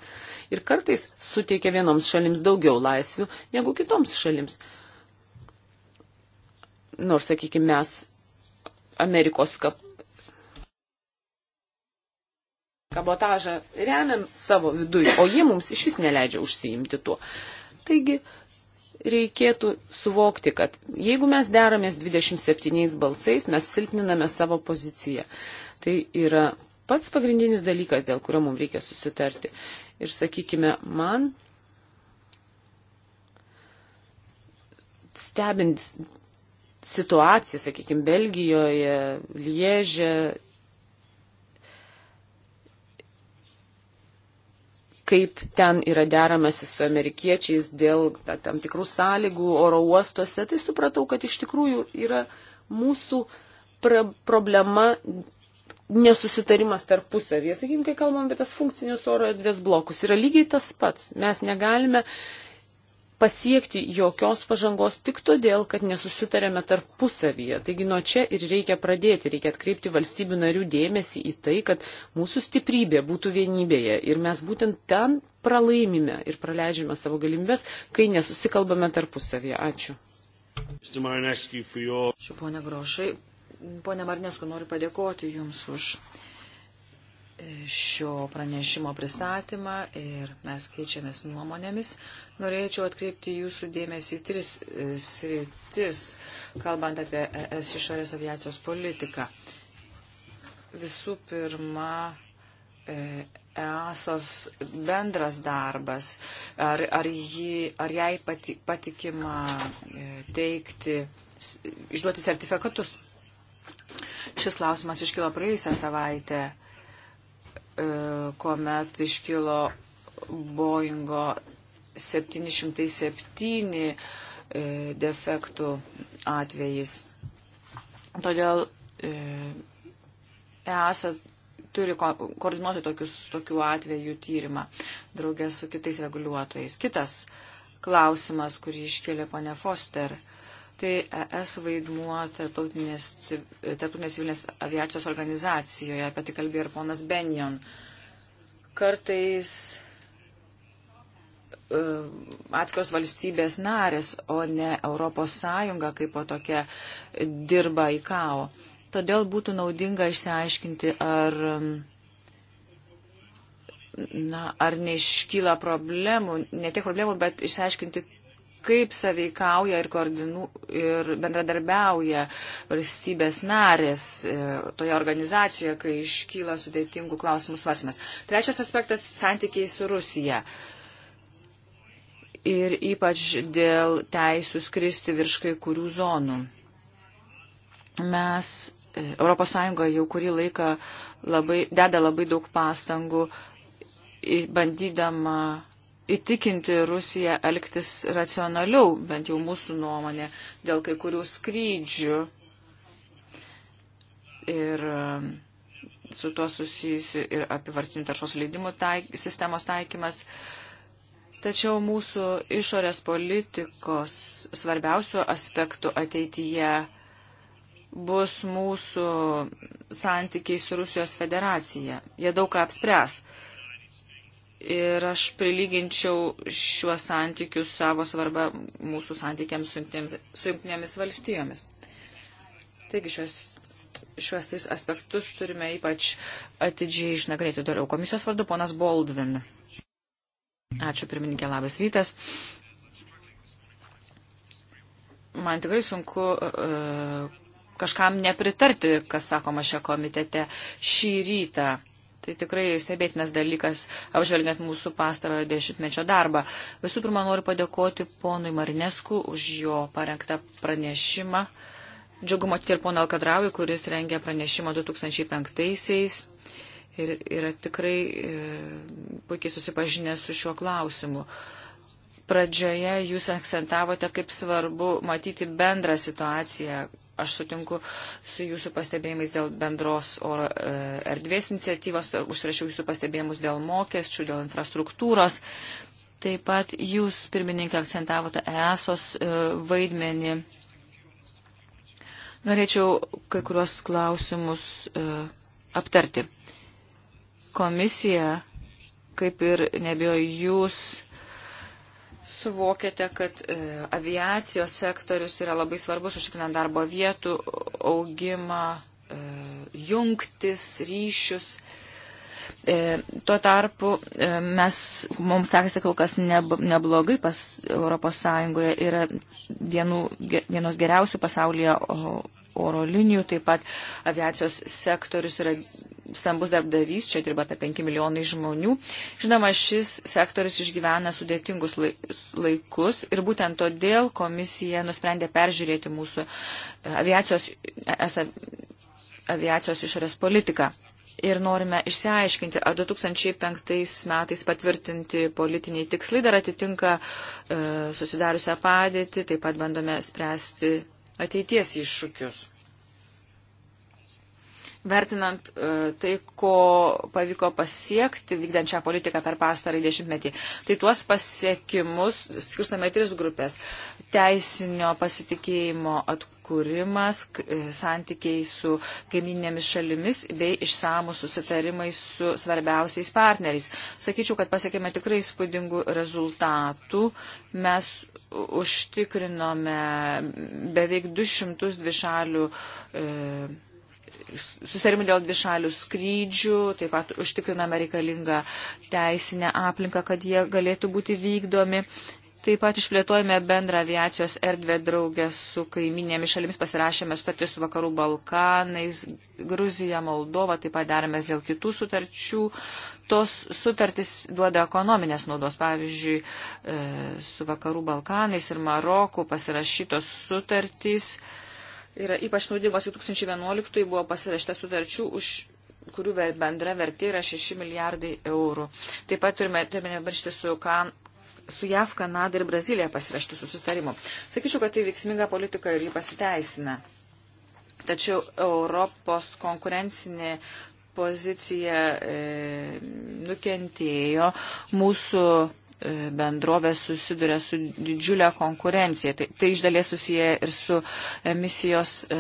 Ir kartais suteikia vienoms šalims daugiau laisvių negu kitoms šalims. Nors, sakykime, mes Amerikos kap... kabotažą remiam savo viduje, o jie mums iš vis neleidžia užsiimti tuo. Taigi, uh, reikėtų suvokti, kad jeigu mes deramės 27 balsais, mes silpniname savo poziciją. Tai yra pats pagrindinis dalykas, dėl kurio mums reikia susitarti. Ir sakykime, man stebint situaciją, sakykime, Belgijoje, Liežė, kaip ten yra deramasi su amerikiečiais dėl ta, tam tikrų sąlygų oro uostuose, tai supratau, kad iš tikrųjų yra mūsų pra, problema nesusitarimas tarpusavėje. Sakykime, kai kalbam apie tas funkcinius oro erdvės blokus, yra lygiai tas pats. Mes negalime pasiekti jokios pažangos tik todėl, kad nesusitarėme tarpusavyje. Taigi nuo čia ir reikia pradėti, reikia atkreipti valstybių narių dėmesį į tai, kad mūsų stiprybė būtų vienybėje ir mes būtent ten pralaimime ir praleidžiame savo galimybės, kai nesusikalbame tarpusavyje. Ačiū. Ačiū, ponia Grošai. Pone Marnesku, noriu padėkoti Jums už šio pranešimo pristatymą ir mes keičiamės nuomonėmis. Norėčiau atkreipti jūsų dėmesį į tris e, sritis, kalbant apie ES išorės aviacijos politiką. Visų pirma, EASOS e bendras darbas, ar, ar, ji, ar jai pati, patikima e, teikti, išduoti sertifikatus. Šis klausimas iškilo praėjusią savaitę E, kuomet iškilo Boeingo 707 e, defektų atvejais. Todėl EASA e turi ko koordinuoti tokius, tokių atvejų tyrimą draugę su kitais reguliuotojais. Kitas klausimas, kurį iškėlė ponė Foster. E, tai ES vaidmuo tarptautinės, tarptautinės civilinės aviacijos organizacijoje, apie tai kalbėjo ir ponas Benjon. Kartais e, atskios valstybės narės, o ne Europos Sąjunga kaip po tokia dirba į KAO. Todėl būtų naudinga išsiaiškinti, ar, na, ar neiškyla problemų, ne tiek problemų, bet išsiaiškinti, kaip saveikauja ir, koordinu, ir bendradarbiauja valstybės narės e, toje organizacijoje, kai iškyla sudėtingų klausimų svarsimas. Trečias aspektas - santykiai su Rusija. Ir ypač dėl teisų skristi virš kai kurių zonų. Mes ES jau kurį laiką labai, deda labai daug pastangų bandydama įtikinti Rusiją elgtis racionaliau, bent jau mūsų nuomonė, dėl kai kurių skrydžių ir um, su tuo susijusi ir apivartinių taršos leidimų taik, sistemos taikymas. Tačiau mūsų išorės politikos svarbiausių aspektų ateityje bus mūsų santykiai su Rusijos federacija. Jie daug ką apspręs. Ir aš prilyginčiau šiuos santykius savo svarbą mūsų santykiams su jungtinėmis valstijomis. Taigi šios, šiuos tais aspektus turime ypač atidžiai išnagrinėti toliau. Komisijos vardu ponas Baldvin. Ačiū pirmininkė, labas rytas. Man tikrai sunku uh, kažkam nepritarti, kas sakoma šią komitete šį rytą. Uh, Tai tikrai stebėtinas dalykas, apžvelgiant mūsų pastarojo dešimtmečio darbą. Visų pirma, noriu padėkoti ponui Marinesku už jo parengtą pranešimą. Džiugu matyti ir poną Alkadravį, kuris rengė pranešimą 2005-aisiais ir yra tikrai e, puikiai susipažinęs su šiuo klausimu. Pradžioje jūs akcentavote, kaip svarbu matyti bendrą situaciją, Aš sutinku su jūsų pastebėjimais dėl bendros oro e, erdvės iniciatyvos, užsirašiau jūsų pastebėjimus dėl mokesčių, dėl infrastruktūros. Taip pat jūs, pirmininkai, akcentavote ESOS e, vaidmenį. Norėčiau kai kuriuos klausimus e, aptarti. Komisija, kaip ir nebėjo jūs, suvokėte, kad e, aviacijos sektorius yra labai svarbus užtikrinant darbo vietų augimą, e, jungtis, ryšius. E, tuo tarpu e, mes, mums sekasi kol kas neb, neblogai pas Europos Sąjungoje, yra vienų, ge, vienos geriausių pasaulyje oro linijų, taip pat aviacijos sektorius yra stambus darbdavys, čia dirba apie 5 milijonai žmonių. Žinoma, šis sektorius išgyvena sudėtingus laikus ir būtent todėl komisija nusprendė peržiūrėti mūsų aviacijos, esą, aviacijos išorės politiką. Ir norime išsiaiškinti, ar 2005 metais patvirtinti politiniai tikslai dar atitinka e, susidariusią padėtį, taip pat bandome spręsti ateities iššūkius vertinant e, tai, ko pavyko pasiekti vykdant šią politiką per pastarąjį dešimtmetį. Tai tuos pasiekimus skirstame tris grupės - teisinio pasitikėjimo atkūrimas, e, santykiai su kaiminėmis šalimis bei išsamų susitarimai su svarbiausiais partneriais. Sakyčiau, kad pasiekėme tikrai spūdingų rezultatų. Mes užtikrinome beveik 200 dvišalių. E, susitarimų dėl dvišalių skrydžių, taip pat užtikriname reikalingą teisinę aplinką, kad jie galėtų būti vykdomi. Taip pat išplėtojame bendrą aviacijos erdvę draugę su kaiminėmis šalimis, pasirašėme sutartį su Vakarų Balkanais, Gruzija, Moldova, taip pat darėmės dėl kitų sutarčių. Tos sutartys duoda ekonominės naudos, pavyzdžiui, e, su Vakarų Balkanais ir Maroku pasirašytos sutartys. E, yra ypač naudingos 2011 buvo pasirašta sutarčių, už kurių bendra vertė yra 6 milijardai eurų. Taip pat turime, turime nepamiršti su, kan, su JAV, Kanada ir Brazilija pasirašti susitarimų. Sakyčiau, kad tai veiksminga politika ir jį pasiteisina. Tačiau Europos konkurencinė pozicija e, nukentėjo mūsų bendrovės susiduria su didžiulė konkurencija. Tai, tai iš dalies susiję ir su emisijos e,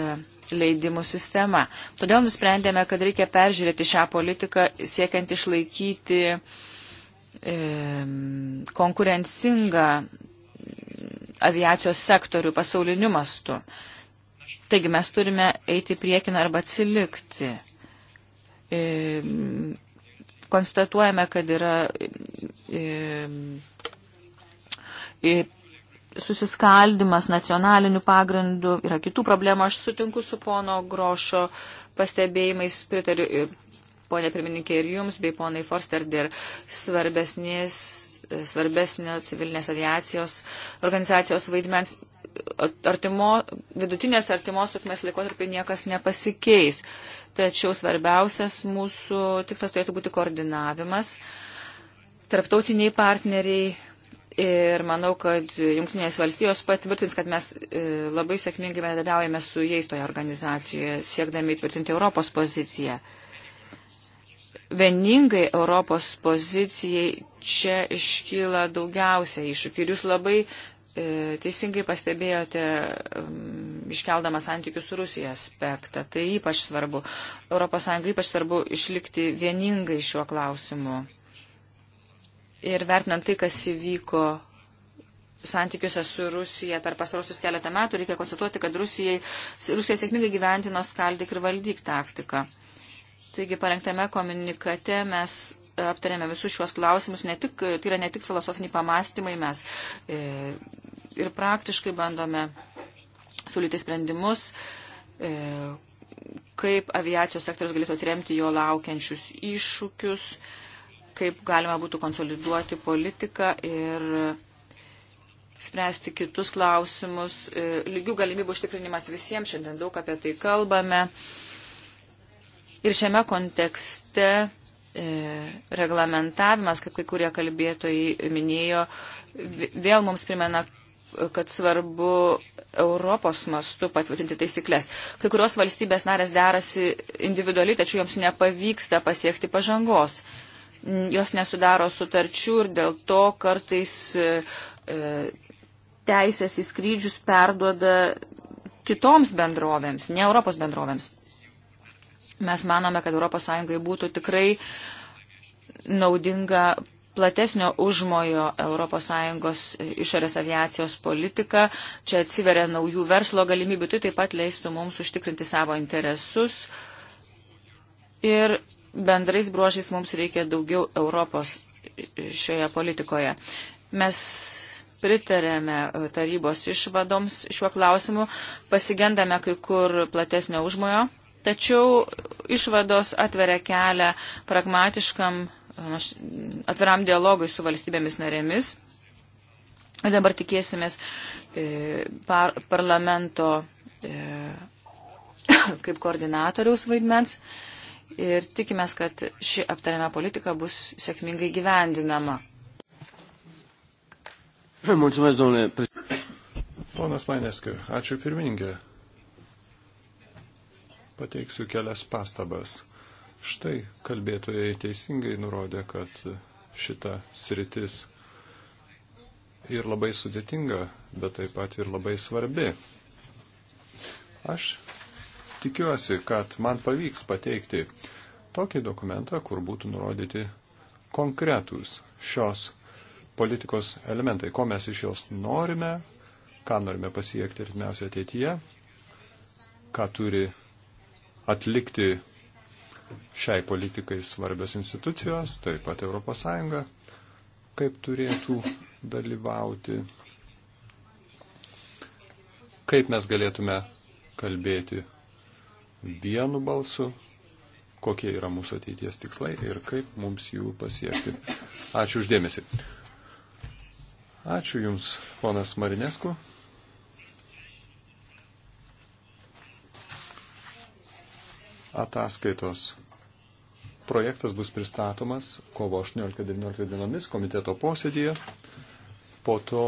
leidimų sistema. Todėl nusprendėme, kad reikia peržiūrėti šią politiką siekiant išlaikyti e, konkurencingą aviacijos sektorių pasauliniu mastu. Taigi mes turime eiti priekin arba atsilikti. E, konstatuojame, kad yra e, e, susiskaldimas nacionaliniu pagrindu, yra kitų problemų. Aš sutinku su pono Grošo pastebėjimais, pritariu, e, ponė pirmininkė, ir jums, bei ponai Forster, dėl svarbesnės svarbesnio civilinės aviacijos organizacijos vaidmens artimo, vidutinės artimos trukmės laikotarpiai niekas nepasikeis. Tačiau svarbiausias mūsų tikslas turėtų būti koordinavimas. Tarptautiniai partneriai. Ir manau, kad Junktinės valstijos patvirtins, kad mes e, labai sėkmingai bendradarbiaujame su jais toje organizacijoje, siekdami įtvirtinti Europos poziciją vieningai Europos pozicijai čia iškyla daugiausia iššūkių. Ir jūs labai E, teisingai pastebėjote iškeldama santykius su Rusija aspektą. Tai ypač svarbu. ES ypač svarbu išlikti vieningai šiuo klausimu. Ir vertinant tai, kas įvyko santykiuose su Rusija per pastarosius keletą metų, reikia konstatuoti, kad Rusijai, Rusija sėkmingai gyventino skaldyk ir valdyk taktiką. Taigi parengtame komunikate mes aptarėme visus šiuos klausimus, ne tik, tai yra ne tik filosofiniai pamastymai, mes e, ir praktiškai bandome siūlyti sprendimus, e, kaip aviacijos sektorius galėtų atremti jo laukiančius iššūkius, kaip galima būtų konsoliduoti politiką ir spręsti kitus klausimus. E, lygių galimybių užtikrinimas visiems, šiandien daug apie tai kalbame. Ir šiame kontekste E, reglamentavimas, kaip kai kurie kalbėtojai minėjo, vėl mums primena, kad svarbu Europos mastu patvirtinti taisyklės. Kai kurios valstybės narės derasi individualiai, tačiau joms nepavyksta pasiekti pažangos. Jos nesudaro sutarčių ir dėl to kartais e, e, teisės į skrydžius perduoda kitoms bendrovėms, ne Europos bendrovėms. Mes manome, kad ES būtų tikrai naudinga platesnio užmojo ES išorės aviacijos politika. Čia atsiveria naujų verslo galimybių, tai taip pat leistų mums užtikrinti savo interesus. Ir bendrais bruožais mums reikia daugiau Europos šioje politikoje. Mes pritarėme tarybos išvadoms šiuo klausimu, pasigendame kai kur platesnio užmojo Tačiau išvados atveria kelią pragmatiškam, atviram dialogui su valstybėmis narėmis. Dabar tikėsimės e, par parlamento e, kaip koordinatoriaus vaidmens ir tikimės, kad ši aptariama politika bus sėkmingai gyvendinama. Mulțumesc, domnule președinte. Ponas Mainescu, ačiū pirmininkė pateiksiu kelias pastabas. Štai kalbėtojai teisingai nurodė, kad šita sritis ir labai sudėtinga, bet taip pat ir labai svarbi. Aš tikiuosi, kad man pavyks pateikti tokį dokumentą, kur būtų nurodyti konkretūs šios politikos elementai, ko mes iš jos norime, ką norime pasiekti artimiausioje ateityje, ką turi atlikti šiai politikai svarbios institucijos, taip pat ES, kaip turėtų dalyvauti, kaip mes galėtume kalbėti vienu balsu, kokie yra mūsų ateities tikslai ir kaip mums jų pasiekti. Ačiū uždėmesi. Ačiū Jums, ponas Marinesku. ataskaitos. Projektas bus pristatomas kovo 18-19 dienomis komiteto posėdėje. Po to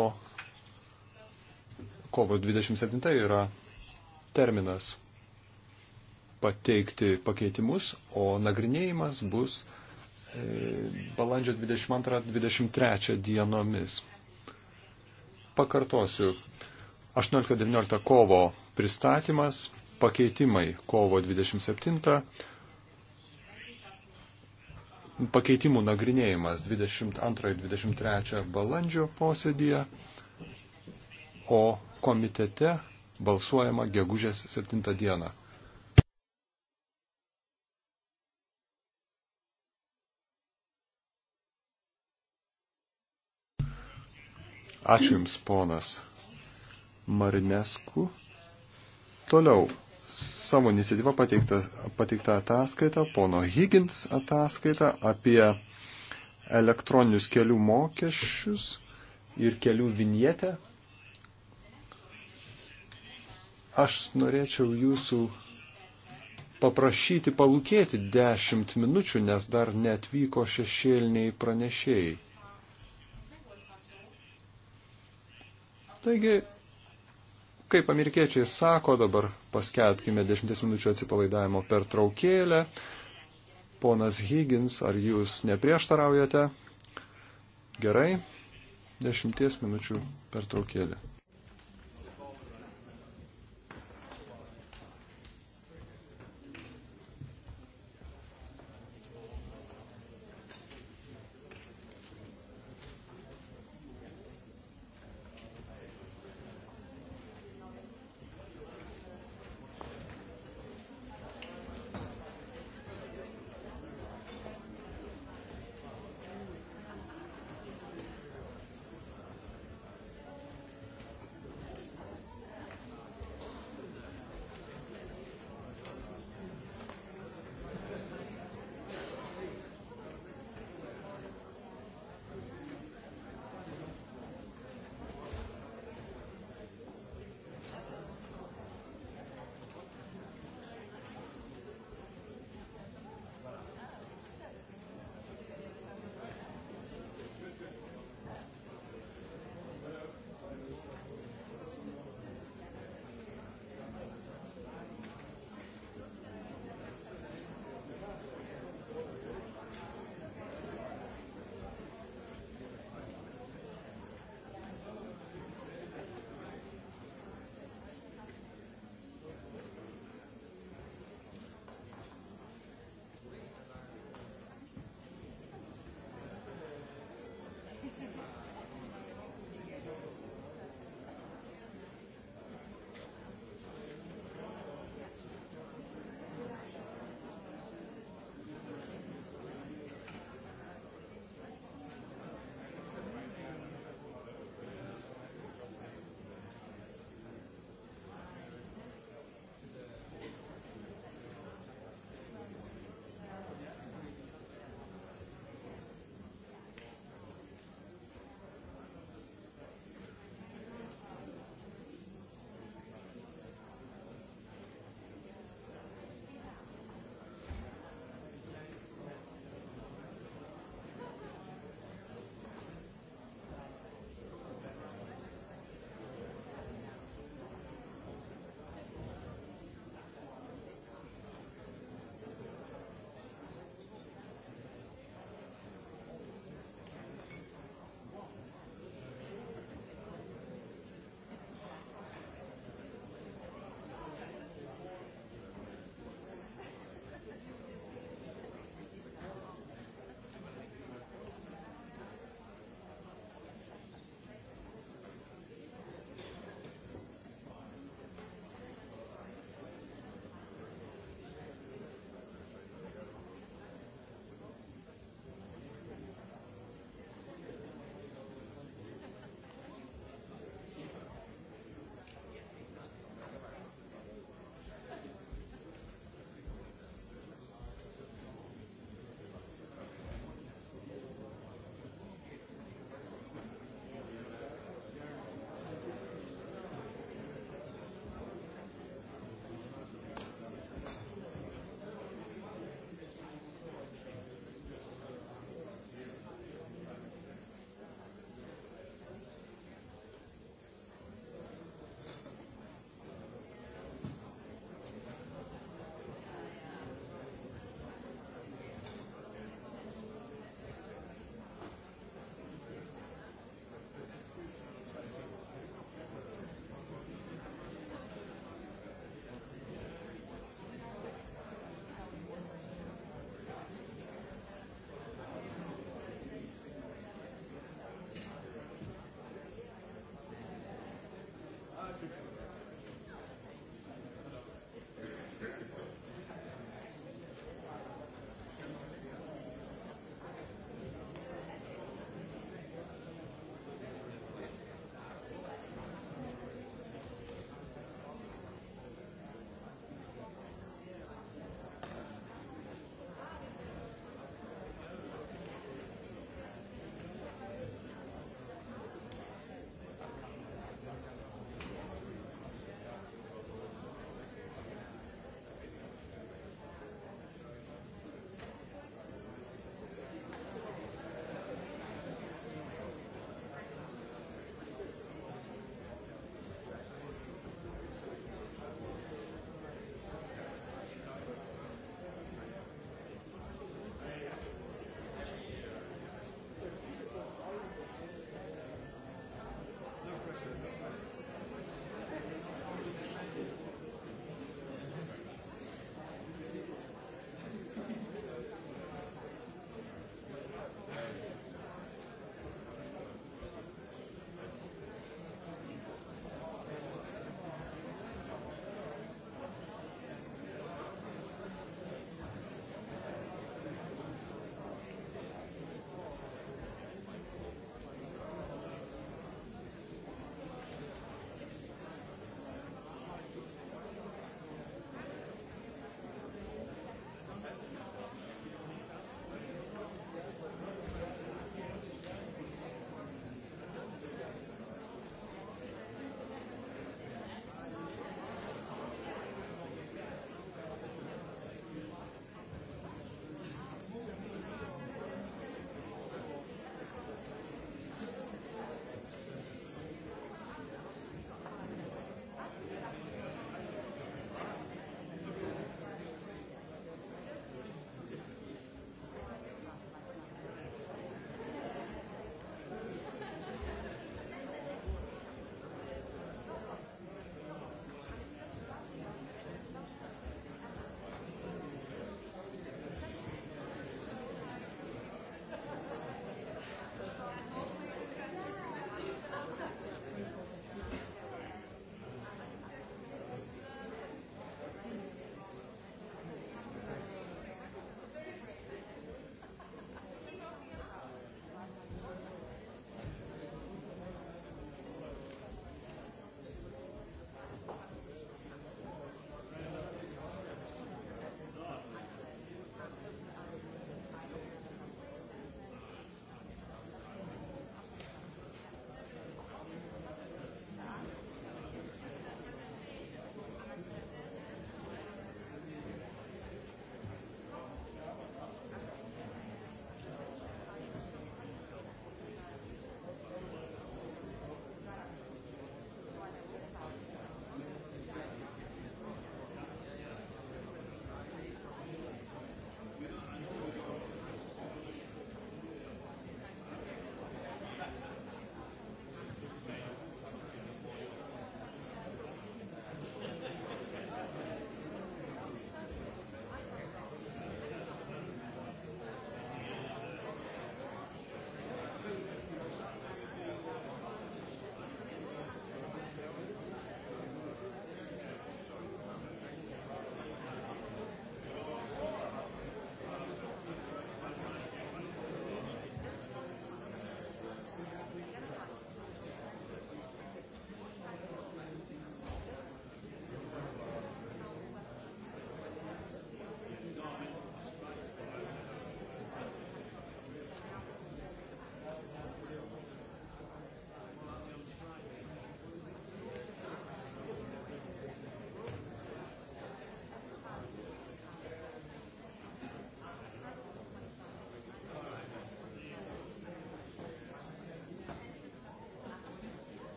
kovo 27 yra terminas pateikti pakeitimus, o nagrinėjimas bus e, balandžio 22-23 dienomis. Pakartosiu, 18-19 kovo pristatymas pakeitimai kovo 27, pakeitimų nagrinėjimas 22-23 balandžio posėdėje, o komitete balsuojama gegužės 7 dieną. Ačiū Jums, ponas Marinesku. Toliau savo iniciatyvą pateiktą, pateiktą ataskaitą, pono Higgins ataskaitą apie elektroninius kelių mokesčius ir kelių vinietę. Aš norėčiau jūsų paprašyti palūkėti dešimt minučių, nes dar netvyko šešėliniai pranešėjai. Taigi Kaip amerikiečiai sako, dabar paskelbkime 10 minučių atsipalaidavimo per traukėlę. Ponas Higgins, ar jūs neprieštaraujate? Gerai, 10 minučių per traukėlę.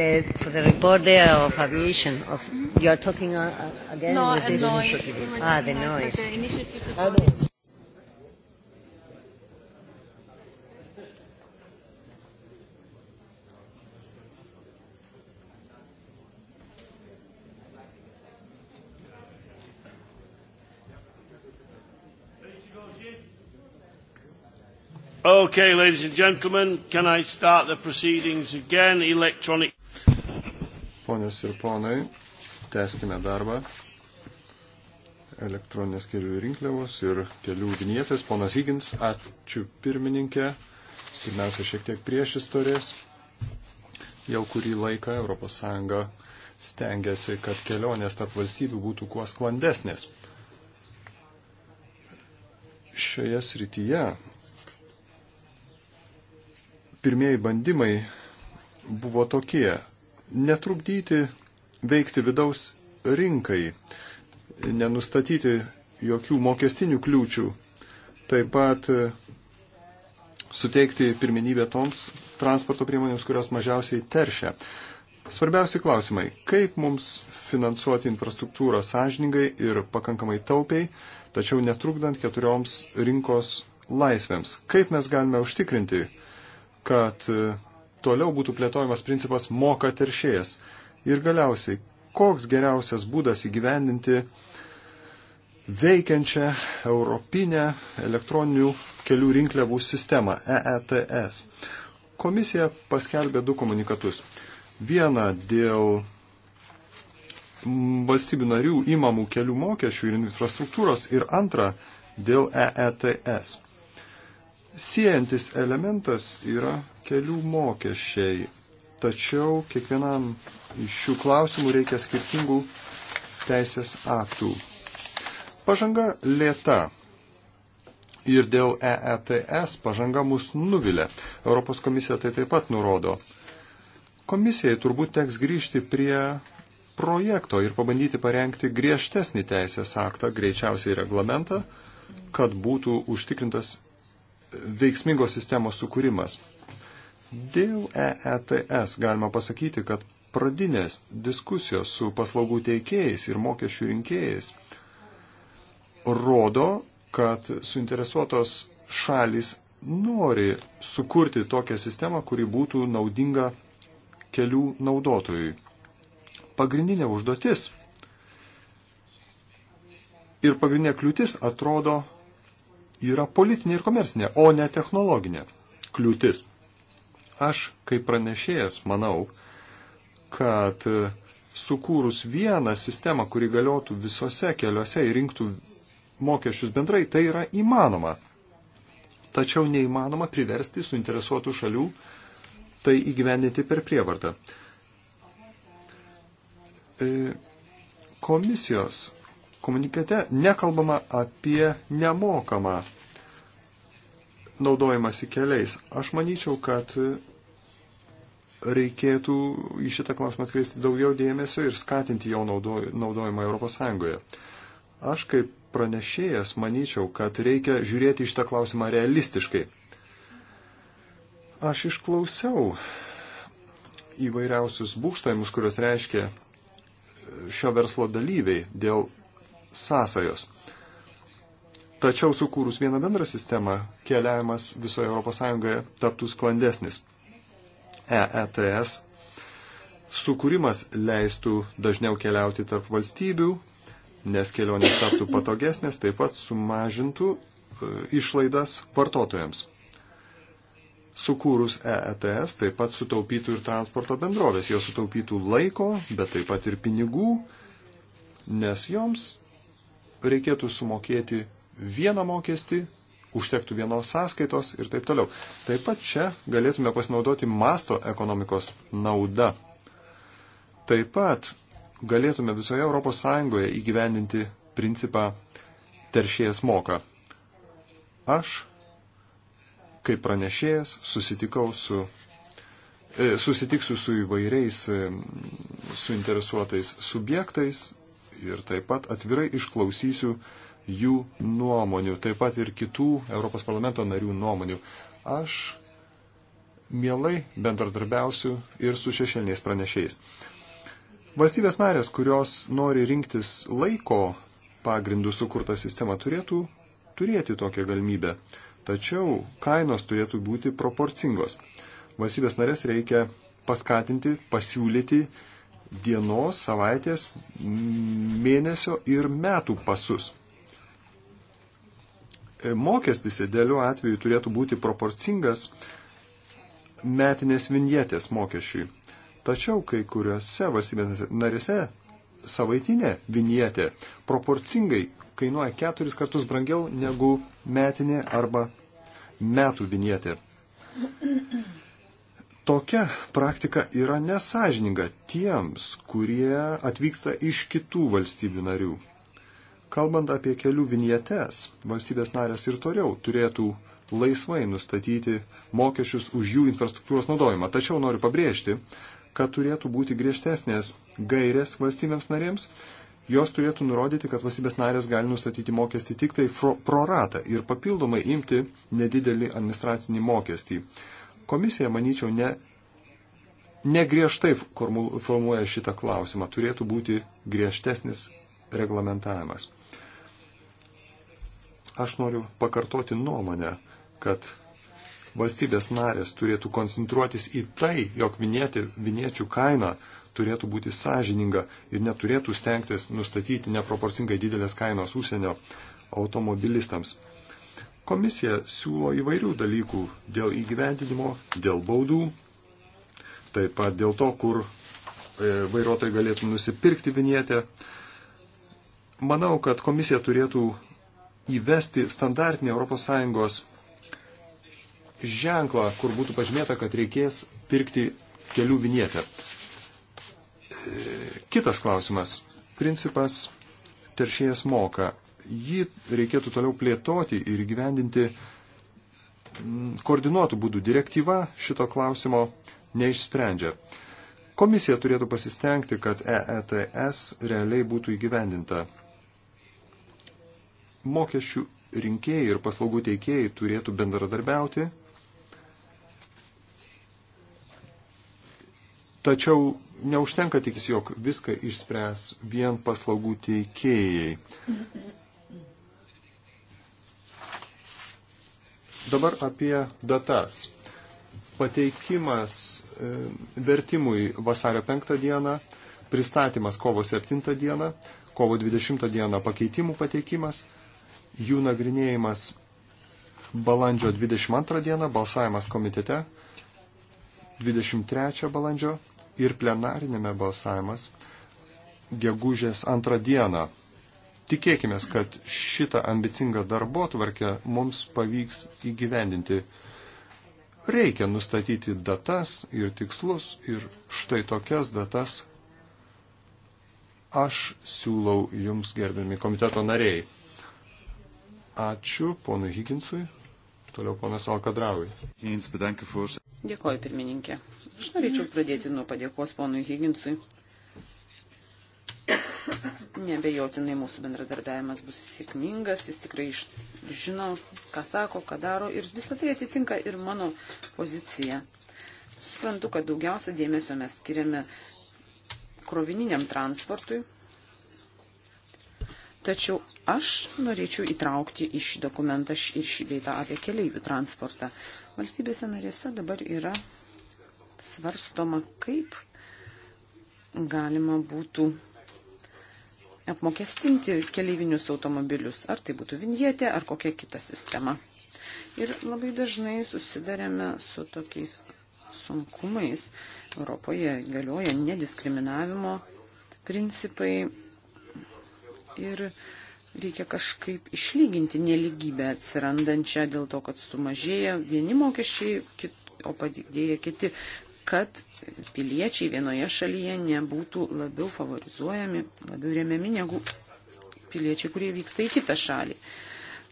the, for the report there of aviation. Of, mm-hmm. You are talking uh, again no, with this? Noise. Ah, the noise. The initiative oh, no. Okay, ladies and gentlemen, can I start the proceedings again? Electronic Ponios ir ponai, teskime darbą. Elektroninės kelių rinkliavos ir kelių vignietės. Ponas Higgins, ačiū pirmininkė. Pirmiausia, šiek tiek prieš istorijas. Jau kurį laiką ES stengiasi, kad kelionės tarp valstybių būtų kuo sklandesnės. Šioje srityje pirmieji bandymai buvo tokie netrukdyti veikti vidaus rinkai, nenustatyti jokių mokestinių kliūčių, taip pat e, suteikti pirmenybę toms transporto priemonėms, kurios mažiausiai teršia. Svarbiausi klausimai - kaip mums finansuoti infrastruktūrą sąžiningai ir pakankamai taupiai, tačiau netrukdant keturioms rinkos laisvėms? Kaip mes galime užtikrinti, kad e, toliau būtų plėtojamas principas moka teršėjas. Ir galiausiai, koks geriausias būdas įgyvendinti veikiančią europinę elektroninių kelių rinkliavų sistemą EETS. Komisija paskelbė du komunikatus. Vieną dėl valstybių narių įmamų kelių mokesčių ir infrastruktūros ir antrą dėl EETS siejantis elementas yra kelių mokesčiai. Tačiau kiekvienam iš šių klausimų reikia skirtingų teisės aktų. Pažanga lėta. Ir dėl EETS pažanga mus nuvilia. Europos komisija tai taip pat nurodo. Komisijai turbūt teks grįžti prie projekto ir pabandyti parengti griežtesnį teisės aktą, greičiausiai reglamentą, kad būtų užtikrintas veiksmingos sistemos sukūrimas. Dėl EETS galima pasakyti, kad pradinės diskusijos su paslaugų teikėjais ir mokesčių rinkėjais rodo, kad suinteresuotos šalis nori sukurti tokią sistemą, kuri būtų naudinga kelių naudotojui. Pagrindinė užduotis ir pagrindinė kliūtis atrodo yra politinė ir komercinė, o ne technologinė kliūtis. Aš, kaip pranešėjas, manau, kad e, sukūrus vieną sistemą, kuri galiotų visose keliuose ir rinktų mokesčius bendrai, tai yra įmanoma. Tačiau neįmanoma priversti suinteresuotų šalių tai įgyvendinti per prievartą. E, komisijos Komunikate nekalbama apie nemokamą naudojimąsi keliais. Aš manyčiau, kad reikėtų į šitą klausimą atkreisti daugiau dėmesio ir skatinti jo naudojimą ES. Aš kaip pranešėjas manyčiau, kad reikia žiūrėti šitą klausimą realistiškai. Aš išklausiau įvairiausius būkštavimus, kurios reiškia šio verslo dalyviai dėl sąsajos. Tačiau sukūrus vieną bendrą sistemą, keliavimas visoje ES taptų sklandesnis. EETS sukūrimas leistų dažniau keliauti tarp valstybių, nes kelionės taptų patogesnės, taip pat sumažintų e, išlaidas vartotojams. Sukūrus EETS taip pat sutaupytų ir transporto bendrovės, jos sutaupytų laiko, bet taip pat ir pinigų, nes joms reikėtų sumokėti vieną mokestį, užtektų vienos sąskaitos ir taip toliau. Taip pat čia galėtume pasinaudoti masto ekonomikos nauda. Taip pat galėtume visoje ES įgyvendinti principą teršėjas moka. Aš, kaip pranešėjas, susitikau su e, susitiksiu su įvairiais e, suinteresuotais subjektais ir taip pat atvirai išklausysiu jų nuomonių, taip pat ir kitų Europos parlamento narių nuomonių. Aš mielai bendradarbiausiu ir su šešėliniais pranešėjais. Valstybės narės, kurios nori rinktis laiko pagrindų sukurtą sistemą, turėtų turėti tokią galimybę. Tačiau kainos turėtų būti proporcingos. Valstybės narės reikia paskatinti, pasiūlyti dienos, savaitės, mėnesio ir metų pasus. E, mokestis idealiu atveju turėtų būti proporcingas metinės vinjetės mokesčiui. Tačiau kai kuriuose valstybės narėse savaitinė vinjetė proporcingai kainuoja keturis kartus brangiau negu metinė arba metų vinjetė tokia praktika yra nesažininga tiems, kurie atvyksta iš kitų valstybių narių. Kalbant apie kelių vinietes, valstybės narės ir toliau turėtų laisvai nustatyti mokesčius už jų infrastruktūros naudojimą. Tačiau noriu pabrėžti, kad turėtų būti griežtesnės gairės valstybėms narėms. Jos turėtų nurodyti, kad valstybės narės gali nustatyti mokestį tik tai proratą ir papildomai imti nedidelį administracinį mokestį. Komisija, manyčiau, ne, negriežtai formuoja šitą klausimą. Turėtų būti griežtesnis reglamentavimas. Aš noriu pakartoti nuomonę, kad valstybės narės turėtų koncentruotis į tai, jog vinėti, viniečių kaina turėtų būti sąžininga ir neturėtų stengtis nustatyti neproporcingai didelės kainos užsienio automobilistams. Komisija siūlo įvairių dalykų dėl įgyvendinimo, dėl baudų, taip pat dėl to, kur e, vairuotojai galėtų nusipirkti vinietę. Manau, kad komisija turėtų įvesti standartinį ES ženklą, kur būtų pažymėta, kad reikės pirkti kelių vinietę. E, kitas klausimas. Principas teršėjas moka jį reikėtų toliau plėtoti ir gyvendinti mm, koordinuotų būdų. Direktyva šito klausimo neišsprendžia. Komisija turėtų pasistengti, kad EETS realiai būtų įgyvendinta. Mokesčių rinkėjai ir paslaugų teikėjai turėtų bendradarbiauti, tačiau neužtenka tik, jog viską išspręs vien paslaugų teikėjai. Dabar apie datas. Pateikimas e, vertimui vasario 5 dieną, pristatymas kovo 7 dieną, kovo 20 dieną pakeitimų pateikimas, jų nagrinėjimas balandžio 22 dieną, balsavimas komitete 23 balandžio ir plenarinėme balsavimas gegužės 2 dieną. Tikėkime, kad šitą ambicingą darbo tvarkę mums pavyks įgyvendinti. Reikia nustatyti datas ir tikslus ir štai tokias datas aš siūlau jums gerbiami komiteto nariai. Ačiū ponui Higginsui. Toliau ponas Alkadravui. Dėkoju, pirmininkė. Aš norėčiau pradėti nuo padėkos ponui Higginsui Nebejotinai mūsų bendradarbiavimas bus sėkmingas, jis tikrai žino, ką sako, ką daro ir visą tai atitinka ir mano poziciją. Suprantu, kad daugiausia dėmesio mes skiriame krovininiam transportui, tačiau aš norėčiau įtraukti į šį dokumentą ir šį beitą apie keleivių transportą. Valstybėse narėse dabar yra svarstoma, kaip galima būtų apmokestinti keleivinius automobilius, ar tai būtų vinjetė, ar kokia kita sistema. Ir labai dažnai susidarėme su tokiais sunkumais. Europoje galioja nediskriminavimo principai ir reikia kažkaip išlyginti neligybę atsirandančią dėl to, kad sumažėja vieni mokesčiai, kit, o padidėja kiti kad piliečiai vienoje šalyje nebūtų labiau favorizuojami, labiau remiami negu piliečiai, kurie vyksta į kitą šalį.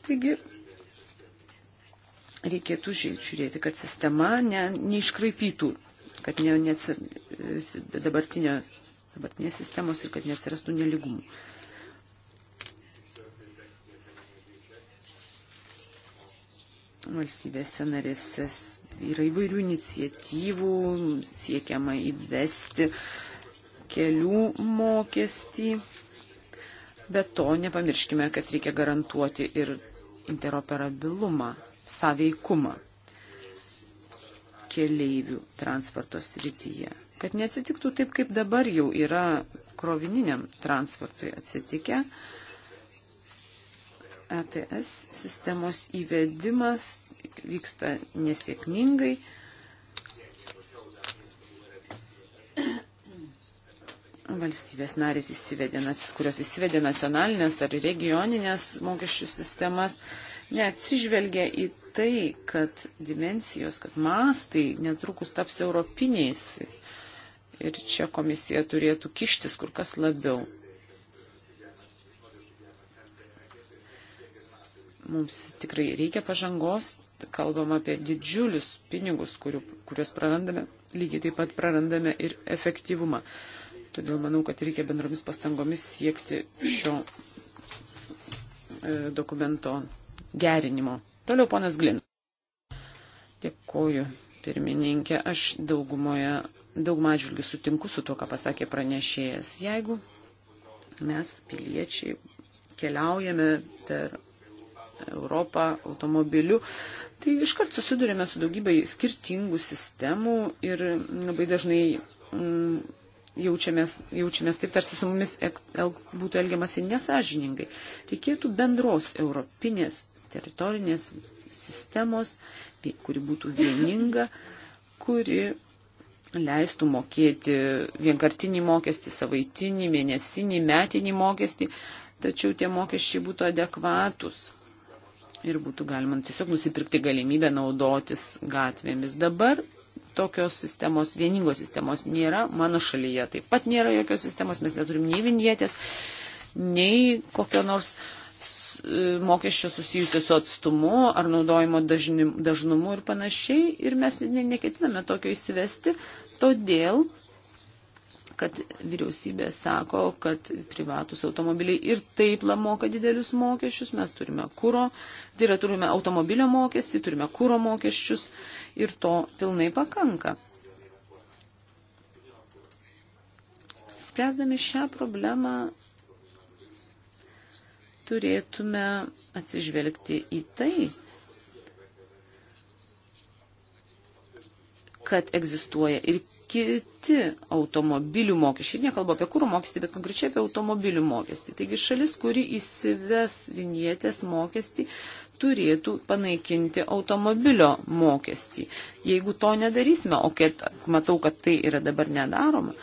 Taigi reikėtų žiūrėti, kad sistema ne, neiškraipytų, kad ne, ne, dabartinio, dabartinės sistemos ir kad neatsirastų neligumų. Valstybėse narėse yra įvairių iniciatyvų, siekiama įvesti kelių mokestį. Bet to nepamirškime, kad reikia garantuoti ir interoperabilumą, saveikumą keleivių transporto srityje. Kad neatsitiktų taip, kaip dabar jau yra krovininiam transportui atsitikę, ETS sistemos įvedimas vyksta nesėkmingai. Valstybės narės, įsivedė, kurios įsivedė nacionalinės ar regioninės mokesčių sistemas, neatsižvelgia į tai, kad dimensijos, kad mastai netrukus taps europiniais. Ir čia komisija turėtų kištis kur kas labiau. Mums tikrai reikia pažangos, kalbam apie didžiulius pinigus, kuriu, kuriuos prarandame, lygiai taip pat prarandame ir efektyvumą. Todėl manau, kad reikia bendromis pastangomis siekti šio e, dokumento gerinimo. Toliau ponas Glin. Dėkoju, pirmininkė. Aš daugumoje, daugumą atžvilgių sutinku su to, ką pasakė pranešėjas. Jeigu mes, piliečiai, keliaujame per Europą automobiliu, tai iškart susidurėme su daugybai skirtingų sistemų ir labai dažnai mm, jaučiamės, jaučiamės taip, tarsi su mumis el, būtų elgiamasi nesažiningai. Reikėtų bendros europinės teritorinės sistemos, kuri būtų vieninga, kuri leistų mokėti vienkartinį mokestį, savaitinį, mėnesinį, metinį mokestį, tačiau tie mokesčiai būtų adekvatus ir būtų galima tiesiog nusipirkti galimybę naudotis gatvėmis. Dabar tokios sistemos, vieningos sistemos nėra, mano šalyje taip pat nėra jokios sistemos, mes neturim nei vinjetės, nei kokio nors e, mokesčio susijusio su atstumu ar naudojimo dažnumu ir panašiai, ir mes neketiname tokio įsivesti, todėl kad vyriausybė sako, kad privatus automobiliai ir taip lamoka didelius mokesčius, mes turime kūro Tai yra turime automobilio mokestį, turime kūro mokesčius ir to pilnai pakanka. Spręsdami šią problemą turėtume atsižvelgti į tai, kad egzistuoja ir kiti automobilių mokesčiai. Nekalbu apie kūro mokestį, bet konkrečiai apie automobilių mokestį. Taigi šalis, kuri įsives vinietės mokestį, turėtų panaikinti automobilio mokestį. Jeigu to nedarysime, o kiek matau, kad tai yra dabar nedaroma,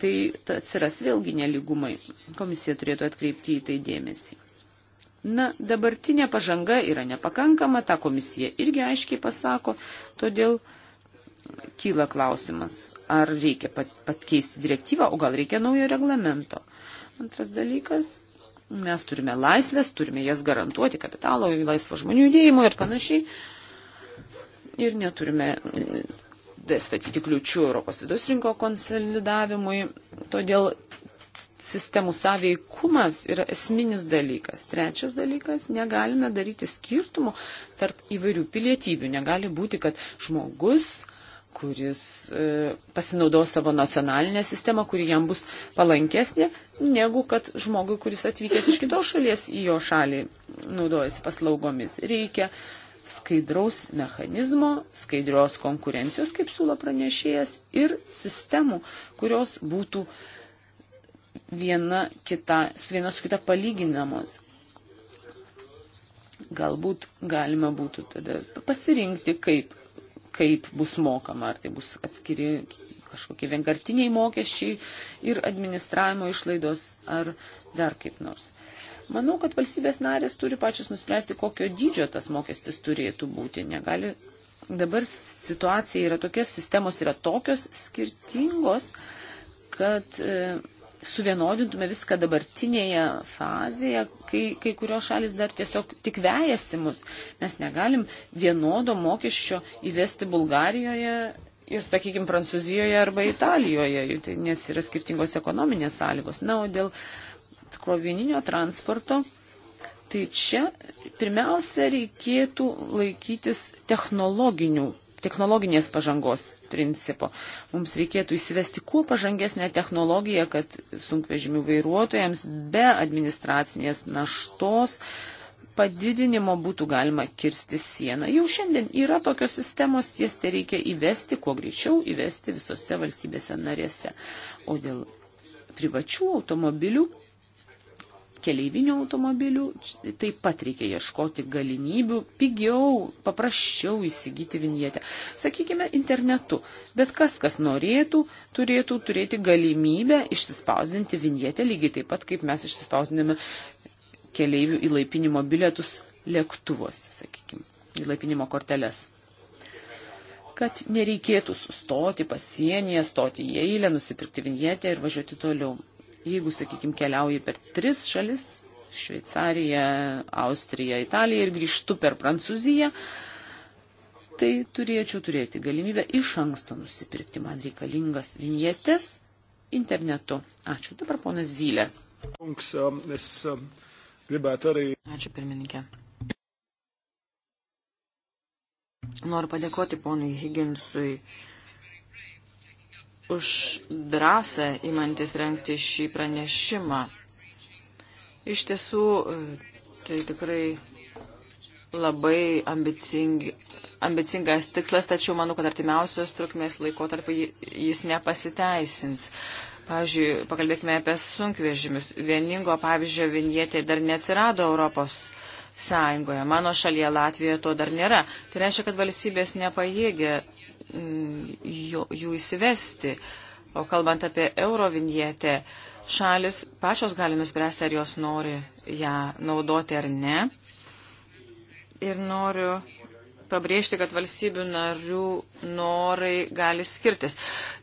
tai atsiras vėlgi neligumai. Komisija turėtų atkreipti į tai dėmesį. Na, dabartinė pažanga yra nepakankama, ta komisija irgi aiškiai pasako, todėl kyla klausimas, ar reikia pat, pat keisti direktyvą, o gal reikia naujo reglamento. Antras dalykas Mes turime laisvės, turime jas garantuoti kapitalo, laisvo žmonių judėjimo ir panašiai. Ir neturime e, statyti kliučių Europos vidaus rinko konsolidavimui. Todėl sistemų saveikumas yra esminis dalykas. Trečias dalykas - negalime daryti skirtumų tarp įvairių pilietybių. Negali būti, kad žmogus kuris e, pasinaudos savo nacionalinę sistemą, kuri jam bus palankesnė, negu kad žmogui, kuris atvykęs iš kitos šalies į jo šalį naudojasi paslaugomis. Reikia skaidraus mechanizmo, skaidrios konkurencijos, kaip siūlo pranešėjas, ir sistemų, kurios būtų viena, kita, su viena su kita palyginamos galbūt galima būtų tada pasirinkti, kaip kaip bus mokama, ar tai bus atskiri kažkokie vienkartiniai mokesčiai ir administravimo išlaidos, ar dar kaip nors. Manau, kad valstybės narės turi pačios nuspręsti, kokio dydžio tas mokestis turėtų būti. Negali. Dabar situacija yra tokia, sistemos yra tokios skirtingos, kad e, suvienodintume viską dabartinėje fazėje, kai, kai kurios šalis dar tiesiog tik vejasi mus. Mes negalim vienodo mokesčio įvesti Bulgarijoje ir, sakykime, Prancūzijoje arba Italijoje, tai- nes yra skirtingos ekonominės sąlygos. Na, o dėl krovininio transporto. Tai čia pirmiausia reikėtų laikytis technologinių technologinės pažangos principo. Mums reikėtų įsivesti kuo pažangesnę technologiją, kad sunkvežimių vairuotojams be administracinės naštos padidinimo būtų galima kirsti sieną. Jau šiandien yra tokios sistemos, jas tai reikia įvesti, kuo greičiau įvesti visose valstybėse narėse. O dėl privačių automobilių keleivinių automobilių, taip pat reikia ieškoti galimybių pigiau, paprasčiau įsigyti vinietę. Sakykime, internetu. Bet kas, kas norėtų, turėtų turėti galimybę išsispausdinti vinietę, lygiai taip pat, kaip mes išsispausdiname keleivių įlaipinimo bilietus lėktuvuose, sakykime, įlaipinimo korteles kad nereikėtų sustoti pasienyje, stoti į eilę, nusipirkti vinietę ir važiuoti toliau. Jeigu, sakykime, keliauji per tris šalis - Šveicariją, Austriją, Italiją ir grįžtu per Prancūziją, tai turėčiau turėti galimybę iš anksto nusipirkti man reikalingas vinjetės internetu. Ačiū. Dabar ponas Zylė. Um, um, Ačiū pirmininkė. Noriu padėkoti ponui Higginsui už drąsą įmantis renkti šį pranešimą. Iš tiesų, e, tai tikrai labai ambicingi, ambicingas tikslas, tačiau manau, kad artimiausios trukmės laikotarpį jis nepasiteisins. Pavyzdžiui, pakalbėkime apie sunkvežimius. Vieningo pavyzdžio vinietė dar neatsirado Europos Sąjungoje. Mano šalyje Latvijoje to dar nėra. Tai reiškia, kad valstybės nepajėgė jų įsivesti. O kalbant apie eurovinietę, šalis pačios gali nuspręsti, ar jos nori ją naudoti ar ne. Ir noriu pabrėžti, kad valstybių narių norai gali skirtis.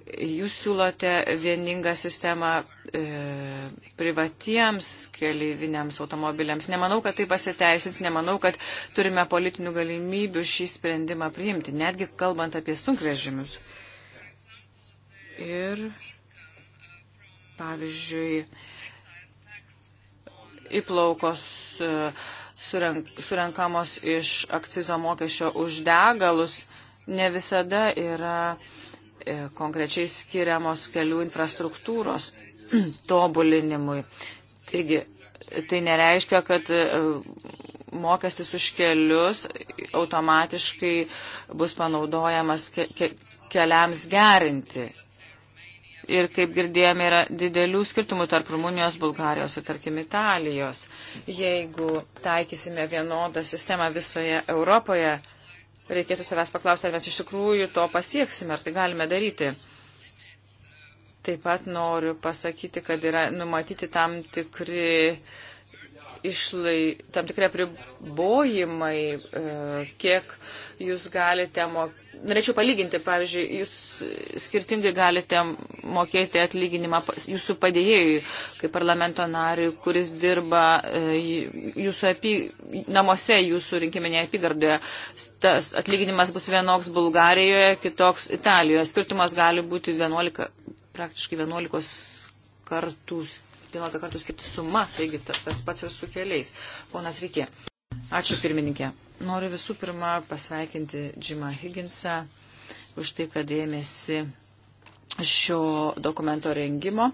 Jūs siūlote vieningą sistemą e, privatiems keleiviniams automobiliams. Nemanau, kad tai pasiteisins, nemanau, kad turime politinių galimybių šį sprendimą priimti, netgi kalbant apie sunkvežimius. Ir, pavyzdžiui, įplaukos. E, surenk, surenkamos iš akcizo mokesčio už degalus, ne visada yra e, konkrečiai skiriamos kelių infrastruktūros tobulinimui. Taigi, tai nereiškia, kad e, mokestis už kelius automatiškai bus panaudojamas ke ke keliams gerinti ir, kaip girdėjome, yra didelių skirtumų tarp Rumunijos, Bulgarijos ir, tarkim, Italijos. Jeigu taikysime vienodą sistemą visoje Europoje, reikėtų savęs paklausti, ar mes iš tikrųjų to pasieksime, ar tai galime daryti. Taip pat noriu pasakyti, kad yra numatyti tam tikri uh, išlai, tam tikrai pribojimai, e, kiek jūs galite mokėti. Norėčiau palyginti, pavyzdžiui, jūs skirtingai galite mokėti atlyginimą jūsų padėjėjui, kaip parlamento nariui, kuris dirba e, jūsų apy, namuose, jūsų rinkiminėje apygardoje. Tas atlyginimas bus vienoks Bulgarijoje, kitoks Italijoje. Skirtumas gali būti 11, praktiškai 11 kartus 17 tai kartų skirti suma, taigi tas, tas pats ir su keliais. Ponas Rykė, ačiū pirmininkė. Noriu visų pirma pasveikinti Džimą Higginsą už tai, kad ėmėsi šio dokumento rengimo.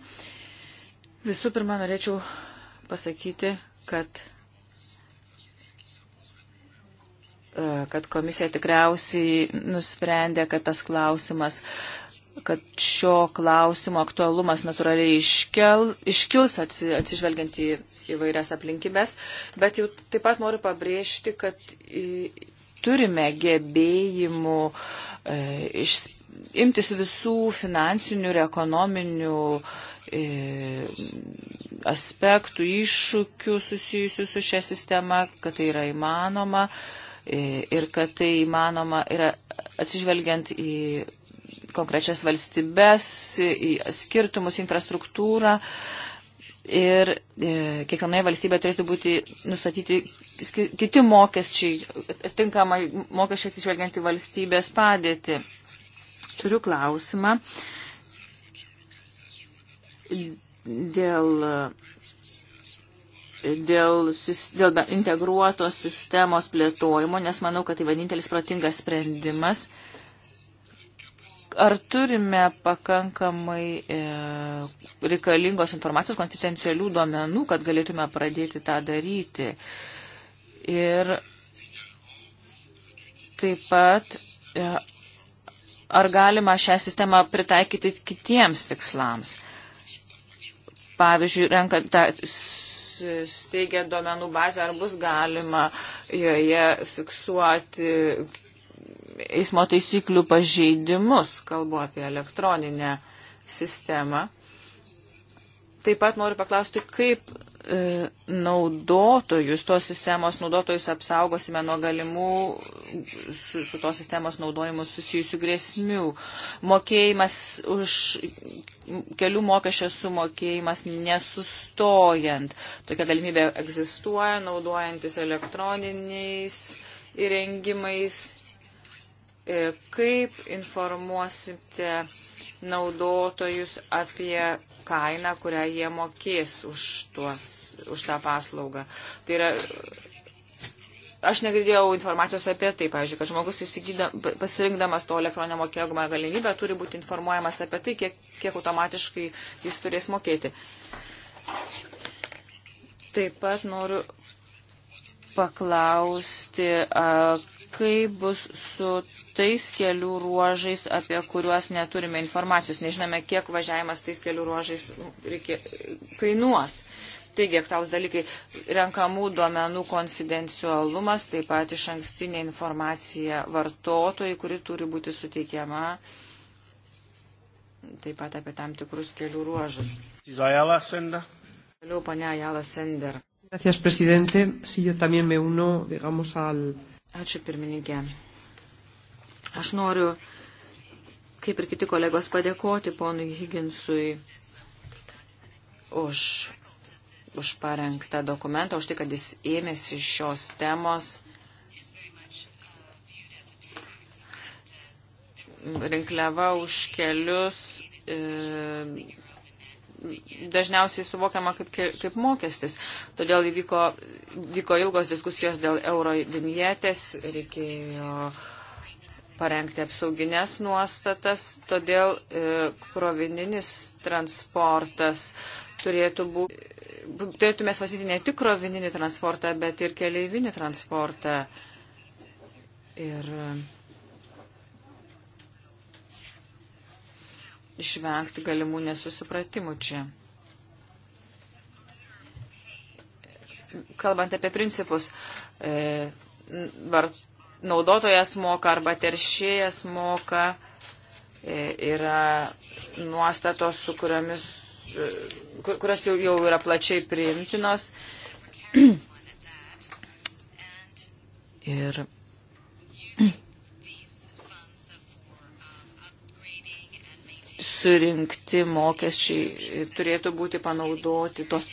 Visų pirma, norėčiau pasakyti, kad e, kad komisija tikriausiai nusprendė, kad tas klausimas uh, kad šio klausimo aktualumas natūraliai iškel, iškils atsi, atsižvelgiant į įvairias aplinkybės, bet jau taip pat noriu pabrėžti, kad į, turime gebėjimų e, iš, imtis visų finansinių ir ekonominių e, aspektų, iššūkių susijusių su šia sistema, kad tai yra įmanoma e, ir kad tai įmanoma yra atsižvelgiant į konkrečias valstybės, į skirtumus, infrastruktūrą. Ir e, kiekvienoje valstybėje turėtų būti nustatyti kiti mokesčiai, atitinkamai mokesčiai atsižvelgiant į valstybės padėtį. Turiu klausimą dėl, dėl, dėl integruotos sistemos plėtojimo, nes manau, kad tai vienintelis protingas sprendimas. E, ar turime pakankamai e, reikalingos informacijos konfidencialių duomenų, kad galėtume pradėti tą daryti. Ir taip pat, e, ar galima šią sistemą pritaikyti kitiems tikslams. Pavyzdžiui, renkant tą steigia duomenų bazę, ar bus galima joje fiksuoti eismo taisyklių pažeidimus, kalbu apie elektroninę sistemą. Taip pat noriu paklausti, kaip e, naudotojus, tos sistemos naudotojus apsaugosime nuo galimų su, su tos sistemos naudojimu susijusių grėsmių. Mokėjimas už kelių mokesčio sumokėjimas nesustojant. Tokia galimybė egzistuoja naudojantis elektroniniais įrengimais E, kaip informuosite naudotojus apie kainą, kurią jie mokės už, tuos, už tą paslaugą. Tai yra, aš negirdėjau informacijos apie tai, pavyzdžiui, kad žmogus pasirinkdamas to elektroninio mokėjimo galimybę turi būti informuojamas apie tai, kiek, kiek automatiškai jis turės mokėti. Taip pat noriu paklausti, kaip bus su tais kelių ruožais, apie kuriuos neturime informacijos, nežinome, kiek važiavimas tais kelių ruožais reikia, kainuos. Taigi, aktaus dalykai - renkamų duomenų konfidencialumas, taip pat iš ankstinė informacija vartotojai, kuri turi būti suteikiama, taip pat apie tam tikrus kelių ruožus. Toliau, ponia Jala Sender. Gracias, presidente. Sí, yo también me uno, digamos, al. Ačiū pirmininkė. Aš noriu, kaip ir kiti kolegos, padėkoti ponui Higginsui už, už parengtą dokumentą, už tai, kad jis ėmėsi šios temos. rinkliava už kelius e, dažniausiai suvokiama kaip, kaip mokestis. Todėl įvyko, vyko ilgos diskusijos dėl euro vinietės, reikėjo parengti apsauginės nuostatas, todėl e, krovininis transportas turėtų būti, turėtume svarstyti ne tik krovininį transportą, bet ir keleivinį transportą. Ir e, išvengti galimų nesusipratimų čia. Kalbant apie principus, e, vart, naudotojas moka arba teršėjas moka e, yra nuostatos, su kuriomis, e, kurios jau, jau yra plačiai priimtinos. Ir surinkti mokesčiai turėtų būti panaudoti, tos,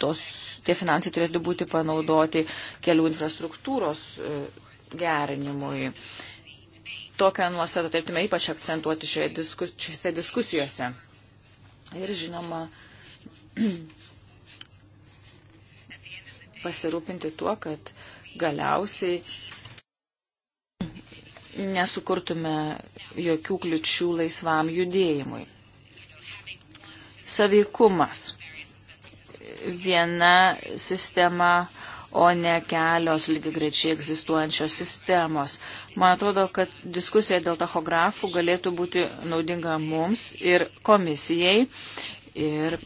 tos, tie finansai turėtų būti panaudoti kelių infrastruktūros e, gerinimui. Tokią nuostatą turėtume ypač akcentuoti šioje diskus, šiose diskusijose. Ir žinoma, pasirūpinti tuo, kad galiausiai nesukurtume jokių kliučių laisvam judėjimui saveikumas. Viena sistema, o ne kelios lygiai grečiai egzistuojančios sistemos. Man atrodo, kad diskusija dėl tachografų galėtų būti naudinga mums ir komisijai. Ir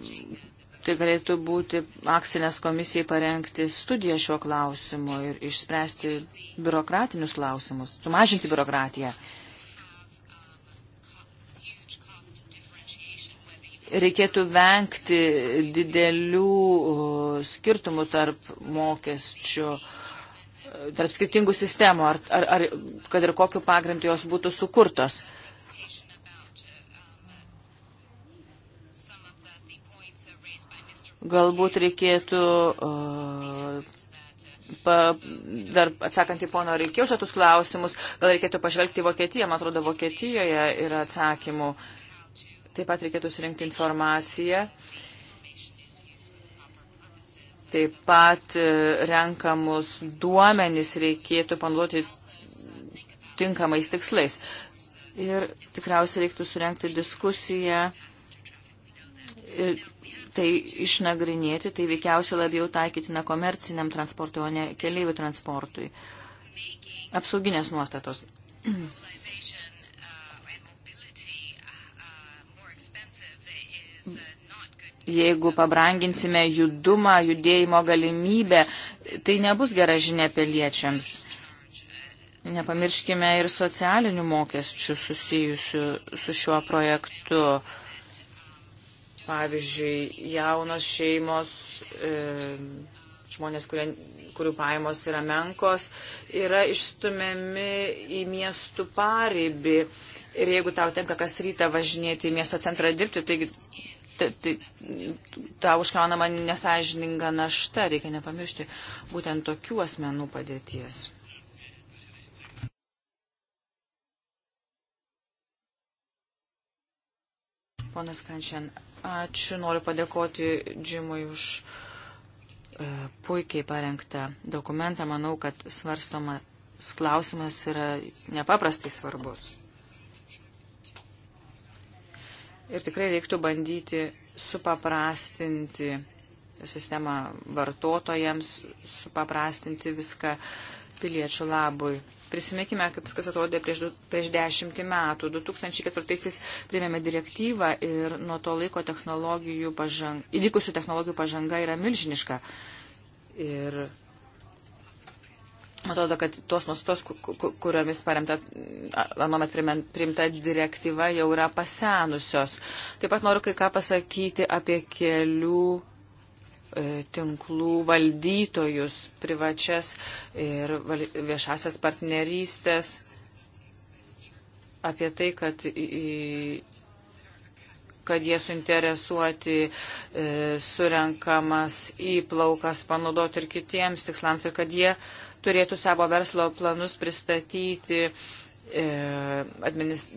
tai galėtų būti akcinės komisijai parengti studiją šiuo klausimu ir išspręsti biurokratinius klausimus, sumažinti biurokratiją. reikėtų vengti didelių skirtumų tarp mokesčių, tarp skirtingų sistemų, ar, ar, ar kad ir kokiu pagrindu jos būtų sukurtos. Galbūt reikėtų uh, pa, dar atsakant į pono reikėjo šitus klausimus, gal reikėtų pažvelgti į Vokietiją. Man atrodo, Vokietijoje yra atsakymų uh, Taip pat reikėtų surinkti informaciją. Taip pat e, renkamus duomenys reikėtų panaudoti tinkamais tikslais. Ir tikriausiai reiktų surenkti diskusiją ir e, tai išnagrinėti, tai veikiausiai labiau taikytina komerciniam transportui, o ne keliaivių transportui. Apsauginės nuostatos. jeigu pabranginsime judumą, judėjimo galimybę, tai nebus gera žinia piliečiams. Nepamirškime ir socialinių mokesčių susijusių su šiuo projektu. Pavyzdžiui, jaunos šeimos, e, žmonės, kurie, kurių pajamos yra menkos, yra išstumiami į miestų paribį. Ir jeigu tau tenka kas rytą važinėti į miesto centrą dirbti, taigi ta užkraunama nesažininga našta, reikia nepamiršti būtent tokių asmenų padėties. Ponas Kančian, ačiū, noriu padėkoti Džimui už e, puikiai parengtą dokumentą. Manau, kad svarstomas klausimas yra nepaprastai svarbus. Ir tikrai reiktų bandyti supaprastinti sistemą vartotojams, supaprastinti viską piliečių labui. Prisimėkime, kaip viskas atrodė prieš, prieš dešimtį metų. 2004-aisiais priėmėme direktyvą ir nuo to laiko technologijų pažang, įvykusių technologijų pažanga yra milžiniška. Ir Atrodo, kad tos nustatos, kuriomis paremta, anomet primta direktyva, jau yra pasenusios. Taip pat noriu kai ką pasakyti apie kelių e, tinklų valdytojus, privačias ir viešasias partnerystės, apie tai, kad, kad jie suinteresuoti e, surenkamas įplaukas panaudoti ir kitiems tikslams ir kad jie turėtų savo verslo planus pristatyti e, administ...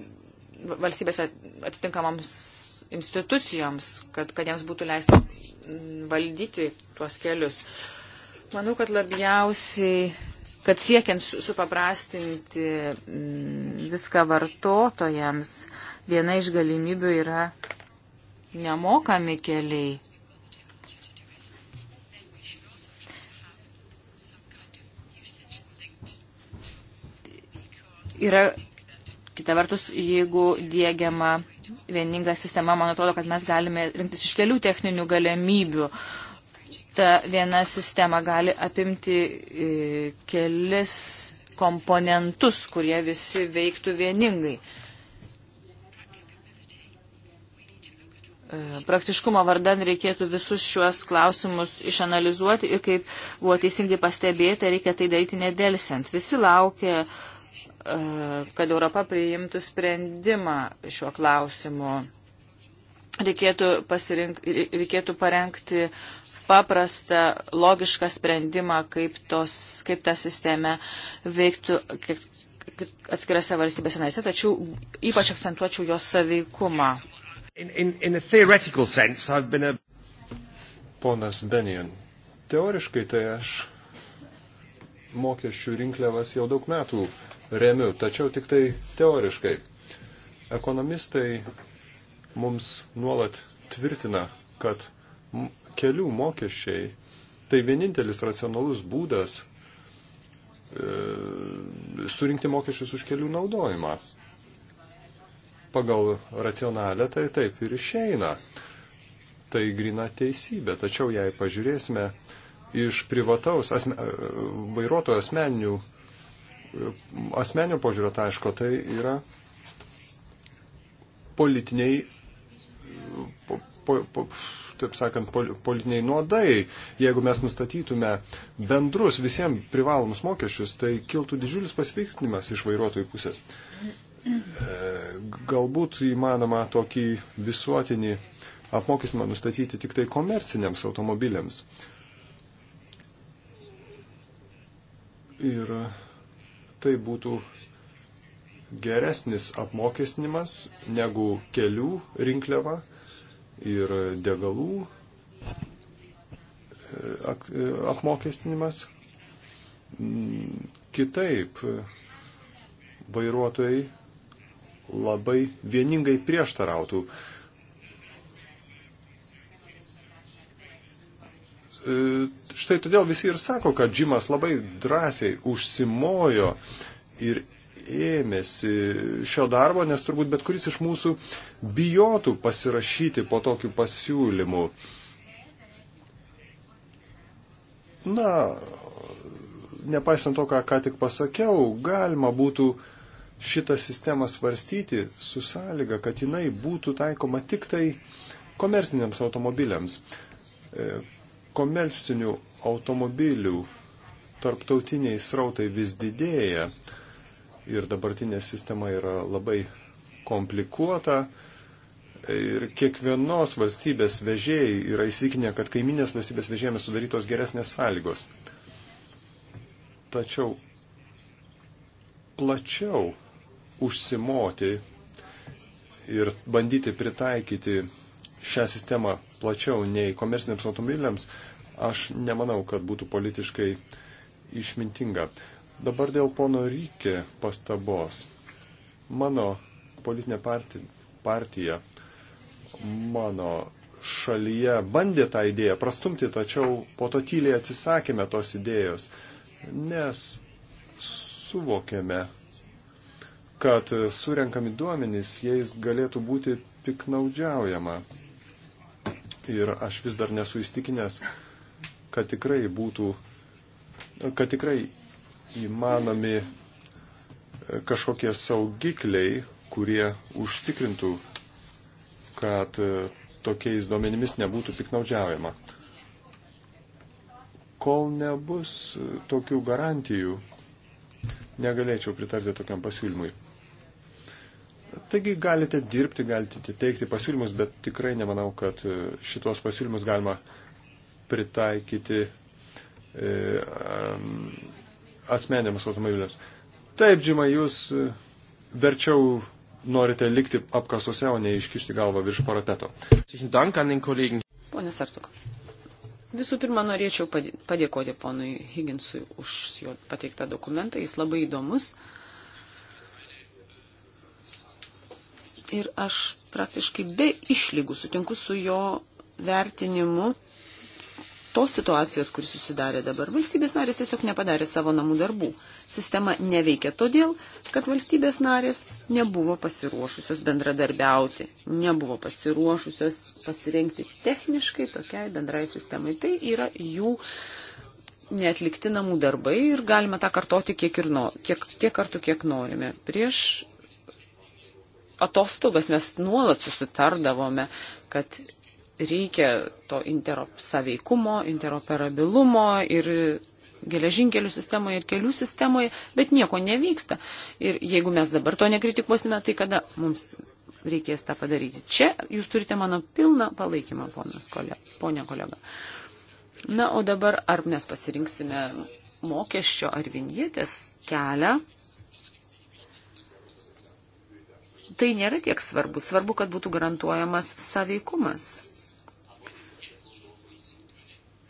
valstybės atitinkamoms institucijoms, kad, kad jiems būtų leista valdyti tuos kelius. Manau, kad labiausiai, kad siekiant supaprastinti mm, viską vartotojams, viena iš galimybių yra nemokami keliai yra, kita vertus, jeigu dėgiama vieninga sistema, man atrodo, kad mes galime rinktis iš kelių techninių galimybių. Ta viena sistema gali apimti e, kelis komponentus, kurie visi veiktų vieningai. E, praktiškumo vardan reikėtų visus šiuos klausimus išanalizuoti ir kaip buvo teisingai pastebėta, reikia tai daryti nedelsiant. Visi laukia E, kad Europa priimtų sprendimą šiuo klausimu. Reikėtų, pasirink, reikėtų parengti paprastą, logišką sprendimą, kaip, tos, kaip ta sistema veiktų atskirose valstybėse narėse, tačiau ypač akcentuočiau jos saveikumą. In, in, in sense, a... Ponas Benijan, teoriškai tai aš mokesčių rinkliavas jau daug metų remiu, tačiau tik tai teoriškai. Ekonomistai mums nuolat tvirtina, kad kelių mokesčiai tai vienintelis racionalus būdas e, surinkti mokesčius už kelių naudojimą. Pagal racionalę tai taip ir išeina. Tai grina teisybė, tačiau jei pažiūrėsime iš privataus asme, e, vairuotojo asmeninių asmenio požiūrio taško, tai yra politiniai, po, po, po, taip sakant, pol, politiniai nuodai. Jeigu mes nustatytume bendrus visiems privalomus mokesčius, tai kiltų didžiulis pasipiktinimas iš vairuotojų pusės. E, galbūt įmanoma tokį visuotinį apmokestinimą nustatyti tik tai komerciniams automobiliams. Ir tai būtų geresnis apmokestinimas negu kelių rinkliava ir degalų e, e, apmokestinimas. Mm, kitaip vairuotojai labai vieningai prieštarautų E, štai todėl visi ir sako, kad Džimas labai drąsiai užsimojo ir ėmėsi šio darbo, nes turbūt bet kuris iš mūsų bijotų pasirašyti po tokiu pasiūlymu. Na, nepaisant to, ką, ką tik pasakiau, galima būtų šitą sistemą svarstyti su sąlyga, kad jinai būtų taikoma tik tai komersiniams automobiliams. E, komercinių automobilių tarptautiniai srautai vis didėja ir dabartinė sistema yra labai komplikuota. Ir kiekvienos valstybės vežėjai yra įsikinę, kad kaiminės valstybės vežėjams sudarytos geresnės sąlygos. Tačiau plačiau užsimoti ir bandyti pritaikyti šią sistemą plačiau nei komersiniams automobiliams, aš nemanau, kad būtų politiškai išmintinga. Dabar dėl pono Rykė pastabos. Mano politinė partija, partija mano šalyje bandė tą idėją prastumti, tačiau po to tyliai atsisakėme tos idėjos, nes suvokėme, kad surenkami duomenys jais galėtų būti piknaudžiaujama. Ir aš vis dar nesu įstikinęs, kad tikrai būtų, kad tikrai įmanomi e, kažkokie saugikliai, kurie užtikrintų, kad e, tokiais duomenimis nebūtų piknaudžiaujama. Kol nebus e, tokių garantijų, negalėčiau pritarti tokiam pasiūlymui. Taigi galite dirbti, galite teikti pasiūlymus, bet tikrai nemanau, kad e, šitos pasiūlymus galima pritaikyti e, asmenėms automobiliams. Taip, Džimai, jūs e, verčiau norite likti apkasuose, o ne iškišti galvą virš parapeto. Pone Sartuk, visų pirma, norėčiau padėkoti ponui Higginsui už jo pateiktą dokumentą. Jis labai įdomus. Uh, ir aš praktiškai be išlygų sutinku su jo vertinimu tos situacijos, kuris susidarė dabar. Valstybės narės tiesiog nepadarė savo namų darbų. Sistema neveikia todėl, kad valstybės narės nebuvo pasiruošusios bendradarbiauti, nebuvo pasiruošusios pasirengti techniškai tokiai bendrai sistemai. Tai yra jų neatlikti namų darbai ir galime tą kartoti kiek ir no, kiek, tiek kartų, kiek norime. Prieš atostogas mes nuolat susitardavome, kad reikia to interopsaveikumo, interoperabilumo ir geležinkelių sistemoje ir kelių sistemoje, bet nieko nevyksta. Ir jeigu mes dabar to nekritikuosime, tai kada mums reikės tą padaryti? Čia jūs turite mano pilną palaikymą, kolega, ponia kolega. Na, o dabar ar mes pasirinksime mokesčio ar vinjetės kelią, tai nėra tiek svarbu. Svarbu, kad būtų garantuojamas saveikumas.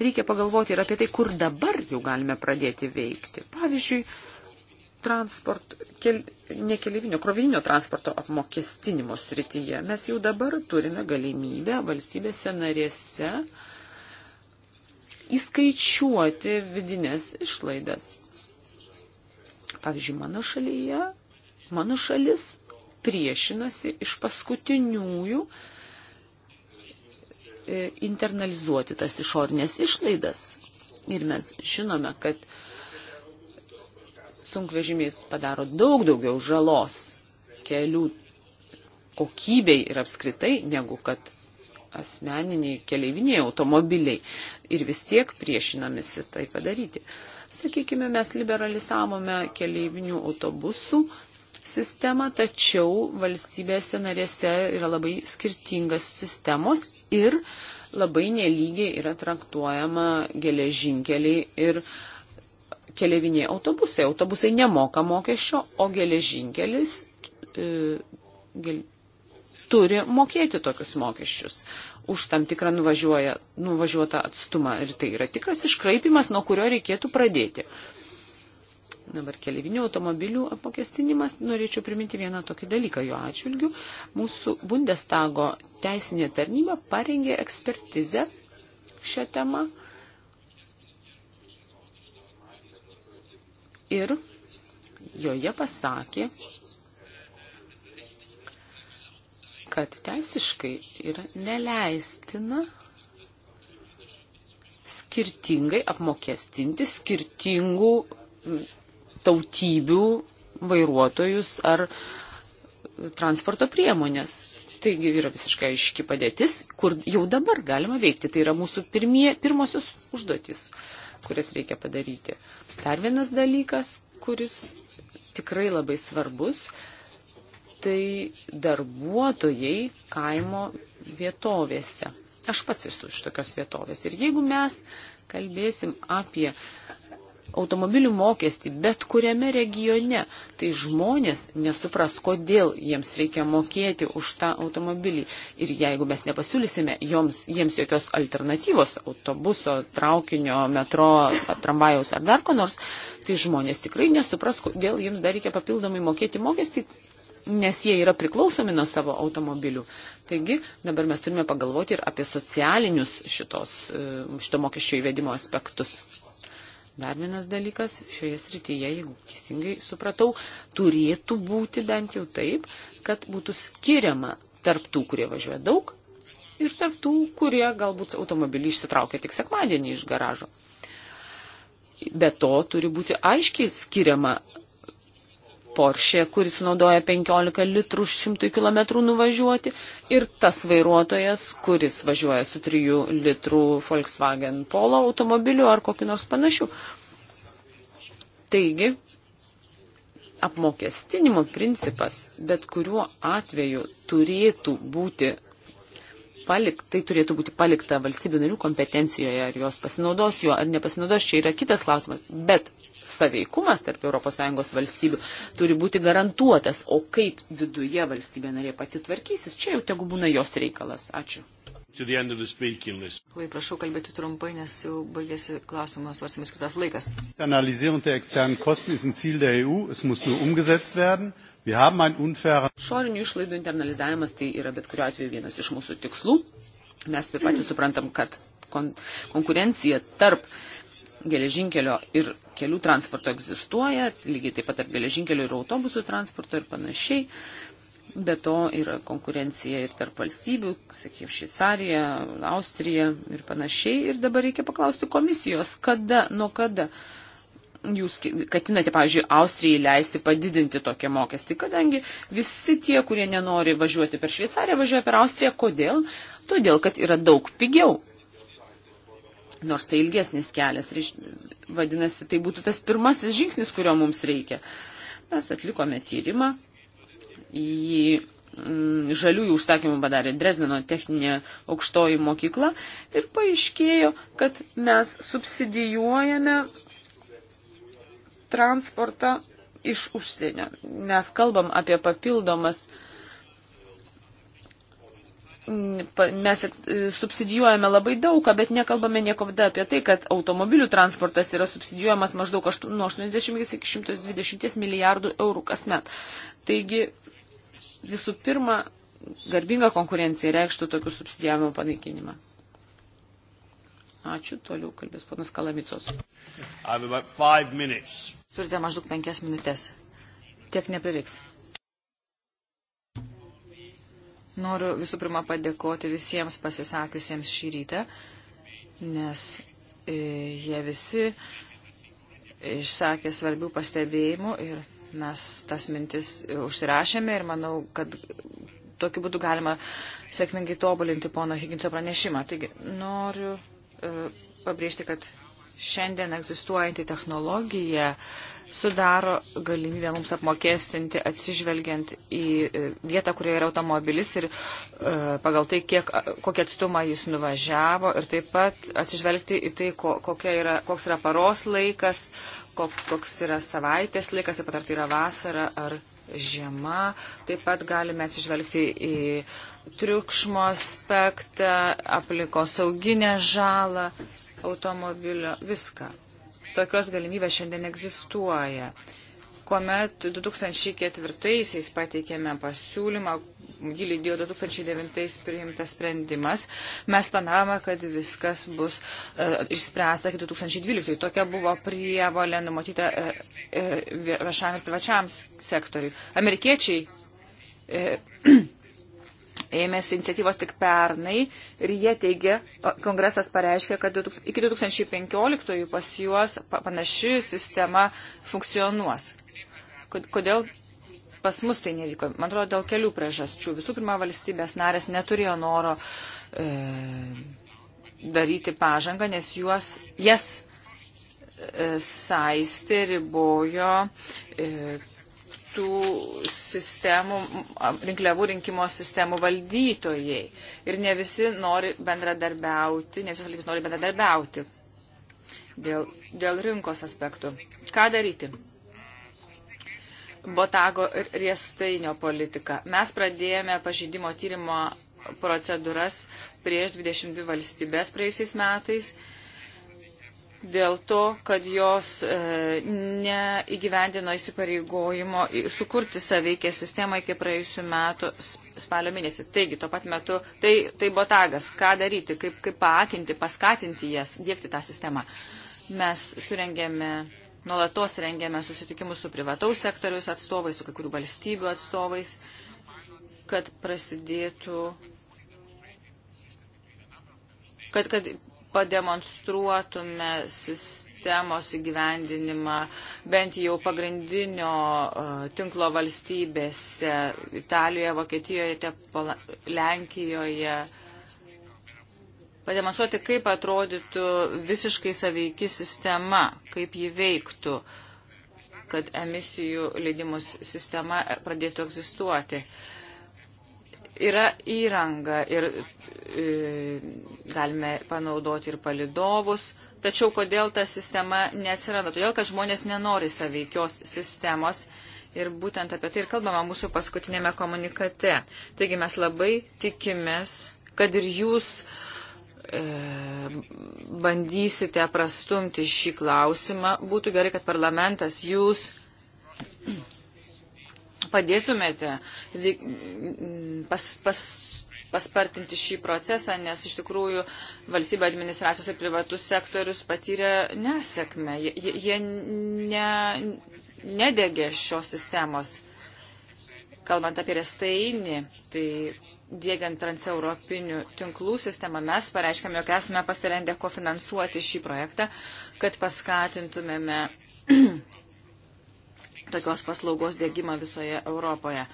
Reikia pagalvoti ir apie tai, kur dabar jau galime pradėti veikti. Pavyzdžiui, transport, kel, ne keliavinio, krovininio transporto apmokestinimo srityje. Mes jau dabar turime galimybę valstybėse narėse įskaičiuoti vidinės išlaidas. Pavyzdžiui, mano šalyje, mano šalis priešinasi iš paskutiniųjų e, internalizuoti tas išornės išlaidas. Ir mes žinome, kad sunkvežimiais padaro daug daugiau žalos kelių kokybei ir apskritai, negu kad asmeniniai keleiviniai automobiliai. Ir vis tiek priešinamisi tai padaryti. Sakykime, mes liberalizavome keleivinių autobusų sistemą, tačiau valstybėse narėse yra labai skirtingas sistemos ir labai nelygiai yra traktuojama geležinkeliai ir keliaviniai autobusai. Autobusai nemoka mokesčio, o geležinkelis e, gel, turi mokėti tokius mokesčius už tam tikrą nuvažiuotą atstumą. Ir tai yra tikras iškraipimas, nuo kurio reikėtų pradėti. E, Dabar keliavinių automobilių apmokestinimas. Norėčiau priminti vieną tokį dalyką jo atšvilgių. Mūsų Bundestago teisinė tarnyba parengė ekspertizę šią temą. Ir joje pasakė, kad teisiškai yra neleistina skirtingai apmokestinti skirtingų tautybių vairuotojus ar transporto priemonės. Taigi yra visiškai aiški padėtis, kur jau dabar galima veikti. Tai yra mūsų pirmie, pirmosios užduotis, kurias reikia padaryti. Dar vienas dalykas, kuris tikrai labai svarbus, tai darbuotojai kaimo vietovėse. Aš pats esu iš tokios vietovės. Ir jeigu mes kalbėsim apie automobilių mokestį bet kuriame regione, tai žmonės nesupras, kodėl jiems reikia mokėti už tą automobilį. Ir jeigu mes nepasiūlysime joms, jiems jokios alternatyvos autobuso, traukinio, metro, tramvajaus ar dar ko nors, tai žmonės tikrai nesupras, kodėl jiems dar reikia papildomai mokėti mokestį nes jie yra priklausomi nuo savo automobilių. Taigi dabar mes turime pagalvoti ir apie socialinius šitos, e, šito mokesčio įvedimo aspektus. Dar vienas dalykas šioje srityje, jeigu teisingai supratau, turėtų būti bent jau taip, kad būtų skiriama tarp tų, kurie važiuoja daug ir tarp tų, kurie galbūt automobilį išsitraukia tik sekmadienį iš garažo. Be to turi būti aiškiai skiriama Porsche, kuris naudoja 15 litrų 100 km nuvažiuoti, ir tas vairuotojas, kuris važiuoja su 3 litrų Volkswagen Polo automobiliu ar kokiu nors panašiu. Taigi, apmokestinimo principas bet kuriuo atveju turėtų būti palik, tai turėtų būti palikta valstybių narių kompetencijoje, ar jos pasinaudos juo, ar nepasinaudos, čia yra kitas klausimas. Bet saveikumas tarp ES valstybių turi būti garantuotas, o kaip viduje valstybė narė pati tvarkysis, čia jau tegu būna jos reikalas. Ačiū. Labai prašau kalbėti trumpai, nes jau baigėsi klausimas, svarstymas kitas laikas. E Šorinių išlaidų internalizavimas tai yra bet kuriuo atveju vienas iš mūsų tikslų. Mes taip pat suprantam, kad kon konkurencija tarp geležinkelio ir kelių transporto egzistuoja, lygiai taip pat tarp geležinkelio ir autobusų transporto ir panašiai. Be to yra konkurencija ir tarp valstybių, sakykime, Šveicarija, Austrija ir panašiai. Ir dabar reikia paklausti komisijos, kada, nuo kada jūs katinate, pavyzdžiui, Austrijai leisti padidinti tokią mokestį, kadangi visi tie, kurie nenori važiuoti per Šveicariją, važiuoja per Austriją. Kodėl? Todėl, kad yra daug pigiau. Nors tai ilgesnis kelias, vadinasi, tai būtų tas pirmasis žingsnis, kurio mums reikia. Mes atlikome tyrimą, jį mm, žaliųjų užsakymų padarė Dresdeno techninė aukštoji mokykla ir paaiškėjo, kad mes subsidijuojame transportą iš užsienio. Mes kalbam apie papildomas uh, mes e, subsidijuojame labai daugą, bet nekalbame nieko vada apie tai, kad automobilių transportas yra subsidijuojamas maždaug nuo 80 iki 120 milijardų eurų kasmet. Taigi, visų pirma, garbinga konkurencija reikštų tokių subsidijavimo panaikinimą. Ačiū, toliau kalbės ponas Kalamicos. Turite maždaug penkias minutės. Tiek neprireiks. Noriu visų pirma padėkoti visiems pasisakiusiems šį rytą, nes e, jie visi išsakė svarbių pastebėjimų ir mes tas mintis e, užsirašėme ir manau, kad tokiu būdu galima sėkmingai tobulinti pono Higginso pranešimą. Taigi noriu e, pabrėžti, kad šiandien egzistuojanti technologija uh, sudaro galimybę mums apmokestinti atsižvelgiant į e, vietą, kurioje yra automobilis ir e, pagal tai, kiek, kokį atstumą jis nuvažiavo ir taip pat atsižvelgti į tai, yra, koks yra paros laikas, koks yra savaitės laikas, taip pat ar tai yra vasara ar žiema. Taip pat galime atsižvelgti į triukšmo aspektą, apliko sauginę žalą automobilio, viską tokios galimybės šiandien egzistuoja. Kuomet 2004-aisiais pateikėme pasiūlymą, jį lydėjo 2009 priimtas sprendimas, mes planavome, kad viskas bus e, išspręsta iki 2012. Tokia buvo prievolė numatyta e, e, viešam ir privačiam sektoriui. Amerikiečiai e, ėmėsi iniciatyvos tik pernai ir jie teigia, kongresas pareiškia, kad iki 2015 pas juos panaši sistema funkcionuos. Kodėl pas mus tai nevyko? Man atrodo, dėl kelių priežasčių. Visų pirma, valstybės narės neturėjo noro e, daryti pažangą, nes juos, jas e, saisti ribojo e, tų sistemų, rinkliavų rinkimo sistemų valdytojai. Ir ne visi nori bendradarbiauti, ne visos valstybės nori bendradarbiauti dėl, dėl rinkos aspektų. Ką daryti? Botago ir riestainio politika. Mes pradėjome pažydimo tyrimo procedūras prieš 22 valstybės praėjusiais metais dėl to, kad jos e, neįgyvendino įsipareigojimo sukurti saveikę sistemą iki praėjusių metų spalio mėnesį. Taigi, tuo pat metu, tai, tai botagas, ką daryti, kaip, kaip paakinti, paskatinti jas, dėkti tą sistemą. Mes surengėme, nuolatos rengėme susitikimus su privataus sektoriaus atstovais, su kai kurių valstybių atstovais, kad prasidėtų kad, kad pademonstruotume sistemos įgyvendinimą bent jau pagrindinio uh, tinklo valstybėse - Italijoje, Vokietijoje, Lenkijoje. Pademonstruoti, kaip atrodytų visiškai saveiki sistema, kaip ji veiktų, kad emisijų leidimus sistema pradėtų egzistuoti. Uh, yra įranga ir e, galime panaudoti ir palidovus, tačiau kodėl ta sistema neatsiranda? Todėl, kad žmonės nenori saveikios sistemos ir būtent apie tai ir kalbama mūsų paskutinėme komunikate. Taigi mes labai tikimės, kad ir jūs e, bandysite prastumti šį klausimą. Būtų gerai, kad parlamentas jūs padėtumėte pas, pas, paspartinti šį procesą, nes iš tikrųjų valstybė administracijos ir privatus sektorius patyrė nesėkmę. Jie, jie ne, nedegė šios sistemos. Kalbant apie restainį, tai dėgiant transeuropinių tinklų sistemą, mes pareiškėme, jog esame pasirendę kofinansuoti šį projektą, kad paskatintumėme tokios paslaugos dėgymą visoje Europoje.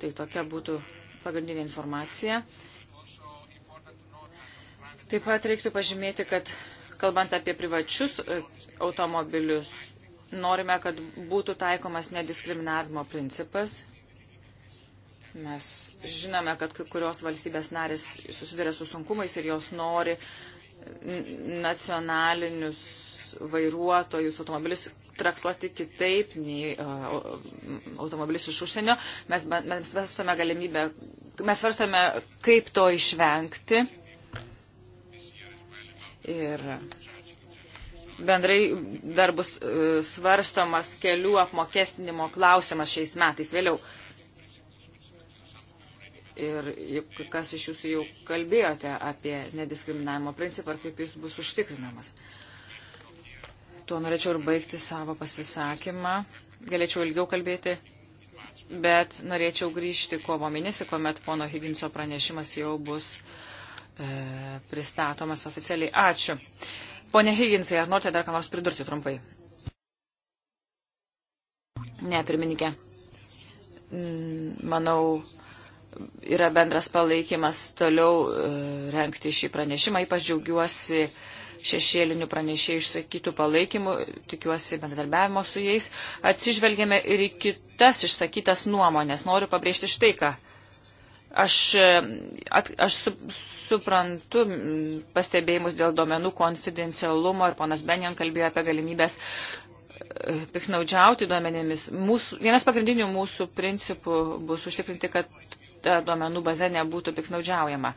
Tai tokia būtų pagrindinė informacija. Taip pat reiktų pažymėti, kad kalbant apie privačius e, automobilius, norime, kad būtų taikomas nediskriminavimo principas. Mes žinome, kad kai kurios valstybės narės susiduria su sunkumais ir jos nori nacionalinius vairuotojus, automobilius traktuoti kitaip nei automobilis iš užsienio. Mes, mes svarstame galimybę, mes svarstame, kaip to išvengti. Ir bendrai dar bus e, svarstomas kelių apmokestinimo klausimas šiais metais vėliau. Ir kas iš jūsų jau kalbėjote apie nediskriminavimo principą ir kaip jis bus užtikrinamas. Uh, Tuo norėčiau ir baigti savo pasisakymą. Galėčiau ilgiau kalbėti, bet norėčiau grįžti kovo mėnesį, kuomet pono Higginso pranešimas jau bus e, pristatomas oficialiai. Ačiū. Pone Higginsai, ar norite dar ką nors pridurti trumpai? Ne, pirmininkė. Mm, manau, yra bendras palaikymas toliau e, renkti šį pranešimą. Ypač džiaugiuosi. E, šešėlinių pranešėjų išsakytų palaikymų, tikiuosi bendradarbiavimo su jais. Atsižvelgėme ir į kitas išsakytas nuomonės. Noriu pabrėžti štai ką. Aš, e, at, aš su, suprantu pastebėjimus dėl domenų konfidencialumo ir ponas Benjan kalbėjo apie galimybės e, piknaudžiauti duomenėmis. Mūsų, vienas pagrindinių mūsų principų bus užtikrinti, kad ta duomenų baze nebūtų piknaudžiaujama.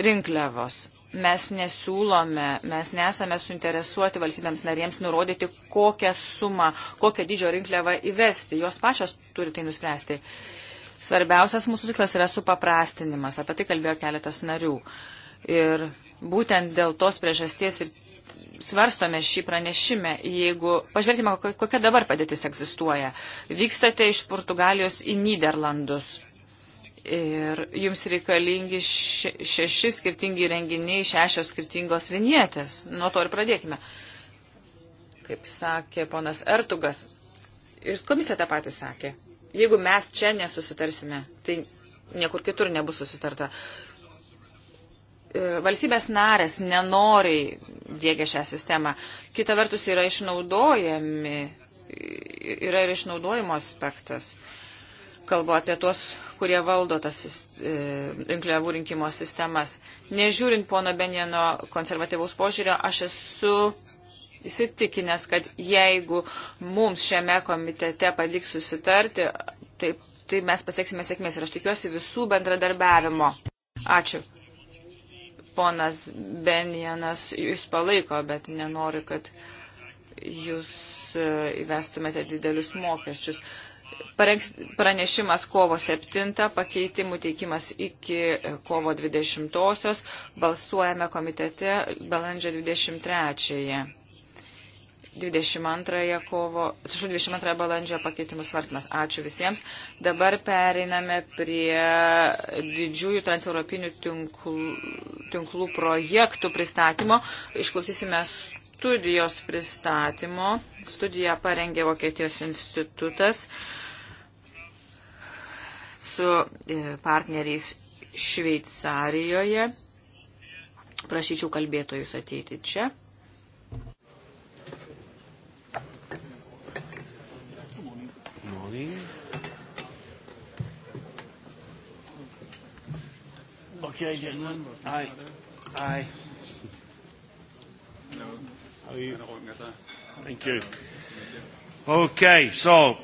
Rinkliavos mes nesiūlome, mes nesame suinteresuoti valstybėms narėms nurodyti, kokią sumą, kokią dydžio rinkliavą įvesti. Jos pačios turi tai nuspręsti. Svarbiausias mūsų tikslas yra supaprastinimas, apie tai kalbėjo keletas narių. Ir būtent dėl tos priežasties ir svarstome šį pranešimą, jeigu pažvelgime, kokia dabar padėtis egzistuoja. Vykstate iš Portugalijos į Niderlandus Ir jums reikalingi šeši skirtingi renginiai, šešios skirtingos vinietės. Nuo to ir pradėkime. Kaip sakė ponas Ertugas, ir komisija tą patį sakė. Jeigu mes čia nesusitarsime, tai niekur kitur nebus susitarta. E, valstybės narės nenoriai dėgia šią sistemą. Kita vertus yra išnaudojami, yra ir išnaudojimo aspektas kalbu apie tuos, kurie valdo tas e, rinkliavų rinkimo sistemas. Nežiūrint pono Benjeno konservatyvaus požiūrio, aš esu įsitikinęs, kad jeigu mums šiame komitete pavyks susitarti, tai, tai mes pasieksime sėkmės ir aš tikiuosi visų bendradarbiavimo. Ačiū. Ponas Benjanas jūs palaiko, bet nenori, kad jūs e, įvestumėte didelius mokesčius. Uh, Parengs pranešimas kovo 7, pakeitimų teikimas iki e, kovo 20-osios, balsuojame komitete balandžio 23-ąją. 22 kovo, 22 balandžio pakeitimų svarstymas. Ačiū visiems. Dabar pereiname prie didžiųjų transeuropinių tinklų, tinklų projektų pristatymo. Išklausysime studijos pristatymo. Studiją parengė Vokietijos institutas su e, partneriais Šveicarijoje. Prašyčiau kalbėtojus ateiti čia. morning. Okay, gentlemen. Aye. Aye. How are you? Thank you. Okay, so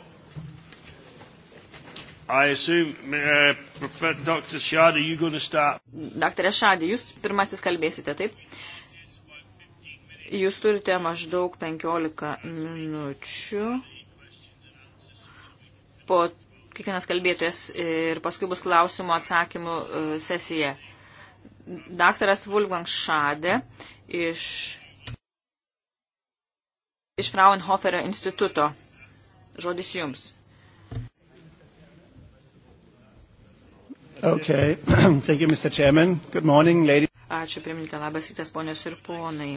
I assume, uh, Dr. Shadi, you going to start? Dr. Shadi, jūs pirmasis kalbėsite, taip? Jūs turite maždaug 15 minučių. Po kiekvienas kalbėtojas e, ir paskui bus klausimų atsakymų e, sesija. Daktaras Vulgang Šadė iš iš Fraunhoferio instituto. Žodis jums. Okay. Thank you, Mr. Chairman. Good morning, ladies. Ačiū, pirmininkė, labas rytas, ponios ir ponai.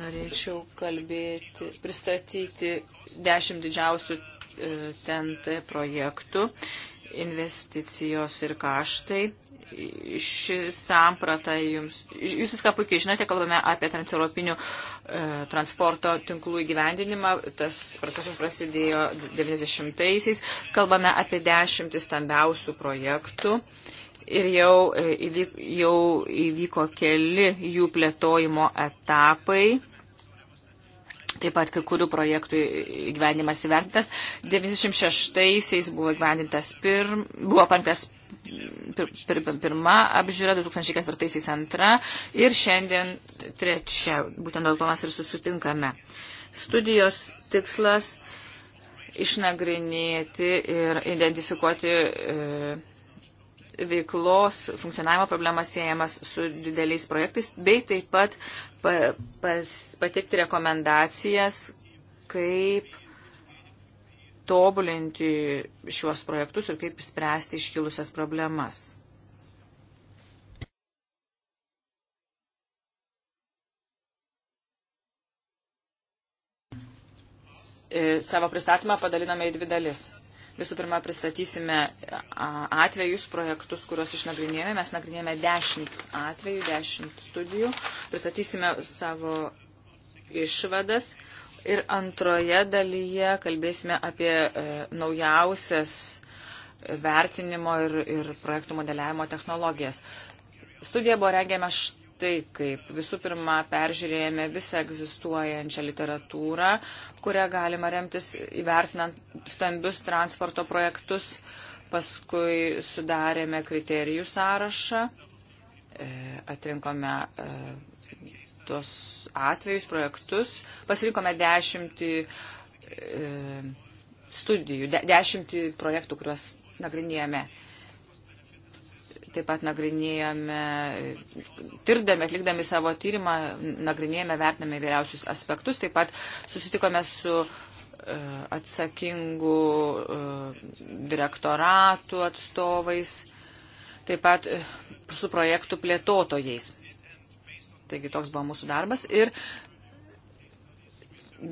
Norėčiau kalbėti, pristatyti dešimt didžiausių TNT e, projektų, investicijos ir kaštai ši samprata jums, jūs viską puikiai žinote, kalbame apie transeuropinių e, transporto tinklų įgyvendinimą, tas procesas prasidėjo 90-aisiais, kalbame apie dešimtį stambiausių projektų ir jau, e, įvyk, jau įvyko keli jų plėtojimo etapai. Taip pat kai kurių projektų gyvenimas įvertintas. 96-aisiais buvo, pirm, buvo panktas pir, pir, pirma apžiūra, 2004-aisiais antra ir šiandien trečia. Būtent dėl to mes ir susitinkame. Studijos tikslas išnagrinėti ir identifikuoti e, veiklos funkcionavimo problemas siejamas su dideliais projektais, bei taip pat pa, pas, pateikti rekomendacijas, kaip tobulinti šiuos projektus ir kaip spręsti iškilusias problemas. E, savo pristatymą padaliname į dvi dalis. Visų pirma, pristatysime atvejus, projektus, kuriuos išnagrinėjome. Mes nagrinėjome 10 atvejų, 10 studijų. Pristatysime savo išvadas Ir antroje dalyje kalbėsime apie e, naujausias vertinimo ir, ir projektų modeliavimo technologijas. Studija buvo rengiama štai kaip. Visų pirma, peržiūrėjome visą egzistuojančią literatūrą, kurią galima remtis įvertinant stambius transporto projektus. Paskui sudarėme kriterijų sąrašą, e, atrinkome e, tos atvejus, projektus. Pasirinkome dešimtį e, studijų, de, dešimtį projektų, kuriuos nagrinėjame. Taip pat nagrinėjame, tirdami, atlikdami savo tyrimą, nagrinėjame, vertiname vyriausius aspektus. Taip pat susitikome su e, atsakingų e, direktoratų atstovais, taip pat e, su projektų plėtotojais. Taigi toks buvo mūsų darbas ir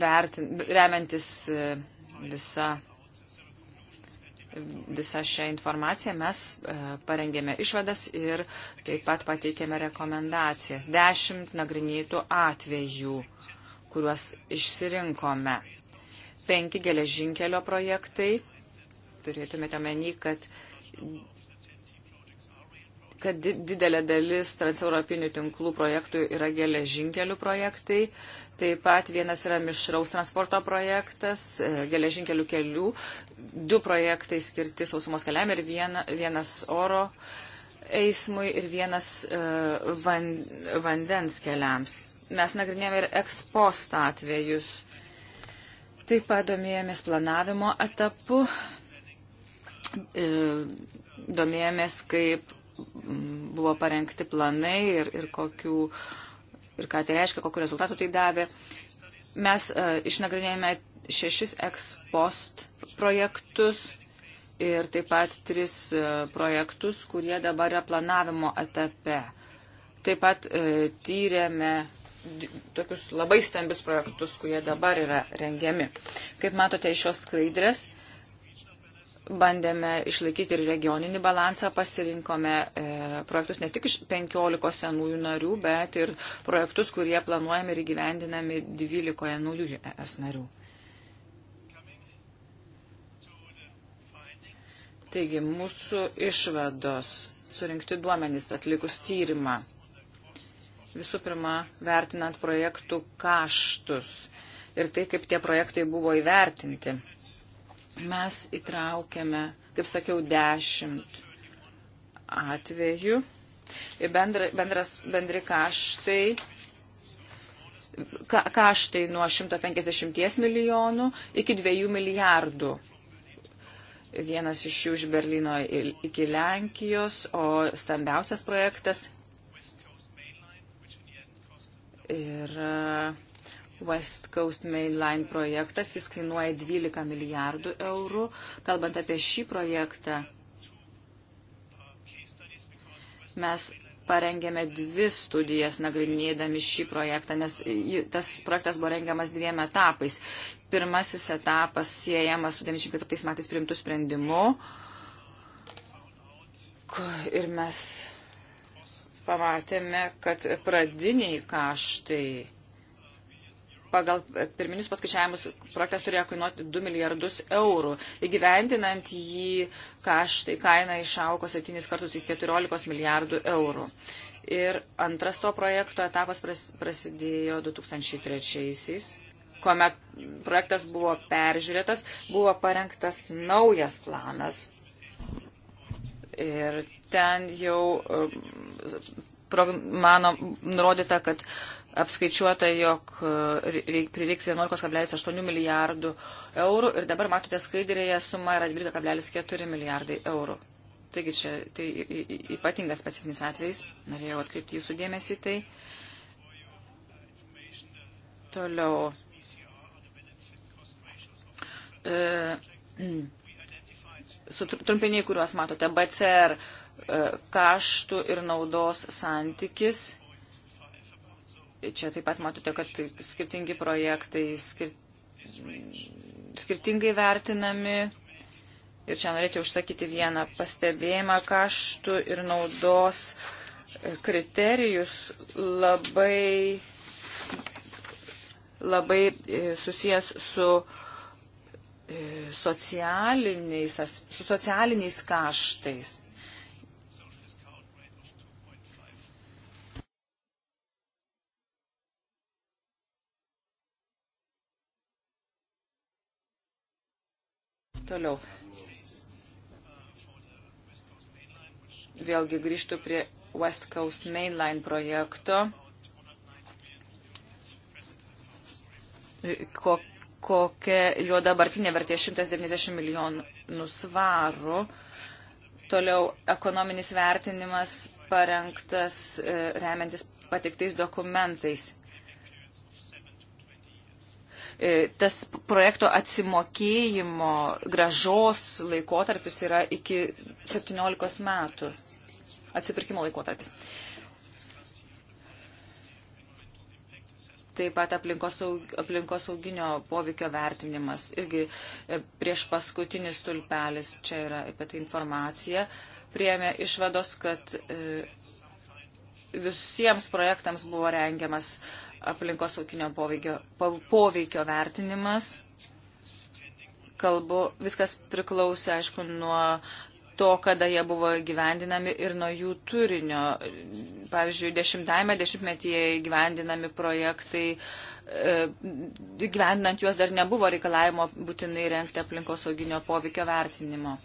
vertin, remiantis e, visa, visa šią informaciją mes e, parengėme išvadas ir taip pat pateikėme rekomendacijas. Dešimt nagrinėtų atvejų, kuriuos išsirinkome. Penki geležinkelio projektai. Turėtumėte omeny, kad kad didelė dalis transeuropinių tinklų projektų yra geležinkelių projektai. Taip pat vienas yra mišraus transporto projektas, e, geležinkelių kelių, du projektai skirti sausumos keliam ir viena, vienas oro eismui ir vienas uh, van, vandens keliams. Mes nagrinėjame ir ekspost atvejus. Taip pat domėjomės planavimo etapu, e, domėjomės, kaip buvo parengti planai ir, ir, kokių, ir ką tai reiškia, kokiu rezultatu tai davė. Mes uh, išnagrinėjome šešis ekspost projektus ir taip pat tris uh, projektus, kurie dabar yra planavimo etape. Taip pat uh, tyrėme tokius labai stambius projektus, kurie dabar yra rengiami. Kaip matote iš šios skaidrės, bandėme išlaikyti ir regioninį balansą, pasirinkome e, projektus ne tik iš 15 senųjų narių, bet ir projektus, kurie planuojami ir įgyvendinami 12 naujų ES narių. Taigi, mūsų išvados surinkti duomenys atlikus tyrimą. Visų pirma, vertinant projektų kaštus ir tai, kaip tie projektai buvo įvertinti. Mes įtraukėme, kaip sakiau, dešimt atvejų. Ir bendra, bendras, bendri kaštai ka, kaštai nuo 150 milijonų iki 2 milijardų. Vienas iš jų iš Berlyno iki Lenkijos, o stambiausias projektas yra West Coast Mainline projektas, jis kainuoja 12 milijardų eurų. Kalbant apie šį projektą, mes parengėme dvi studijas nagrinėdami šį projektą, nes tas projektas buvo rengiamas dviem etapais. Pirmasis etapas siejamas su 94 metais priimtų sprendimu ir mes pamatėme, kad pradiniai kaštai pagal pirminius paskaičiavimus projektas turėjo kainuoti 2 milijardus eurų. Įgyvendinant jį kaštai kaina išauko 7 kartus iki 14 milijardų eurų. Ir antras to projekto etapas prasidėjo 2003-aisiais, kuomet projektas buvo peržiūrėtas, buvo parengtas naujas planas. Ir ten jau um, mano nurodyta, kad uh, apskaičiuota, jog e, prireiks 11,8 milijardų eurų ir dabar matote skaidrėje suma yra 12,4 milijardai eurų. Taigi čia tai ypatingas specifinis atvejs, norėjau atkreipti jūsų dėmesį tai. Toliau. E, Sutrumpiniai, kuriuos matote, BCR e, kaštų ir naudos santykis Čia taip pat matote, kad skirtingi projektai skir... skirtingai vertinami. Ir čia norėčiau užsakyti vieną pastebėjimą kaštų ir naudos kriterijus labai, labai e, susijęs su e, socialiniais, su socialiniais kaštais. Toliau. Vėlgi grįžtų prie West Coast Mainline projekto. Ko, kokia jo dabartinė vertė 190 milijonų svarų. Toliau ekonominis vertinimas parengtas e, remiantis patiktais dokumentais. E, tas projekto atsimokėjimo gražos laikotarpis yra iki 17 metų. Atsipirkimo laikotarpis. Taip pat aplinkosauginio aplinkos poveikio vertinimas. Irgi e, prieš paskutinis tulpelis, čia yra apie tai informacija, priemė išvados, kad e, visiems projektams buvo rengiamas aplinkosaukinio poveikio, poveikio vertinimas. Kalbu, viskas priklausė, aišku, nuo to, kada jie buvo gyvendinami ir nuo jų turinio. Pavyzdžiui, dešimtajame dešimtmetyje gyvendinami projektai, e, gyvendinant juos dar nebuvo reikalavimo būtinai renkti aplinkosauginio poveikio vertinimo.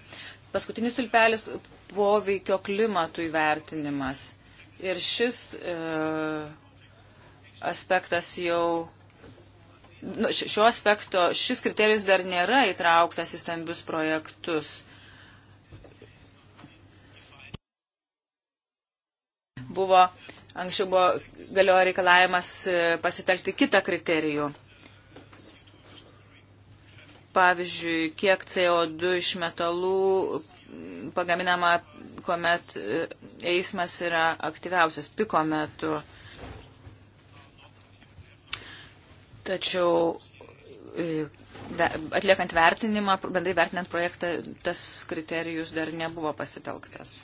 Paskutinis tulpelis poveikio klimatų įvertinimas. Ir šis e, aspektas jau. Nu, šio aspekto, šis kriterijus dar nėra įtrauktas į stambius projektus. Buvo, anksčiau buvo galiojo reikalavimas e, pasitelkti kitą kriterijų pavyzdžiui, kiek CO2 iš metalų pagaminama, kuomet e, eismas yra aktyviausias piko metu. Tačiau e, atliekant vertinimą, bendrai vertinant projektą, tas kriterijus dar nebuvo pasitelktas.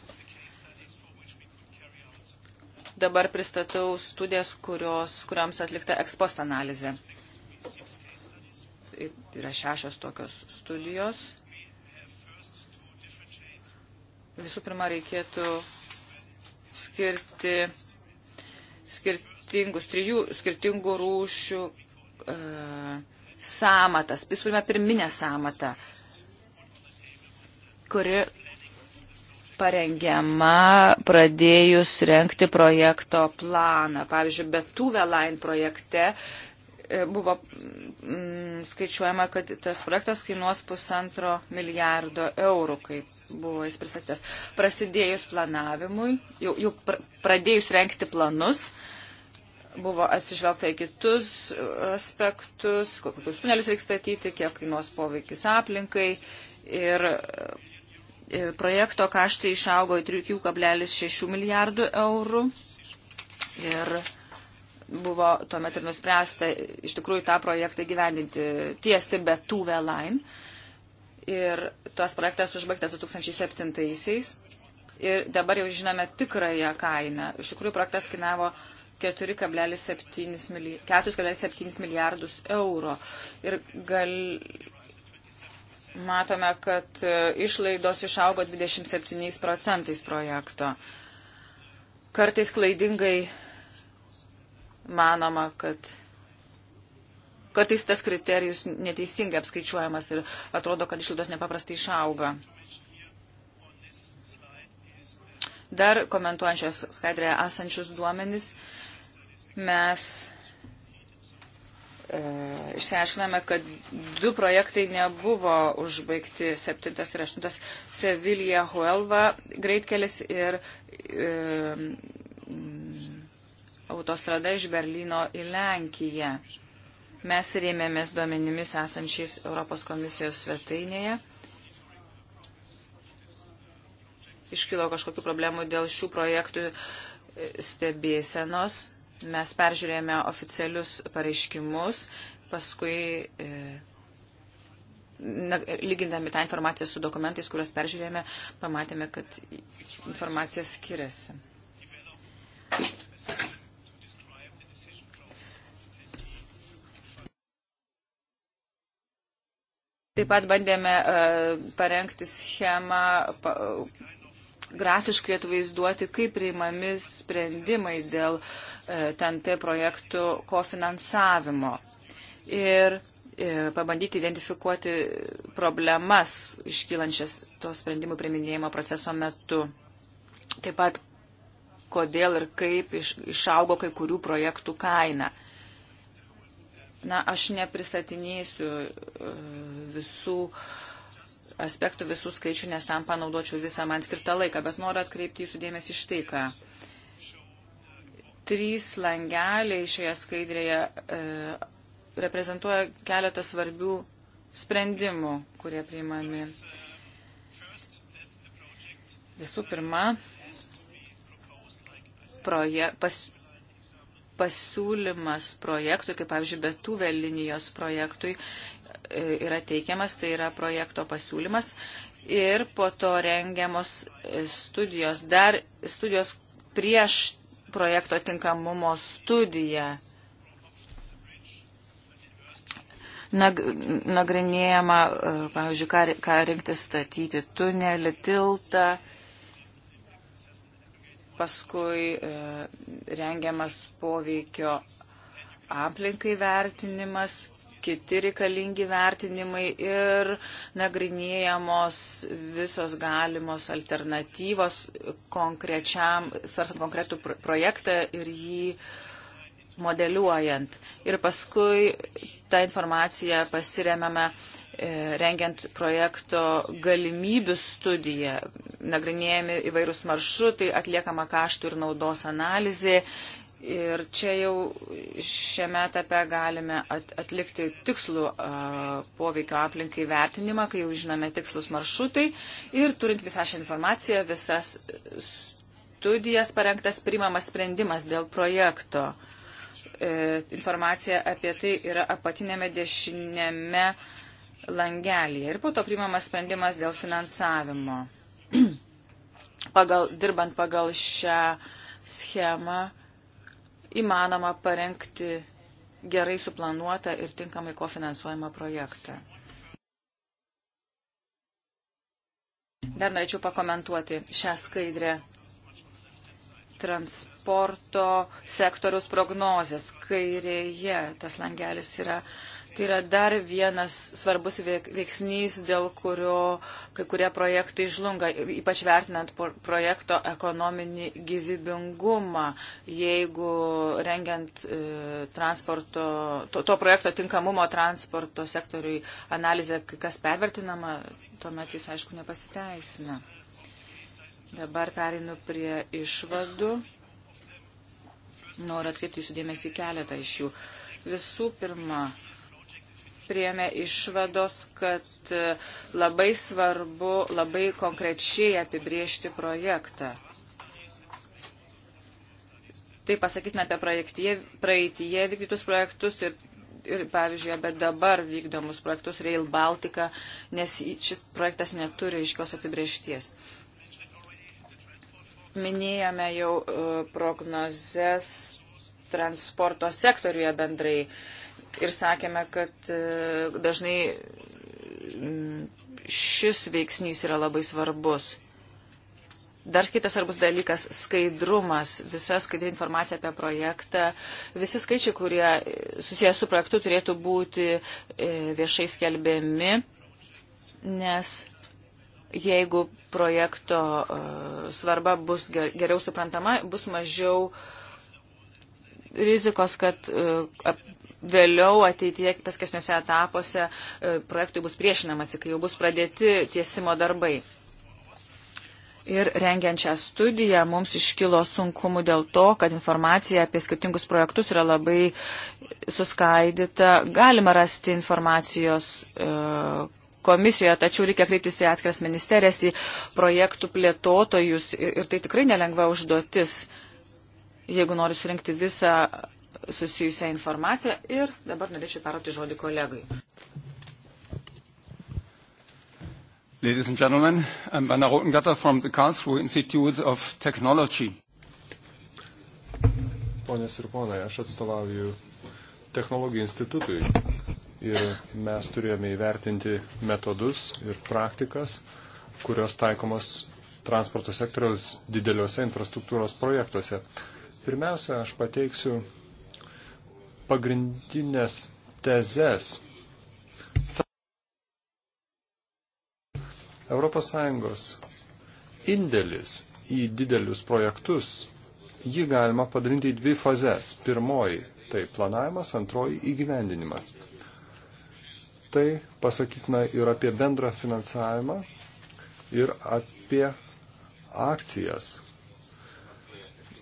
Dabar pristatau studijas, kurios, kuriams atlikta ekspost analizė. Yra šešios tokios studijos. Visų pirma, reikėtų skirti skirtingus, trijų skirtingų rūšių uh, samatas, visų pirma, pirminę samatą, kuri parengiama pradėjus renkti projekto planą. Pavyzdžiui, Betuvė Line projekte e, buvo mm, skaičiuojama, kad tas projektas kainuos pusantro milijardo eurų, kaip buvo jis pristatytas. Prasidėjus planavimui, jau, jau pradėjus renkti planus, uh, buvo atsižvelgta į kitus aspektus, kokius tunelius reikia statyti, kiek kainuos poveikis aplinkai ir e, projekto kaštai išaugo į 3,6 milijardų eurų ir buvo tuomet ir nuspręsta iš tikrųjų tą projektą gyvendinti tiesti be Tuve Line ir tas projektas užbaigtas 2007-aisiais ir dabar jau žinome tikrąją kainą. Iš tikrųjų projektas kainavo 4,7 milijardus eurų. Ir gal, matome, kad e, išlaidos išaugo 27 procentais projekto. Kartais klaidingai manoma, kad kartais tas kriterijus neteisingai apskaičiuojamas ir atrodo, kad išlaidos nepaprastai išauga. Dar komentuojančios skaidrėje esančius duomenis mes e, išsiaiškiname, kad du projektai nebuvo užbaigti, 7 ir 8 Sevilija Huelva greitkelis ir e, mm, autostrada iš Berlyno į Lenkiją. Mes rėmėmės duomenimis esančiais Europos komisijos svetainėje. Iškilo kažkokių problemų dėl šių projektų e, stebėsenos Mes peržiūrėjome oficialius pareiškimus, paskui e, na, lygindami tą informaciją su dokumentais, kuriuos peržiūrėjome, pamatėme, kad informacija skiriasi. Taip pat bandėme e, parengti schemą grafiškai atvaizduoti, kaip priimami sprendimai dėl e, TNT projektų kofinansavimo. Ir e, pabandyti identifikuoti problemas iškylančias to sprendimų priminėjimo proceso metu. Taip pat, kodėl ir kaip iš, išaugo kai kurių projektų kaina. Na, aš nepristatinėsiu e, visų uh, aspektų visų skaičių, nes tam panaudočiau visą man skirtą laiką, bet noriu atkreipti jūsų dėmesį iš tai, ką. Trys langeliai šioje skaidrėje e, reprezentuoja keletą svarbių sprendimų, kurie priimami. Visų pirma, proje, pas, pasiūlymas projektui, kaip pavyzdžiui, Betuvelinijos projektui, E, yra teikiamas, tai yra projekto pasiūlymas ir po to rengiamos e, studijos, dar studijos prieš projekto tinkamumo studiją. Nag, nagrinėjama, e, pavyzdžiui, ką, ką rinkti statyti tunelį, tiltą, paskui e, rengiamas poveikio aplinkai vertinimas, kiti reikalingi vertinimai ir nagrinėjamos visos galimos alternatyvos konkrečiam, svarstant konkretų projektą ir jį modeliuojant. Ir paskui tą informaciją pasiremėme e, rengiant projekto galimybių studiją, nagrinėjami įvairūs maršrutai, atliekama kaštų ir naudos analizė Ir čia jau šiame etape galime atlikti tikslų poveikio aplinkai vertinimą, kai jau žinome tikslus maršrutai ir turint visą šią informaciją, visas studijas parengtas primamas sprendimas dėl projekto. E, informacija apie tai yra apatinėme dešinėme langelėje ir po to primamas sprendimas dėl finansavimo. pagal, dirbant pagal šią schemą įmanoma parengti gerai suplanuotą ir tinkamai kofinansuojamą projektą. Dar norėčiau pakomentuoti šią skaidrę transporto sektoriaus prognozės. Kairėje tas langelis yra uh, Tai yra dar vienas svarbus veiksnys, dėl kurio kai kurie projektai žlunga, ypač vertinant projekto ekonominį gyvybingumą, jeigu rengiant e, transporto, to, to projekto tinkamumo transporto sektoriui analizę, kas pervertinama, tuomet jis aišku nepasiteisina. Dabar perinu prie išvadų. Noriu atkreipti jūsų dėmesį keletą iš jų. Visų pirma, priėmė išvados, kad e, labai svarbu labai konkrečiai apibriežti projektą. Tai pasakytina apie projektie, praeitie vykdytus projektus ir, ir, pavyzdžiui, apie dabar vykdomus projektus Rail Baltica, nes šis projektas neturi iškios apibriežties. Minėjome jau e, prognozes transporto sektoriuje bendrai. Uh, ir sakėme, kad e, dažnai mm, šis veiksnys yra labai svarbus. Dar kitas svarbus dalykas - skaidrumas, visa skaidri informacija apie projektą, visi skaičiai, kurie susijęs su projektu turėtų būti e, viešai skelbiami, nes jeigu projekto e, svarba bus geriau suprantama, bus mažiau rizikos, kad vėliau ateityje, paskesniuose etapuose e, projektui bus priešinamasi, kai jau bus pradėti tiesimo darbai. Ir rengiant šią studiją mums iškilo sunkumų dėl to, kad informacija apie skirtingus projektus yra labai suskaidyta. Galima rasti informacijos e, komisijoje, tačiau reikia kreiptis į atskiras ministerijas, į projektų plėtotojus ir tai tikrai nelengva užduotis, jeigu nori surinkti visą susijusią informaciją ir dabar norėčiau perduoti žodį kolegai. Ladies and gentlemen, I'm Werner Rotengatter from the Karlsruhe Institute of Technology. Ponės ir ponai, aš atstovauju technologijų institutui ir mes turėjome įvertinti metodus ir praktikas, kurios taikomos transporto sektoriaus dideliuose infrastruktūros projektuose. Pirmiausia, aš pateiksiu pagrindinės tezes. ES indėlis į didelius projektus, jį galima padalinti į dvi fazes. Pirmoji - tai planavimas, antroji - įgyvendinimas. Tai pasakytina ir apie bendrą finansavimą, ir apie akcijas,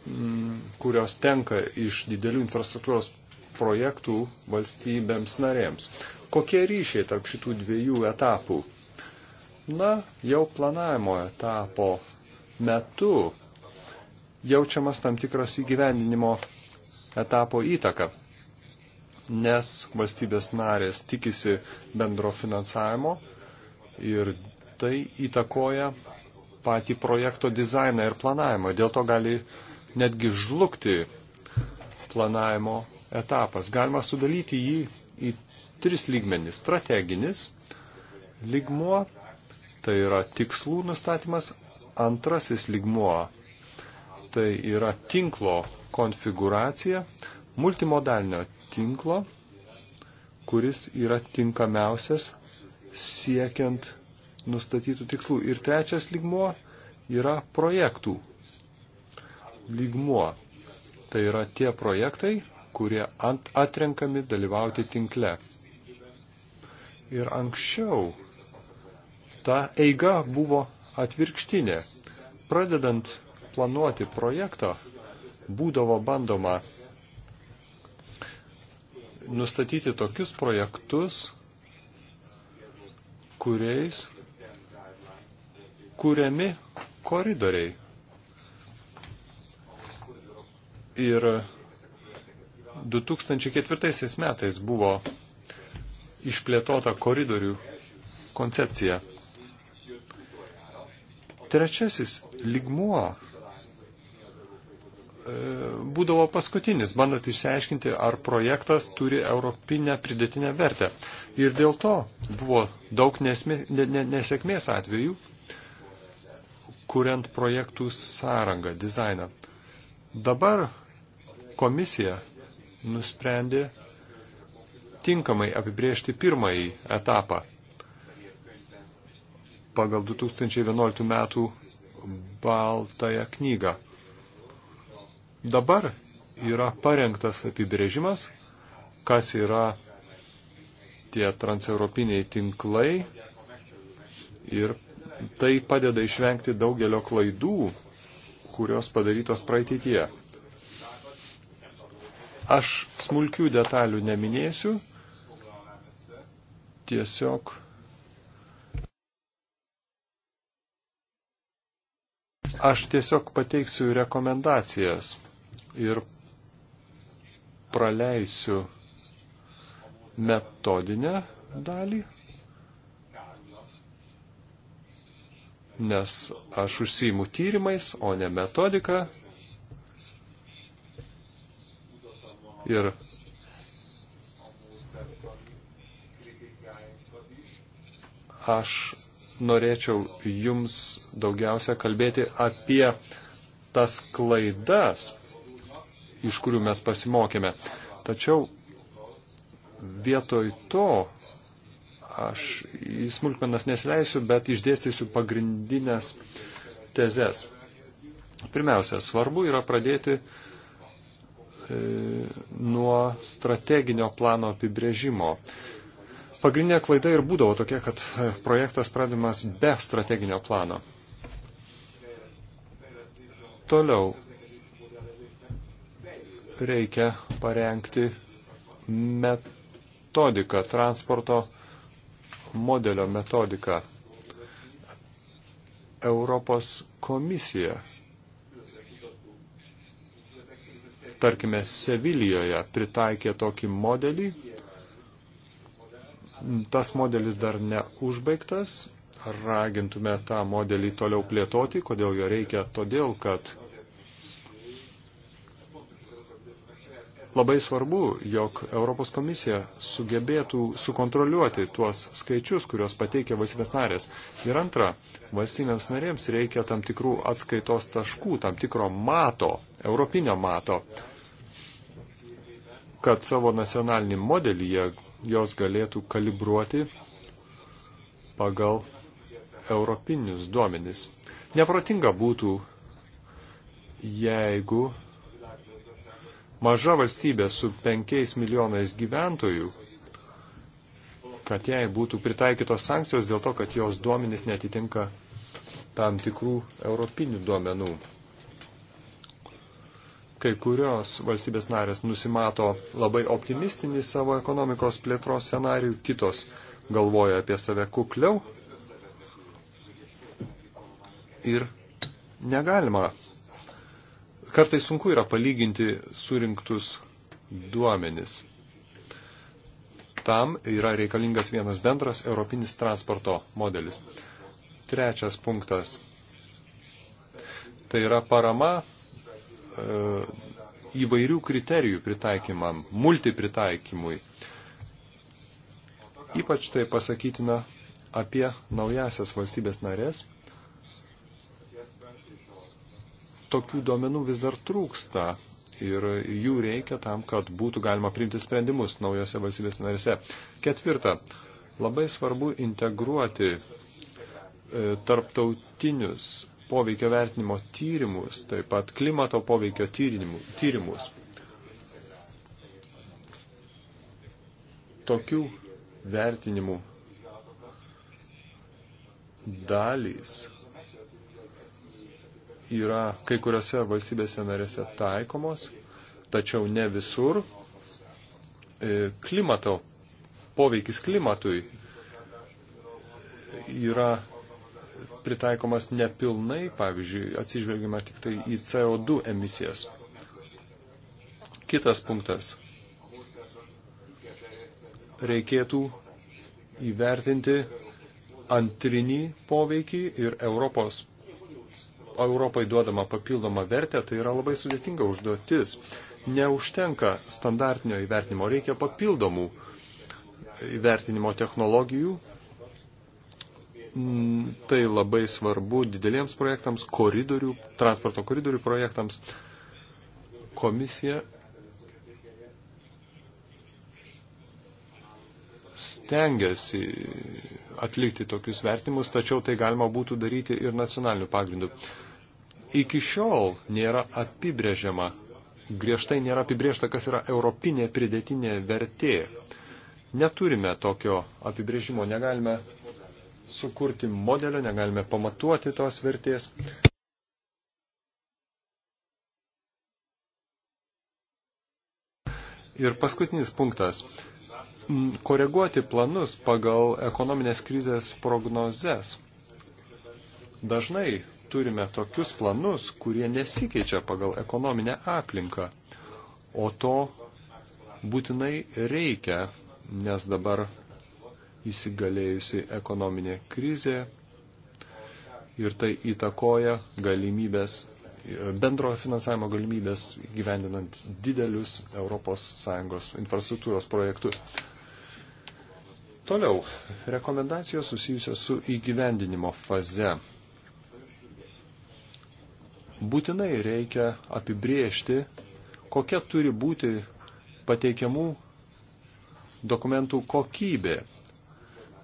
mm, kurios tenka iš didelių infrastruktūros projektų valstybėms narėms. Kokie ryšiai tarp šitų dviejų etapų? Na, jau planavimo etapo metu jaučiamas tam tikras įgyvendinimo etapo įtaka, nes valstybės narės tikisi bendro finansavimo ir tai įtakoja patį projekto dizainą ir planavimą. Dėl to gali netgi žlugti planavimo etapas. Galima sudalyti jį į tris lygmenis. Strateginis lygmuo, tai yra tikslų nustatymas. Antrasis lygmuo, tai yra tinklo konfiguracija, multimodalinio tinklo, kuris yra tinkamiausias siekiant nustatytų tikslų. Ir trečias lygmuo yra projektų lygmuo. Tai yra tie projektai, kurie atrenkami dalyvauti tinkle. Ir anksčiau ta eiga buvo atvirkštinė. Pradedant planuoti projektą, būdavo bandoma nustatyti tokius projektus, kuriais kūriami koridoriai. Ir 2004 metais buvo išplėtota koridorių koncepcija. Trečiasis ligmuo e, būdavo paskutinis, bandant išsiaiškinti, ar projektas turi europinę pridėtinę vertę. Ir dėl to buvo daug nesmė, nesėkmės atvejų, kuriant projektų sąrangą, dizainą. Dabar komisija nusprendė tinkamai apibriežti pirmąjį etapą pagal 2011 metų baltąją knygą. Dabar yra parengtas apibrėžimas, kas yra tie transeuropiniai tinklai ir tai padeda išvengti daugelio klaidų, kurios padarytos praeityje. Aš smulkių detalių neminėsiu, tiesiog Aš tiesiog pateiksiu rekomendacijas ir praleisiu metodinę dalį, nes aš užsijimu tyrimais, o ne metodika, Ir aš norėčiau jums daugiausia kalbėti apie tas klaidas, iš kurių mes pasimokėme. Tačiau vietoj to aš į smulkmenas nesileisiu, bet išdėstysiu pagrindinės tezes. Pirmiausia, svarbu yra pradėti uh, E, nuo strateginio plano apibrėžimo. Pagrindinė klaida ir būdavo tokia, kad e, projektas pradimas be strateginio plano. Toliau reikia parengti metodiką, transporto modelio metodiką. Europos komisija tarkime, Sevilijoje pritaikė tokį modelį. Tas modelis dar neužbaigtas. Ragintume tą modelį toliau plėtoti. Kodėl jo reikia? Todėl, kad labai svarbu, jog Europos komisija sugebėtų sukontroliuoti tuos skaičius, kuriuos pateikia valstybės narės. Ir antra, valstybėms narėms reikia tam tikrų atskaitos taškų, tam tikro mato, europinio mato kad savo nacionalinį modelį jos galėtų kalibruoti pagal europinius duomenis. Neprotinga būtų, jeigu maža valstybė su penkiais milijonais gyventojų, kad jai būtų pritaikytos sankcijos dėl to, kad jos duomenys netitinka tam tikrų europinių duomenų kai kurios valstybės narės nusimato labai optimistinį savo ekonomikos plėtros scenarių, kitos galvoja apie save kukliau ir negalima. Kartais sunku yra palyginti surinktus duomenis. Tam yra reikalingas vienas bendras europinis transporto modelis. Trečias punktas. Tai yra parama E, įvairių kriterijų pritaikymam, multipritaikymui. Ypač tai pasakytina apie naujasias valstybės narės. Tokių duomenų vis dar trūksta ir jų reikia tam, kad būtų galima priimti sprendimus naujose valstybės narėse. Ketvirta, labai svarbu integruoti e, tarptautinius poveikio vertinimo tyrimus, taip pat klimato poveikio tyrimus. Tokių vertinimų dalys yra kai kuriuose valstybėse narėse taikomos, tačiau ne visur. E, klimato, poveikis klimatui yra pritaikomas nepilnai, pavyzdžiui, atsižvelgiama tik tai į CO2 emisijas. Kitas punktas. Reikėtų įvertinti antrinį poveikį ir Europos, Europai duodama papildomą vertę, tai yra labai sudėtinga užduotis. Neužtenka standartinio įvertinimo, reikia papildomų įvertinimo technologijų, Mm, tai labai svarbu dideliems projektams, koridorių, transporto koridorių projektams. Komisija stengiasi atlikti tokius vertimus, tačiau tai galima būtų daryti ir nacionaliniu pagrindu. Iki šiol nėra apibrėžiama, griežtai nėra apibrėžta, kas yra europinė pridėtinė vertė. Neturime tokio apibrėžimo, negalime sukurti modelio, negalime pamatuoti tos vertės. Ir paskutinis punktas. Mm, koreguoti planus pagal ekonominės krizės prognozes. Dažnai turime tokius planus, kurie nesikeičia pagal ekonominę aplinką, o to būtinai reikia, nes dabar įsigalėjusi ekonominė krizė ir tai įtakoja galimybės, bendro finansavimo galimybės gyvendinant didelius ES infrastruktūros projektus. Toliau, rekomendacijos susijusios su įgyvendinimo faze. Būtinai reikia apibriežti, kokia turi būti pateikiamų dokumentų kokybė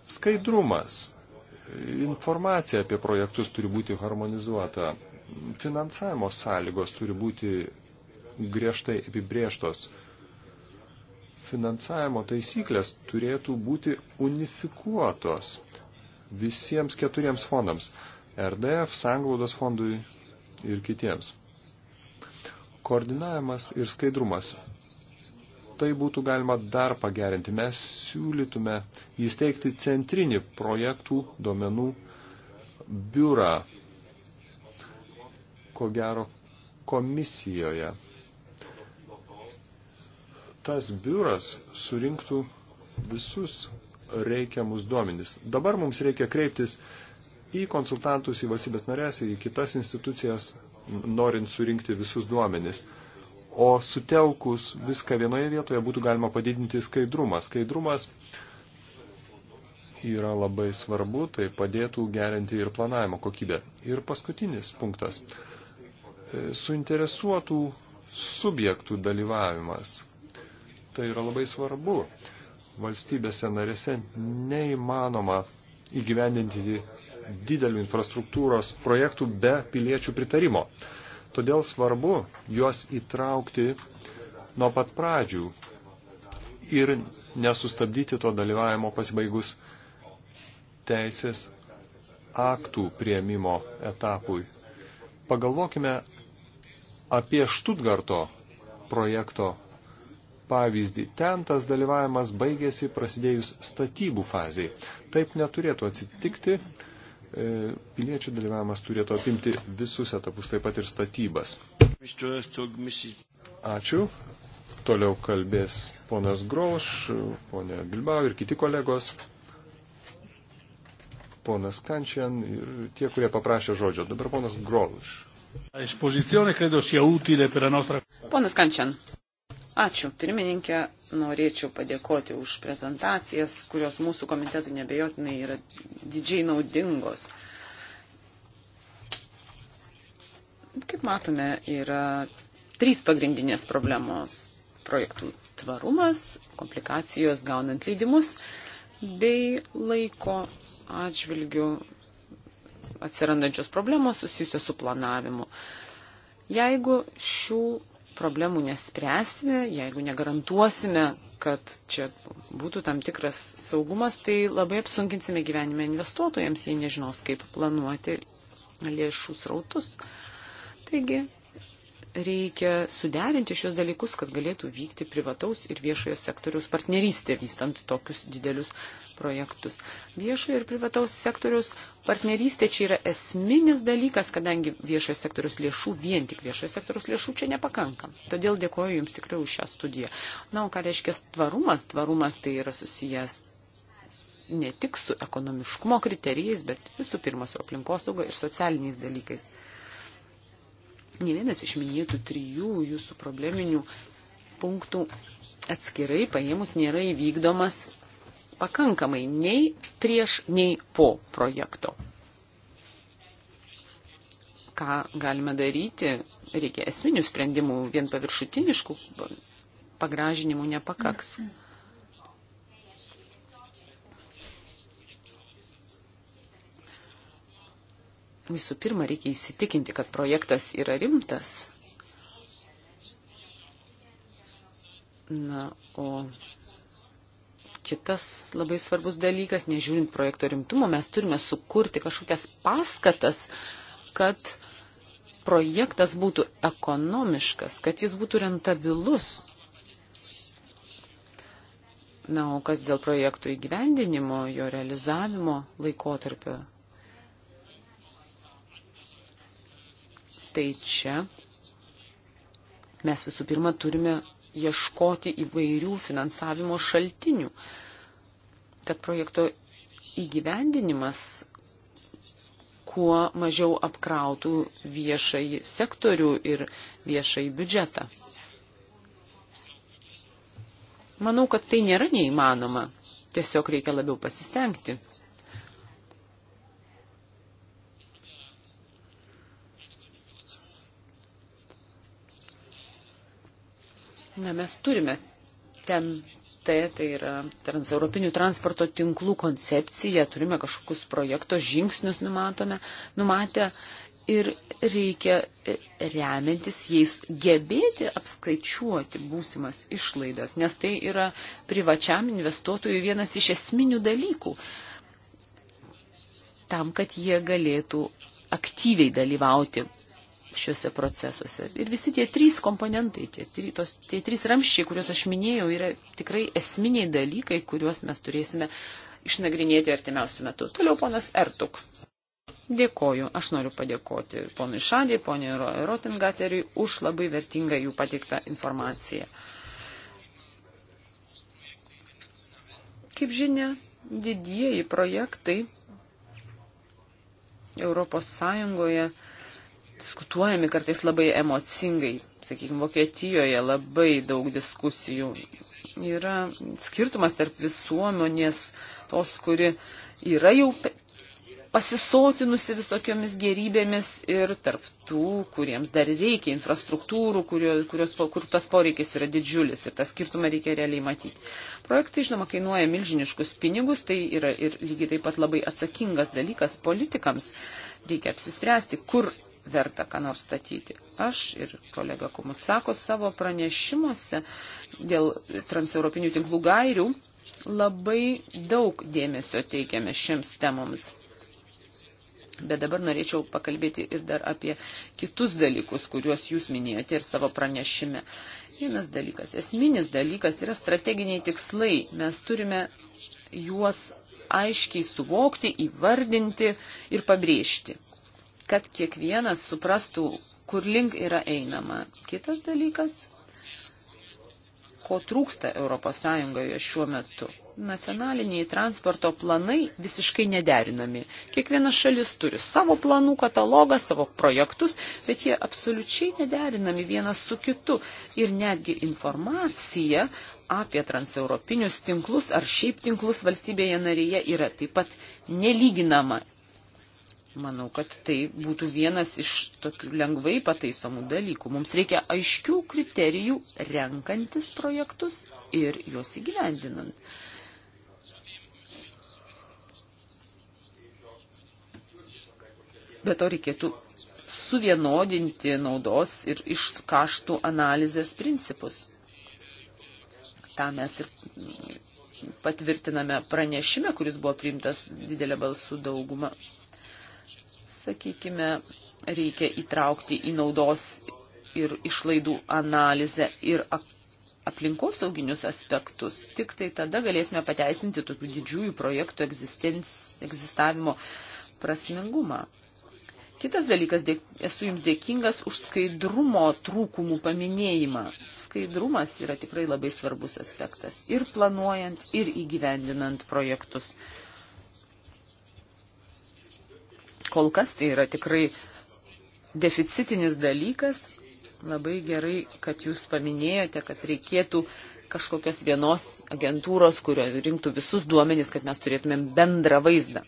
Skaidrumas. Informacija apie projektus turi būti harmonizuota. Finansavimo sąlygos turi būti griežtai apibrėžtos. Finansavimo taisyklės turėtų būti unifikuotos visiems keturiems fondams - RDF, Sanglaudos fondui ir kitiems. Koordinavimas ir skaidrumas tai būtų galima dar pagerinti. Mes siūlytume įsteigti centrinį projektų duomenų biurą, ko gero komisijoje. Tas biuras surinktų visus reikiamus duomenys. Dabar mums reikia kreiptis į konsultantus, į valstybės narės, į kitas institucijas, norint surinkti visus duomenys o sutelkus viską vienoje vietoje būtų galima padidinti skaidrumą. Skaidrumas yra labai svarbu, tai padėtų gerinti ir planavimo kokybę. Ir paskutinis punktas e, - suinteresuotų subjektų dalyvavimas. Tai yra labai svarbu. Valstybėse narėse neįmanoma įgyvendinti didelių infrastruktūros projektų be piliečių pritarimo. Todėl svarbu juos įtraukti nuo pat pradžių ir nesustabdyti to dalyvavimo pasibaigus teisės aktų prieimimo etapui. Pagalvokime apie Štutgarto projekto pavyzdį. Ten tas dalyvavimas baigėsi prasidėjus statybų fazei. Taip neturėtų atsitikti, E, piliečių dalyvavimas turėtų apimti visus etapus, taip pat ir statybas. Ačiū. Toliau kalbės ponas Groš, ponė Bilbao ir kiti kolegos, ponas Kančian ir tie, kurie paprašė žodžio. Dabar ponas Groš. Ponas Kančian. Ačiū, pirmininkė. Norėčiau padėkoti už prezentacijas, kurios mūsų komitetui nebejotinai yra didžiai naudingos. Kaip matome, yra trys pagrindinės problemos - projektų tvarumas, komplikacijos gaunant leidimus bei laiko atžvilgių atsirandančios problemos susijusios su planavimu. Jeigu šių problemų nespręsime, jeigu negarantuosime, kad čia būtų tam tikras saugumas, tai labai apsunkinsime gyvenime investuotojams, jei nežinos, kaip planuoti lėšų srautus. Taigi reikia suderinti šios dalykus, kad galėtų vykti privataus ir viešojo sektoriaus partnerystė, vystant tokius didelius projektus. Viešojo ir privataus sektoriaus partnerystė čia yra esminis dalykas, kadangi viešojo sektoriaus lėšų, vien tik viešojo sektoriaus lėšų čia nepakanka. Todėl dėkoju Jums tikrai už šią studiją. Na, o ką reiškia tvarumas? Tvarumas tai yra susijęs ne tik su ekonomiškumo kriterijais, bet visų pirma su aplinkosauga ir socialiniais dalykais. Ne vienas iš minėtų trijų jūsų probleminių punktų atskirai paėmus nėra įvykdomas pakankamai nei prieš, nei po projekto. Ką galime daryti, reikia esminių sprendimų, vien paviršutiniškų pagražinimų nepakaks. Visų pirma, reikia įsitikinti, kad projektas yra rimtas. Na, o kitas labai svarbus dalykas, nežiūrint projekto rimtumo, mes turime sukurti kažkokias paskatas, kad projektas būtų ekonomiškas, kad jis būtų rentabilus. Na, o kas dėl projektų įgyvendinimo, jo realizavimo laikotarpio? Tai čia mes visų pirma turime ieškoti įvairių finansavimo šaltinių, kad projekto įgyvendinimas kuo mažiau apkrautų viešai sektorių ir viešai biudžetą. Manau, kad tai nėra neįmanoma. Tiesiog reikia labiau pasistengti. Na, mes turime ten, tai, tai yra transeuropinių transporto tinklų koncepcija, turime kažkokius projektos žingsnius numatome, numatę ir reikia e, remiantis jais gebėti apskaičiuoti būsimas išlaidas, nes tai yra privačiam investuotojui vienas iš esminių dalykų, tam, kad jie galėtų aktyviai dalyvauti šiuose procesuose. Ir visi tie trys komponentai, tie, tos, tie trys ramščiai, kuriuos aš minėjau, yra tikrai esminiai dalykai, kuriuos mes turėsime išnagrinėti artimiausių metų. Toliau ponas Ertuk. Dėkoju. Aš noriu padėkoti ponui Šadė, poniai Rotingateriui už labai vertingą jų patiktą informaciją. Kaip žinia, didieji projektai Europos Sąjungoje diskutuojami kartais labai emocingai. Sakykime, Vokietijoje labai daug diskusijų. Yra skirtumas tarp visuomenės, tos, kuri yra jau pasisotinusi visokiomis gerybėmis ir tarp tų, kuriems dar reikia infrastruktūrų, kurio, kurios, kur tas poreikis yra didžiulis ir tą skirtumą reikia realiai matyti. Projektai, žinoma, kainuoja milžiniškus pinigus, tai yra ir lygiai taip pat labai atsakingas dalykas politikams. Reikia apsispręsti, kur verta ką nors statyti. Aš ir kolega Kumutsakos savo pranešimuose dėl transeuropinių tinklų gairių labai daug dėmesio teikiame šiems temoms. Bet dabar norėčiau pakalbėti ir dar apie kitus dalykus, kuriuos jūs minėjote ir savo pranešime. Vienas dalykas, esminis dalykas yra strateginiai tikslai. Mes turime juos aiškiai suvokti, įvardinti ir pabrėžti kad kiekvienas suprastų, kur link yra einama. Kitas dalykas, ko trūksta ES šiuo metu. Nacionaliniai transporto planai visiškai nederinami. Kiekviena šalis turi savo planų katalogą, savo projektus, bet jie absoliučiai nederinami vienas su kitu. Ir netgi informacija apie transeuropinius tinklus ar šiaip tinklus valstybėje narėje yra taip pat nelyginama, Manau, kad tai būtų vienas iš tokių lengvai pataisomų dalykų. Mums reikia aiškių kriterijų renkantis projektus ir juos įgyvendinant. Be to reikėtų suvienodinti naudos ir iš kaštų analizės principus. Ta mes ir patvirtiname pranešime, kuris buvo priimtas didelė balsų dauguma sakykime, reikia įtraukti į naudos ir išlaidų analizę ir aplinkosauginius aspektus. Tik tai tada galėsime pateisinti tokių didžiųjų projektų egzistavimo prasmingumą. Kitas dalykas, dėk, esu jums dėkingas už skaidrumo trūkumų paminėjimą. Skaidrumas yra tikrai labai svarbus aspektas ir planuojant, ir įgyvendinant projektus. Uh, Kol kas tai yra tikrai deficitinis dalykas. Labai gerai, kad jūs paminėjote, kad reikėtų kažkokios vienos agentūros, kurio rinktų visus duomenys, kad mes turėtumėm bendrą vaizdą.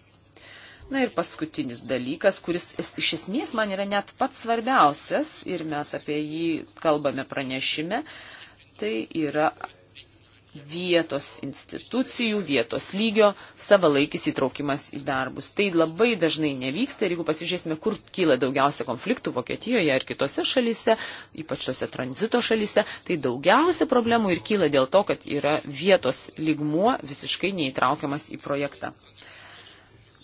Na ir paskutinis dalykas, kuris iš esmės man yra net pats svarbiausias ir mes apie jį kalbame pranešime, tai yra vietos institucijų, vietos lygio savalaikis įtraukimas į darbus. Tai labai dažnai nevyksta ir jeigu pasižiūrėsime, kur kyla daugiausia konfliktų Vokietijoje ar kitose šalyse, ypač tose tranzito šalyse, tai daugiausia problemų ir kyla dėl to, kad yra vietos lygmuo visiškai neįtraukiamas į projektą.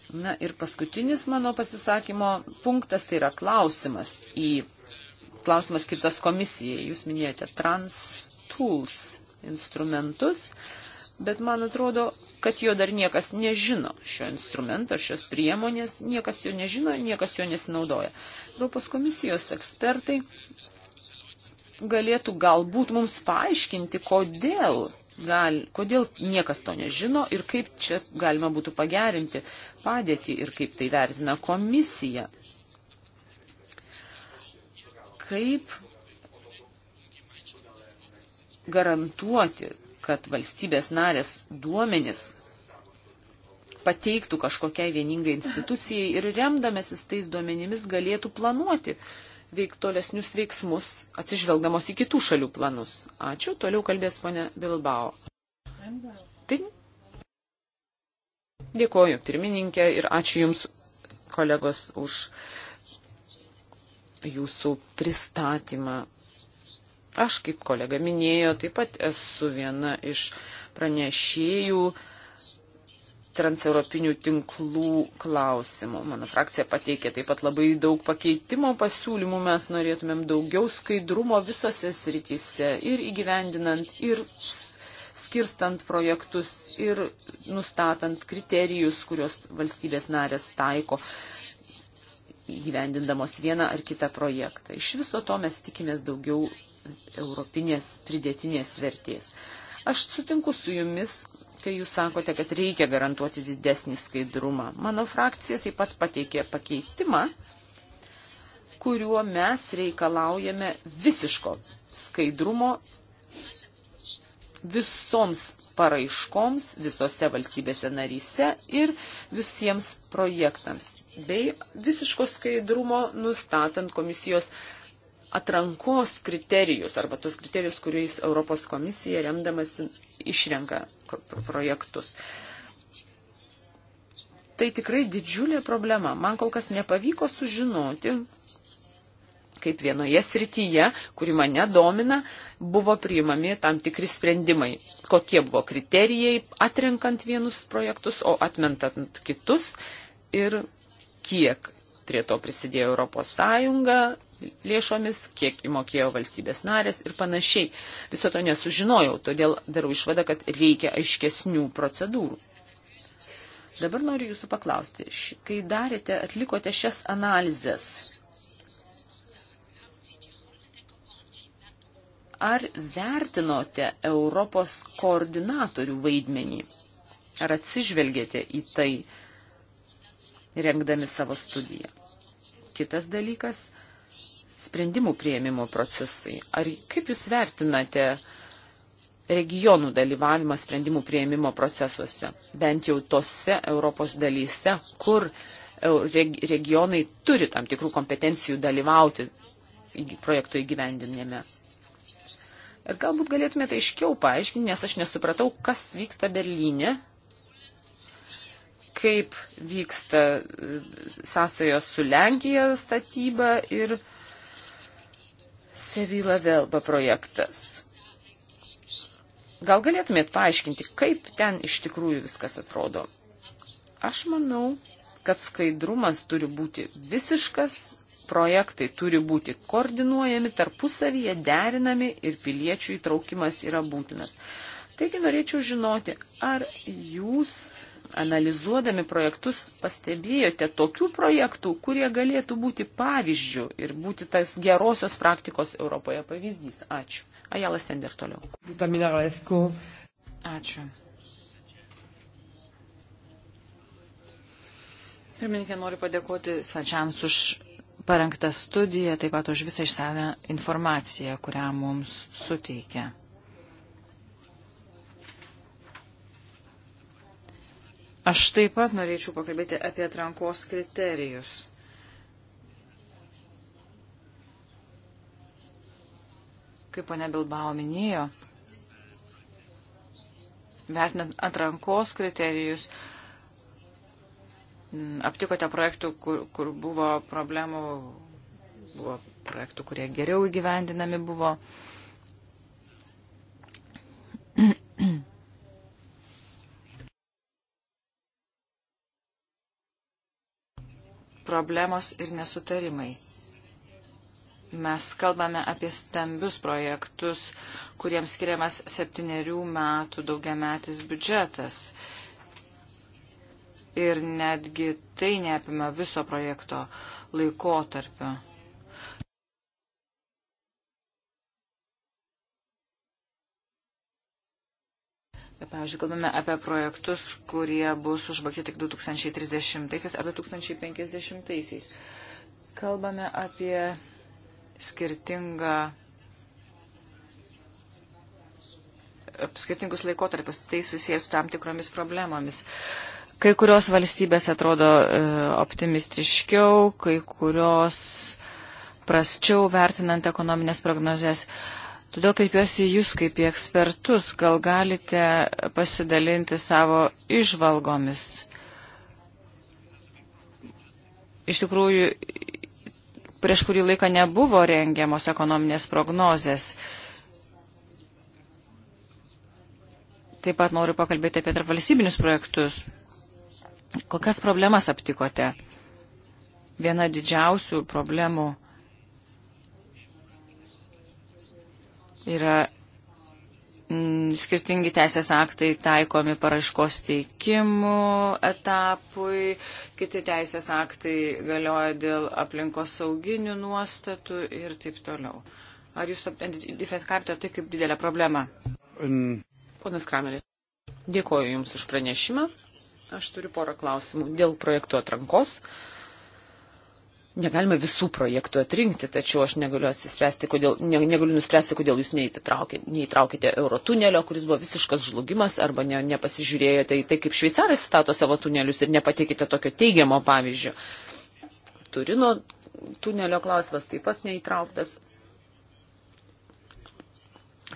Na ir paskutinis mano pasisakymo punktas tai yra klausimas į. Klausimas skirtas komisijai. Jūs minėjote trans tools instrumentus, bet man atrodo, kad jo dar niekas nežino, šio instrumento, šios priemonės, niekas jo nežino, niekas jo nesinaudoja. Europos komisijos ekspertai galėtų galbūt mums paaiškinti, kodėl gal, kodėl niekas to nežino ir kaip čia galima būtų pagerinti padėtį ir kaip tai vertina komisija. Kaip garantuoti, kad valstybės narės duomenis pateiktų kažkokiai vieningai institucijai ir remdamasis tais duomenimis galėtų planuoti veik tolesnius veiksmus, atsižvelgdamos į kitų šalių planus. Ačiū, toliau kalbės ponė Bilbao. Tai dėkoju pirmininkė ir ačiū Jums, kolegos, už Jūsų pristatymą Aš, kaip kolega minėjo, taip pat esu viena iš pranešėjų transeuropinių tinklų klausimų. Mano frakcija pateikė taip pat labai daug pakeitimo pasiūlymų. Mes norėtumėm daugiau skaidrumo visose srityse ir įgyvendinant, ir skirstant projektus, ir nustatant kriterijus, kurios valstybės narės taiko įgyvendindamos vieną ar kitą projektą. Iš viso to mes tikimės daugiau europinės pridėtinės vertės. Aš sutinku su jumis, kai jūs sakote, kad reikia garantuoti didesnį skaidrumą. Mano frakcija taip pat pateikė pakeitimą, kuriuo mes reikalaujame visiško skaidrumo visoms paraiškoms visose valstybėse naryse ir visiems projektams, bei visiško skaidrumo nustatant komisijos atrankos kriterijus arba tos kriterijus, kuriais Europos komisija remdamasi išrenka projektus. Tai tikrai didžiulė problema. Man kol kas nepavyko sužinoti, kaip vienoje srityje, kuri mane domina, buvo priimami tam tikri sprendimai. Kokie buvo kriterijai atrenkant vienus projektus, o atmentant kitus ir kiek Prie to prisidėjo Europos Sąjunga lėšomis, kiek įmokėjo valstybės narės ir panašiai. Viso to nesužinojau, todėl darau išvadą, kad reikia aiškesnių procedūrų. Dabar noriu jūsų paklausti, kai darėte, atlikote šias analizės, ar vertinote Europos koordinatorių vaidmenį? Ar atsižvelgėte į tai, rengdami savo studiją? Kitas dalykas - sprendimų prieimimo procesai. Ar kaip Jūs vertinate regionų dalyvavimą sprendimų prieimimo procesuose, bent jau tose Europos dalyse, kur regionai turi tam tikrų kompetencijų dalyvauti projektų įgyvendinėme. Ir galbūt galėtumėte aiškiau paaiškinti, nes aš nesupratau, kas vyksta Berlyne kaip vyksta e, sąsajos su Lenkija statyba ir Sevilla Velba projektas. Gal galėtumėt paaiškinti, kaip ten iš tikrųjų viskas atrodo? Aš manau, kad skaidrumas turi būti visiškas, projektai turi būti koordinuojami, tarpusavyje derinami ir piliečių įtraukimas yra būtinas. Taigi norėčiau žinoti, ar jūs analizuodami projektus pastebėjote tokių projektų, kurie galėtų būti pavyzdžių ir būti tas gerosios praktikos Europoje pavyzdys. Ačiū. Ajala Sender toliau. Ačiū. Pirmininkė, noriu padėkoti svečiams už parengtą studiją, taip pat už visą išsame informaciją, kurią mums suteikia. Aš taip pat norėčiau pakalbėti apie atrankos kriterijus. Kaip ponia Bilbao minėjo, vertinant atrankos kriterijus, aptikote projektų, kur, kur buvo problemų, buvo projektų, kurie geriau įgyvendinami buvo. problemos ir nesutarimai. Mes kalbame apie stambius projektus, kuriems skiriamas septyniarių metų daugiametis biudžetas. Ir netgi tai neapima viso projekto laikotarpio. Pavyzdžiui, kalbame apie projektus, kurie bus užbaigti tik 2030 ar 2050. -aisiais. Kalbame apie skirtingą skirtingus laikotarpius, tai susijęs su tam tikromis problemomis. Kai kurios valstybės atrodo e, optimistiškiau, kai kurios prasčiau vertinant ekonominės prognozes. Uh, Todėl kreipiuosi jūs kaip į ekspertus, gal galite pasidalinti savo išvalgomis. Iš tikrųjų, prieš kurį laiką nebuvo rengiamos ekonominės prognozės. Taip pat noriu pakalbėti apie tarpvalstybinius projektus. Kokias problemas aptikote? Viena didžiausių problemų Yra mm, skirtingi teisės aktai taikomi paraiškos teikimų etapui, kiti teisės aktai galioja dėl aplinkos sauginių nuostatų ir taip toliau. Ar jūs identifikavote tai kaip didelę problemą? Ponas Krameris, dėkoju Jums už pranešimą. Aš turiu porą klausimų dėl projektų atrankos. Uh, negalima visų projektų atrinkti, tačiau aš negaliu, kodėl, ne, negaliu nuspręsti, kodėl jūs neįtraukėte, neįtraukėte eurotunelio, kuris buvo visiškas žlugimas, arba ne, nepasižiūrėjote į tai, kaip šveicarai stato savo tunelius ir nepateikite tokio teigiamo pavyzdžio. Turino tunelio klausimas taip pat neįtrauktas.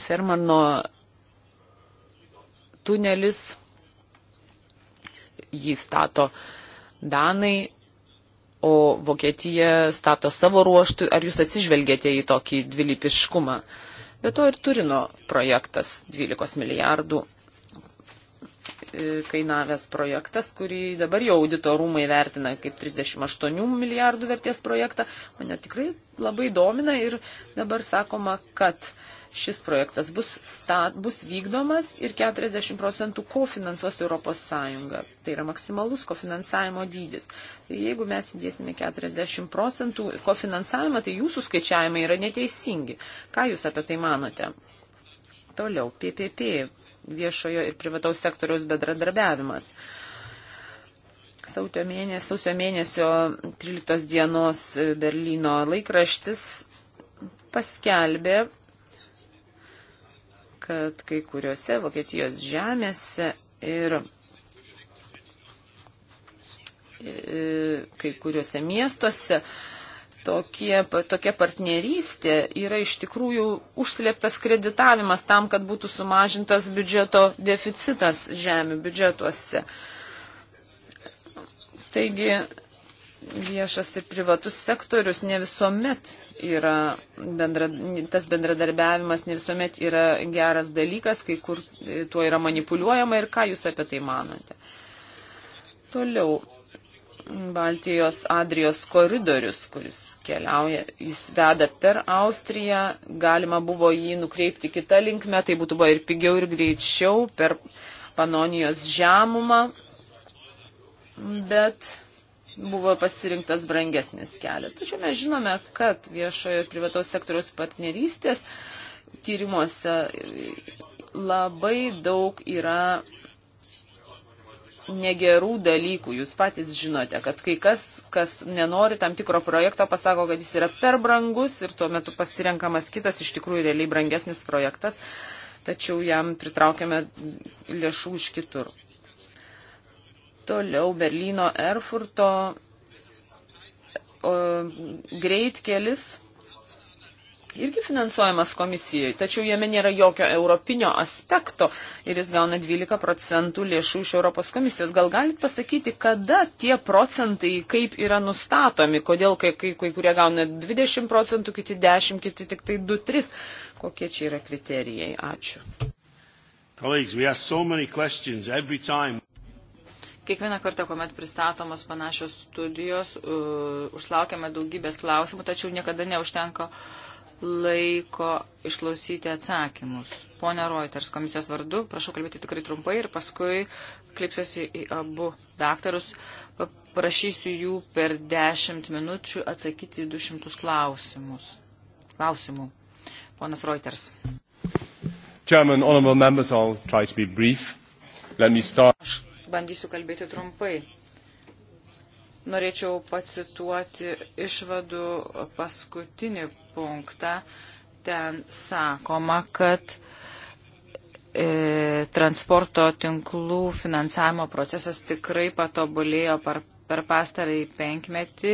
Fermano tunelis jį stato Danai o Vokietija stato savo ruoštų. Ar jūs atsižvelgėte į tokį dvilypiškumą? Be to ir Turino projektas 12 milijardų e, kainavęs projektas, kurį dabar jau auditorumai vertina kaip 38 milijardų vertės projektą. Mane tikrai labai domina ir dabar sakoma, kad uh, šis projektas bus, stat, bus vykdomas ir 40 procentų kofinansuos Europos Sąjunga. Tai yra maksimalus kofinansavimo dydis. Tai jeigu mes įdėsime 40 procentų kofinansavimą, tai jūsų skaičiavimai yra neteisingi. Ką jūs apie tai manote? Toliau, PPP, viešojo ir privataus sektoriaus bedradarbiavimas. Sausio mėnesio, sausio mėnesio 13 dienos e, Berlyno laikraštis paskelbė kad kai kuriuose Vokietijos žemėse ir e, kai kuriuose miestuose tokie, tokia partnerystė yra iš tikrųjų užslėptas kreditavimas tam, kad būtų sumažintas biudžeto deficitas žemių biudžetuose. Taigi viešas ir privatus sektorius ne visuomet yra bendra, tas bendradarbiavimas, ne visuomet yra geras dalykas, kai kur e, tuo yra manipuliuojama ir ką jūs apie tai manote. Toliau. Baltijos Adrijos koridorius, kuris keliauja, jis veda per Austriją, galima buvo jį nukreipti kitą linkmę, tai būtų buvo ir pigiau, ir greičiau per Panonijos žemumą, bet buvo pasirinktas brangesnis kelias. Tačiau mes žinome, kad viešojo ir privataus sektoriaus partnerystės tyrimuose labai daug yra negerų dalykų. Jūs patys žinote, kad kai kas, kas nenori tam tikro projekto, pasako, kad jis yra per brangus ir tuo metu pasirenkamas kitas, iš tikrųjų realiai brangesnis projektas, tačiau jam pritraukiame lėšų iš kitur. Toliau Berlyno Erfurto greitkelis irgi finansuojamas komisijoje, tačiau jame nėra jokio europinio aspekto ir jis gauna 12 procentų lėšų iš Europos komisijos. Gal galit pasakyti, kada tie procentai kaip yra nustatomi, kodėl kai, kai, kai kurie gauna 20 procentų, kiti 10, kiti tik tai 2-3, kokie čia yra kriterijai. Ačiū. Colleagues, we ask so many questions every time. Kiekvieną kartą, kuomet pristatomos panašios studijos, užlaukiame daugybės klausimų, tačiau niekada neužtenka laiko išklausyti atsakymus. Pone Reuters, komisijos vardu, prašau kalbėti tikrai trumpai ir paskui klipsiuosi į abu daktarus, prašysiu jų per dešimt minučių atsakyti į du šimtus klausimus. Klausimų. Ponas Reuters. Chairman, honorable members, I'll try to be brief. Let me start. Aš bandysiu kalbėti trumpai. Norėčiau pacituoti išvadų paskutinį punktą. Ten sakoma, kad e, transporto tinklų finansavimo procesas tikrai patobulėjo per, per pastarąjį penkmetį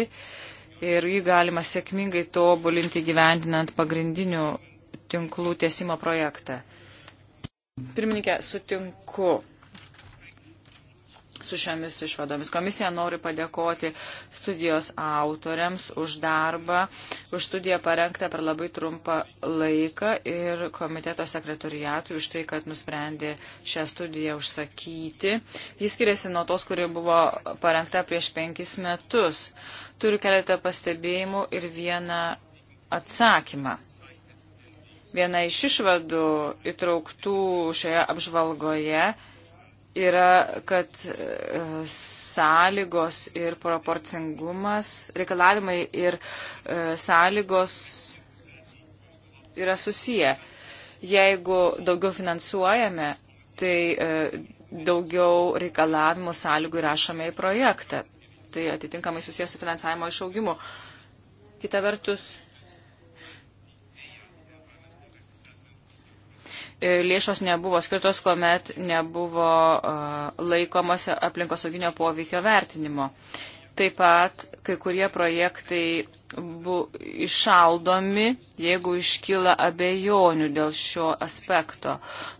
ir jį galima sėkmingai tobulinti gyvendinant pagrindinių tinklų tiesimo projektą. Pirmininkė, sutinku su šiomis išvadomis. Komisija nori padėkoti studijos autoriams už darbą, už studiją parengtą per labai trumpą laiką ir komiteto sekretoriatui už tai, kad nusprendė šią studiją užsakyti. Jis skiriasi nuo tos, kuri buvo parengta prieš penkis metus. Turiu keletą pastebėjimų ir vieną atsakymą. Viena iš išvadų įtrauktų šioje apžvalgoje yra, kad e, sąlygos ir proporcingumas, reikalavimai ir e, sąlygos yra susiję. Jeigu daugiau finansuojame, tai e, daugiau reikalavimų sąlygų įrašome į projektą. Tai atitinkamai susijęs su finansavimo išaugimu. Kita vertus, E, lėšos nebuvo skirtos, kuomet nebuvo e, laikomasi aplinkosauginio poveikio vertinimo. Taip pat kai kurie projektai bu, išaldomi, jeigu iškyla abejonių dėl šio aspekto.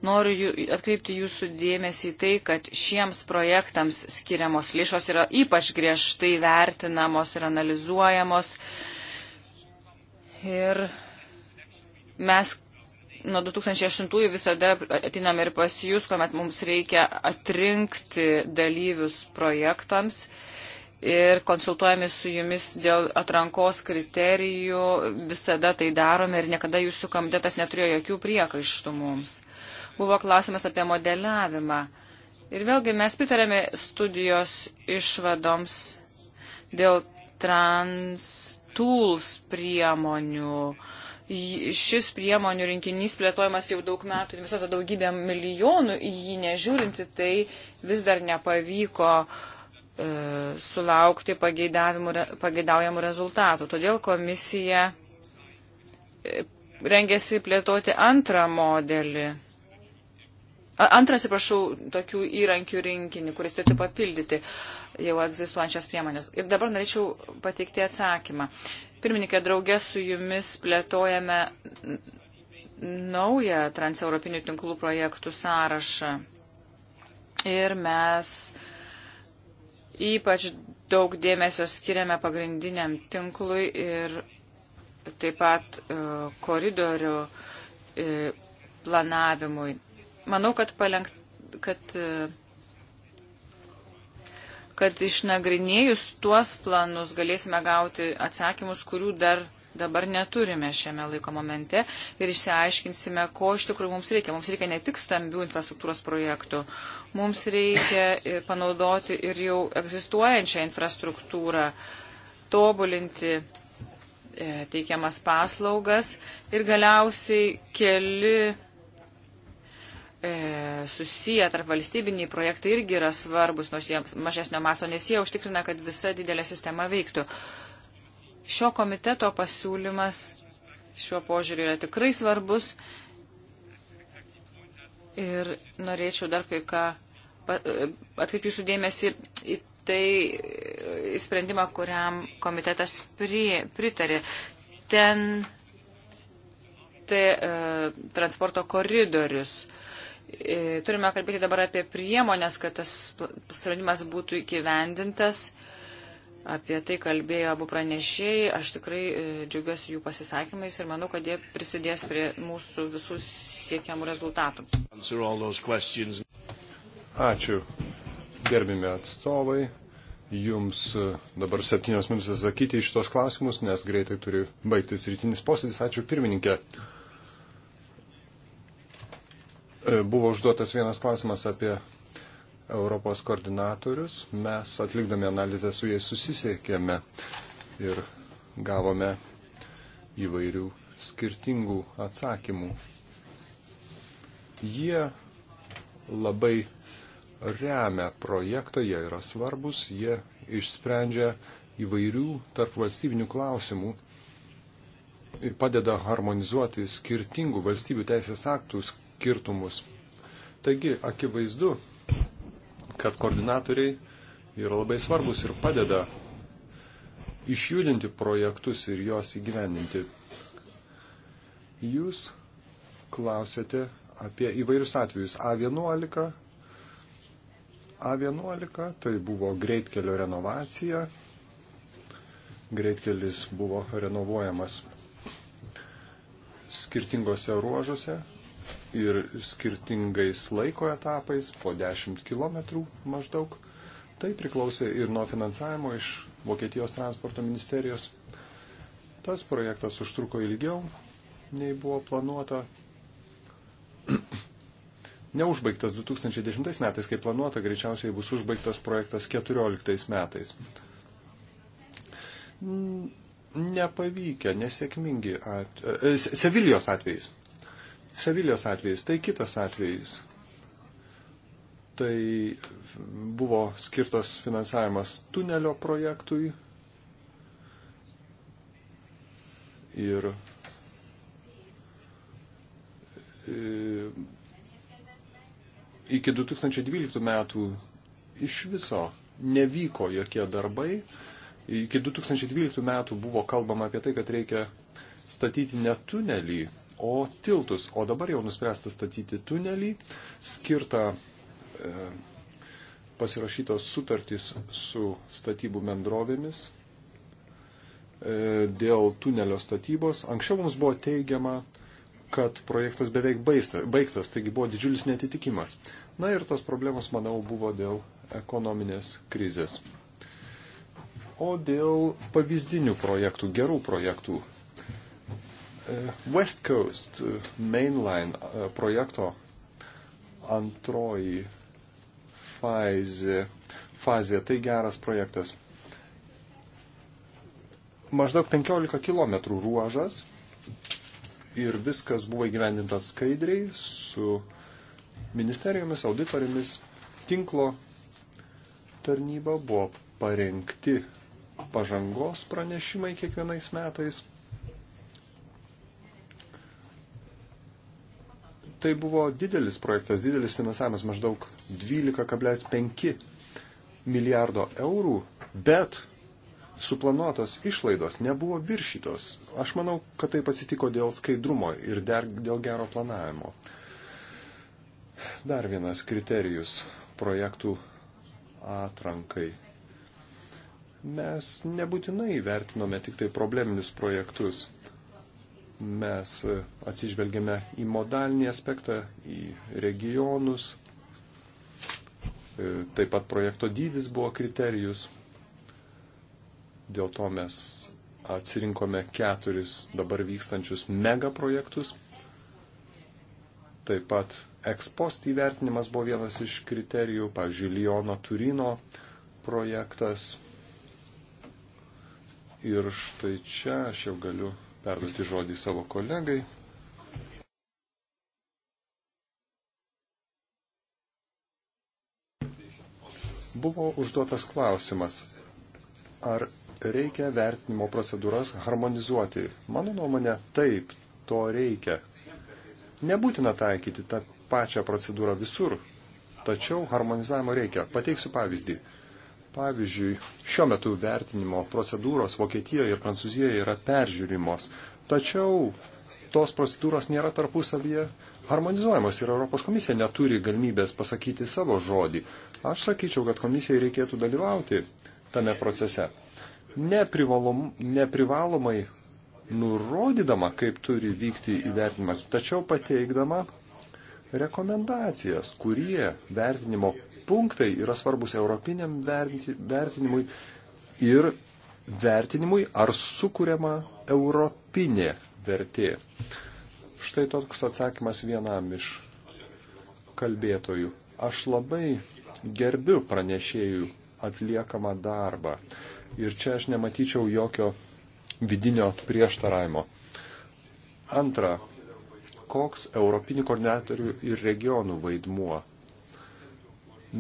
Noriu atkreipti jūsų dėmesį į tai, kad šiems projektams skiriamos lėšos yra ypač griežtai vertinamos ir analizuojamos. Ir mes nuo 2008 visada atiname ir pas jūs, kuomet mums reikia atrinkti dalyvius projektams ir konsultuojame su jumis dėl atrankos kriterijų, visada tai darome ir niekada jūsų komitetas neturėjo jokių priekaištų mums. Buvo klausimas apie modeliavimą. Ir vėlgi mes pritarėme studijos išvadoms dėl trans tools priemonių. Uh, šis priemonių rinkinys plėtojamas jau daug metų ir tai viso to daugybė milijonų, jį nežiūrinti, tai vis dar nepavyko e, sulaukti pageidaujamų rezultatų. Todėl komisija e, rengiasi plėtoti antrą modelį. Antras, atsiprašau, tokių įrankių rinkinį, kuris turėtų papildyti jau egzistuojančias priemonės. Ir dabar norėčiau pateikti atsakymą pirmininkė, draugė su jumis plėtojame naują transeuropinių tinklų projektų sąrašą. Ir mes ypač daug dėmesio skiriame pagrindiniam tinklui ir taip pat e, koridorių e, planavimui. Manau, kad, palenkt, kad e, kad išnagrinėjus tuos planus galėsime gauti atsakymus, kurių dar dabar neturime šiame laiko momente ir išsiaiškinsime, ko iš tikrųjų mums reikia. Mums reikia ne tik stambių infrastruktūros projektų, mums reikia panaudoti ir jau egzistuojančią infrastruktūrą, tobulinti e, teikiamas paslaugas ir galiausiai keli E, susiję tarp valstybiniai projektai irgi yra svarbus, nors jie mažesnio maso, nes jie užtikrina, kad visa didelė sistema veiktų. Šio komiteto pasiūlymas šiuo požiūriu yra tikrai svarbus ir norėčiau dar kai ką e, atkreipti jūsų dėmesį į tai e, į sprendimą, kuriam komitetas prie, pritarė. Ten tai, e, transporto koridorius. E, E, turime kalbėti dabar apie priemonės, kad tas sprendimas būtų įgyvendintas. Apie tai kalbėjo abu pranešėjai. Aš tikrai e, džiaugiuosi jų pasisakymais ir manau, kad jie prisidės prie mūsų visų siekiamų rezultatų. Ačiū. Gerbimi atstovai. Jums e, dabar septynios minutės atsakyti iš tos klausimus, nes greitai turi baigtis rytinis posėdis. Ačiū pirmininkė. E, buvo užduotas vienas klausimas apie Europos koordinatorius. Mes atlikdami analizę su jais susisiekėme ir gavome įvairių skirtingų atsakymų. Jie labai remia projektą, jie yra svarbus, jie išsprendžia įvairių tarp valstybinių klausimų ir padeda harmonizuoti skirtingų valstybių teisės aktus skirtumus. Taigi, akivaizdu, kad koordinatoriai yra labai svarbus ir padeda išjudinti projektus ir juos įgyvendinti. Jūs klausėte apie įvairius atvejus. A11. A11 tai buvo greitkelio renovacija. Greitkelis buvo renovuojamas skirtingose ruožuose ir skirtingais laiko etapais, po 10 km maždaug. Tai priklausė ir nuo finansavimo iš Vokietijos transporto ministerijos. Tas projektas užtruko ilgiau, nei buvo planuota. Neužbaigtas 2010 metais, kaip planuota, greičiausiai bus užbaigtas projektas 2014 metais. Nepavykę, nesėkmingi atvejai. Sevilijos atvejais. Sevilijos atvejais, tai kitas atvejais. Tai buvo skirtas finansavimas tunelio projektui ir e, iki 2012 metų iš viso nevyko jokie darbai. Iki 2012 metų buvo kalbama apie tai, kad reikia statyti ne tunelį, o tiltus. O dabar jau nuspręsta statyti tunelį, skirtą e, pasirašytos sutartys su statybų bendrovėmis e, dėl tunelio statybos. Anksčiau mums buvo teigiama, kad projektas beveik baigtas, baigtas, taigi buvo didžiulis netitikimas. Na ir tos problemos, manau, buvo dėl ekonominės krizės. O dėl pavyzdinių projektų, gerų projektų Uh, West Coast uh, Mainline uh, projekto antroji fazė. fazė tai geras projektas. Maždaug 15 km ruožas ir viskas buvo įgyvendinta skaidriai su ministerijomis, auditorimis, tinklo tarnyba buvo parengti pažangos pranešimai kiekvienais metais. tai buvo didelis projektas, didelis finansavimas, maždaug 12,5 milijardo eurų, bet suplanuotos išlaidos nebuvo viršytos. Aš manau, kad tai atsitiko dėl skaidrumo ir der, dėl gero planavimo. Dar vienas kriterijus projektų atrankai. Mes nebūtinai vertinome tik tai probleminius projektus. Mes atsižvelgiame į modalinį aspektą, į regionus. E, taip pat projekto dydis buvo kriterijus. Dėl to mes atsirinkome keturis dabar vykstančius megaprojektus. Taip pat ekspost įvertinimas buvo vienas iš kriterijų, pavyzdžiui, Liono Turino projektas. Ir štai čia aš jau galiu perduoti žodį savo kolegai. Buvo užduotas klausimas, ar reikia vertinimo procedūras harmonizuoti. Mano nuomonė, taip, to reikia. Nebūtina taikyti tą pačią procedūrą visur, tačiau harmonizavimo reikia. Pateiksiu pavyzdį. Pavyzdžiui, šiuo metu vertinimo procedūros Vokietijoje ir Prancūzijoje yra peržiūrimos. Tačiau tos procedūros nėra tarpusavyje harmonizuojamos ir Europos komisija neturi galimybės pasakyti savo žodį. Aš sakyčiau, kad komisijai reikėtų dalyvauti tame procese. Neprivalom, neprivalomai nurodydama, kaip turi vykti įvertinimas, tačiau pateikdama rekomendacijas, kurie vertinimo punktai yra svarbus europiniam vertinimui ir vertinimui, ar sukūriama europinė vertė. Štai toks atsakymas vienam iš kalbėtojų. Aš labai gerbiu pranešėjų atliekamą darbą. Ir čia aš nematyčiau jokio vidinio prieštaravimo. Antra, koks europinių koordinatorių ir regionų vaidmuo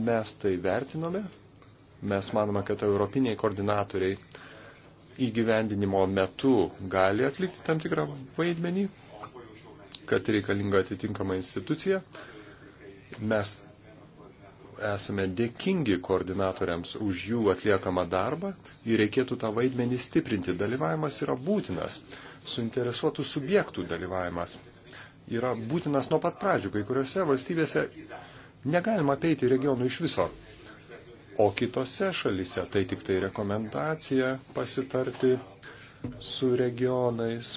Mes tai vertinome, mes manome, kad europiniai koordinatoriai įgyvendinimo metu gali atlikti tam tikrą vaidmenį, kad reikalinga atitinkama institucija. Mes esame dėkingi koordinatoriams už jų atliekamą darbą ir reikėtų tą vaidmenį stiprinti. Dalyvavimas yra būtinas, suinteresuotų subjektų dalyvavimas yra būtinas nuo pat pradžių. Kai kuriuose valstybėse Negalima apeiti regionų iš viso. O kitose šalise tai tik tai rekomendacija pasitarti su regionais.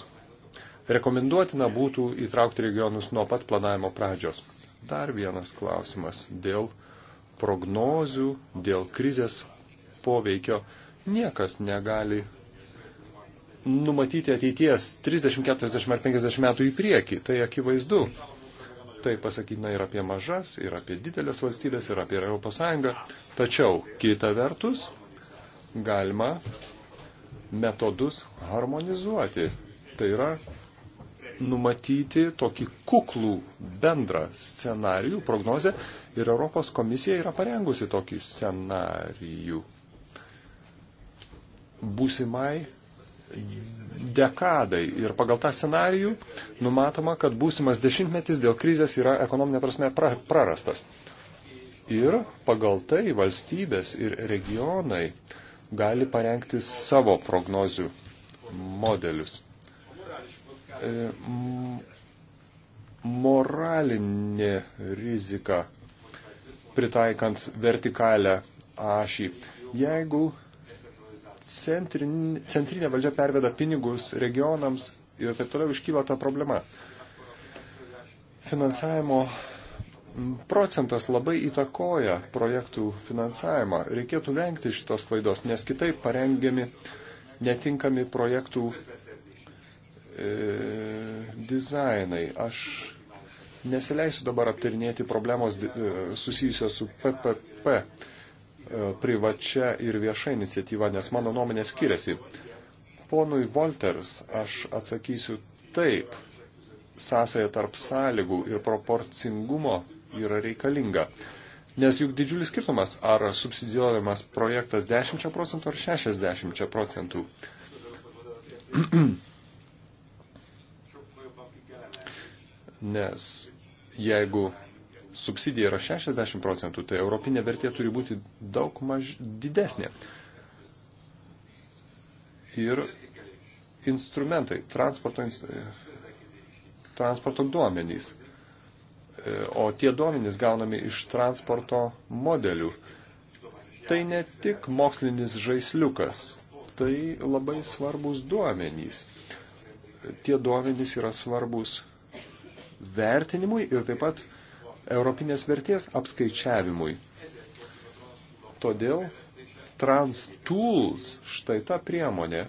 Rekomenduotina būtų įtraukti regionus nuo pat planavimo pradžios. Dar vienas klausimas dėl prognozių, dėl krizės poveikio. Niekas negali numatyti ateities 30, 40 ar 50 metų į priekį. Tai akivaizdu. Tai pasakytina ir apie mažas, ir apie didelės valstybės, ir apie ES. Tačiau kita vertus galima metodus harmonizuoti. Tai yra numatyti tokį kuklų bendrą scenarijų, prognozę ir Europos komisija yra parengusi tokį scenarijų būsimai dekadai. Ir pagal tą scenarijų numatoma, kad būsimas dešimtmetis dėl krizės yra ekonominė prasme pra, prarastas. Ir pagal tai valstybės ir regionai gali parengti savo prognozių modelius. E, moralinė rizika pritaikant vertikalę ašį. Jeigu centrin, centrinė valdžia perveda pinigus regionams ir taip toliau iškyla ta problema. Finansavimo procentas labai įtakoja projektų finansavimą. Reikėtų vengti šitos klaidos, nes kitaip parengiami netinkami projektų e, dizainai. Aš nesileisiu dabar aptarinėti problemos e, susijusios su PPP E, privačia ir vieša iniciatyva, nes mano nuomonė skiriasi. Ponui Volters aš atsakysiu taip. Sąsaja tarp sąlygų ir proporcingumo yra reikalinga. Nes juk didžiulis skirtumas, ar subsidijuojamas projektas 10 procentų ar 60 procentų. Nes jeigu subsidija yra 60 procentų, tai europinė vertė turi būti daug maž didesnė. Ir instrumentai, transporto, transporto duomenys. E, o tie duomenys gaunami iš transporto modelių. Tai ne tik mokslinis žaisliukas, tai labai svarbus duomenys. Tie duomenys yra svarbus vertinimui ir taip pat europinės vertės apskaičiavimui. Todėl TransTools, štai ta priemonė,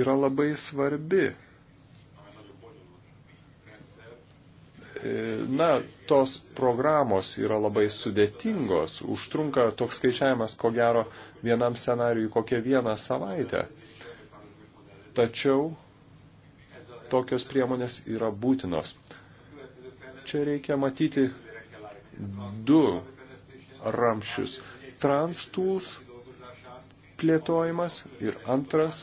yra labai svarbi. E, na, tos programos yra labai sudėtingos, užtrunka toks skaičiavimas, ko gero, vienam scenariui kokią vieną savaitę. Tačiau tokios priemonės yra būtinos. Čia reikia matyti du ramščius. Trans tools plėtojimas ir antras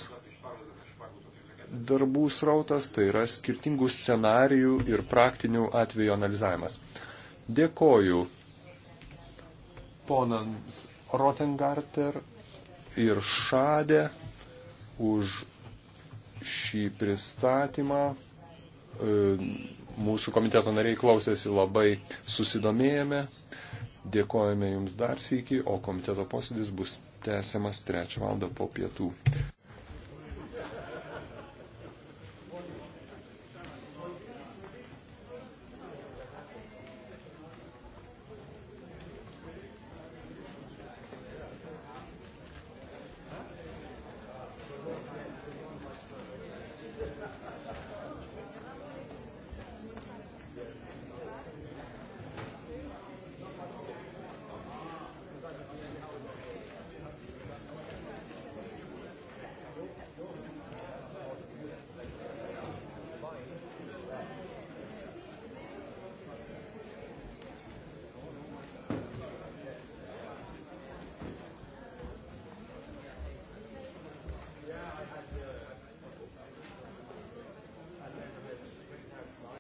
darbų srautas, tai yra skirtingų scenarijų ir praktinių atvejų analizavimas. Dėkoju ponams Rotengarter ir Šadė už šį pristatymą. E, Mūsų komiteto nariai klausėsi labai susidomėjame. Dėkojame Jums dar sįki, o komiteto posėdis bus tęsiamas 3 val. po pietų.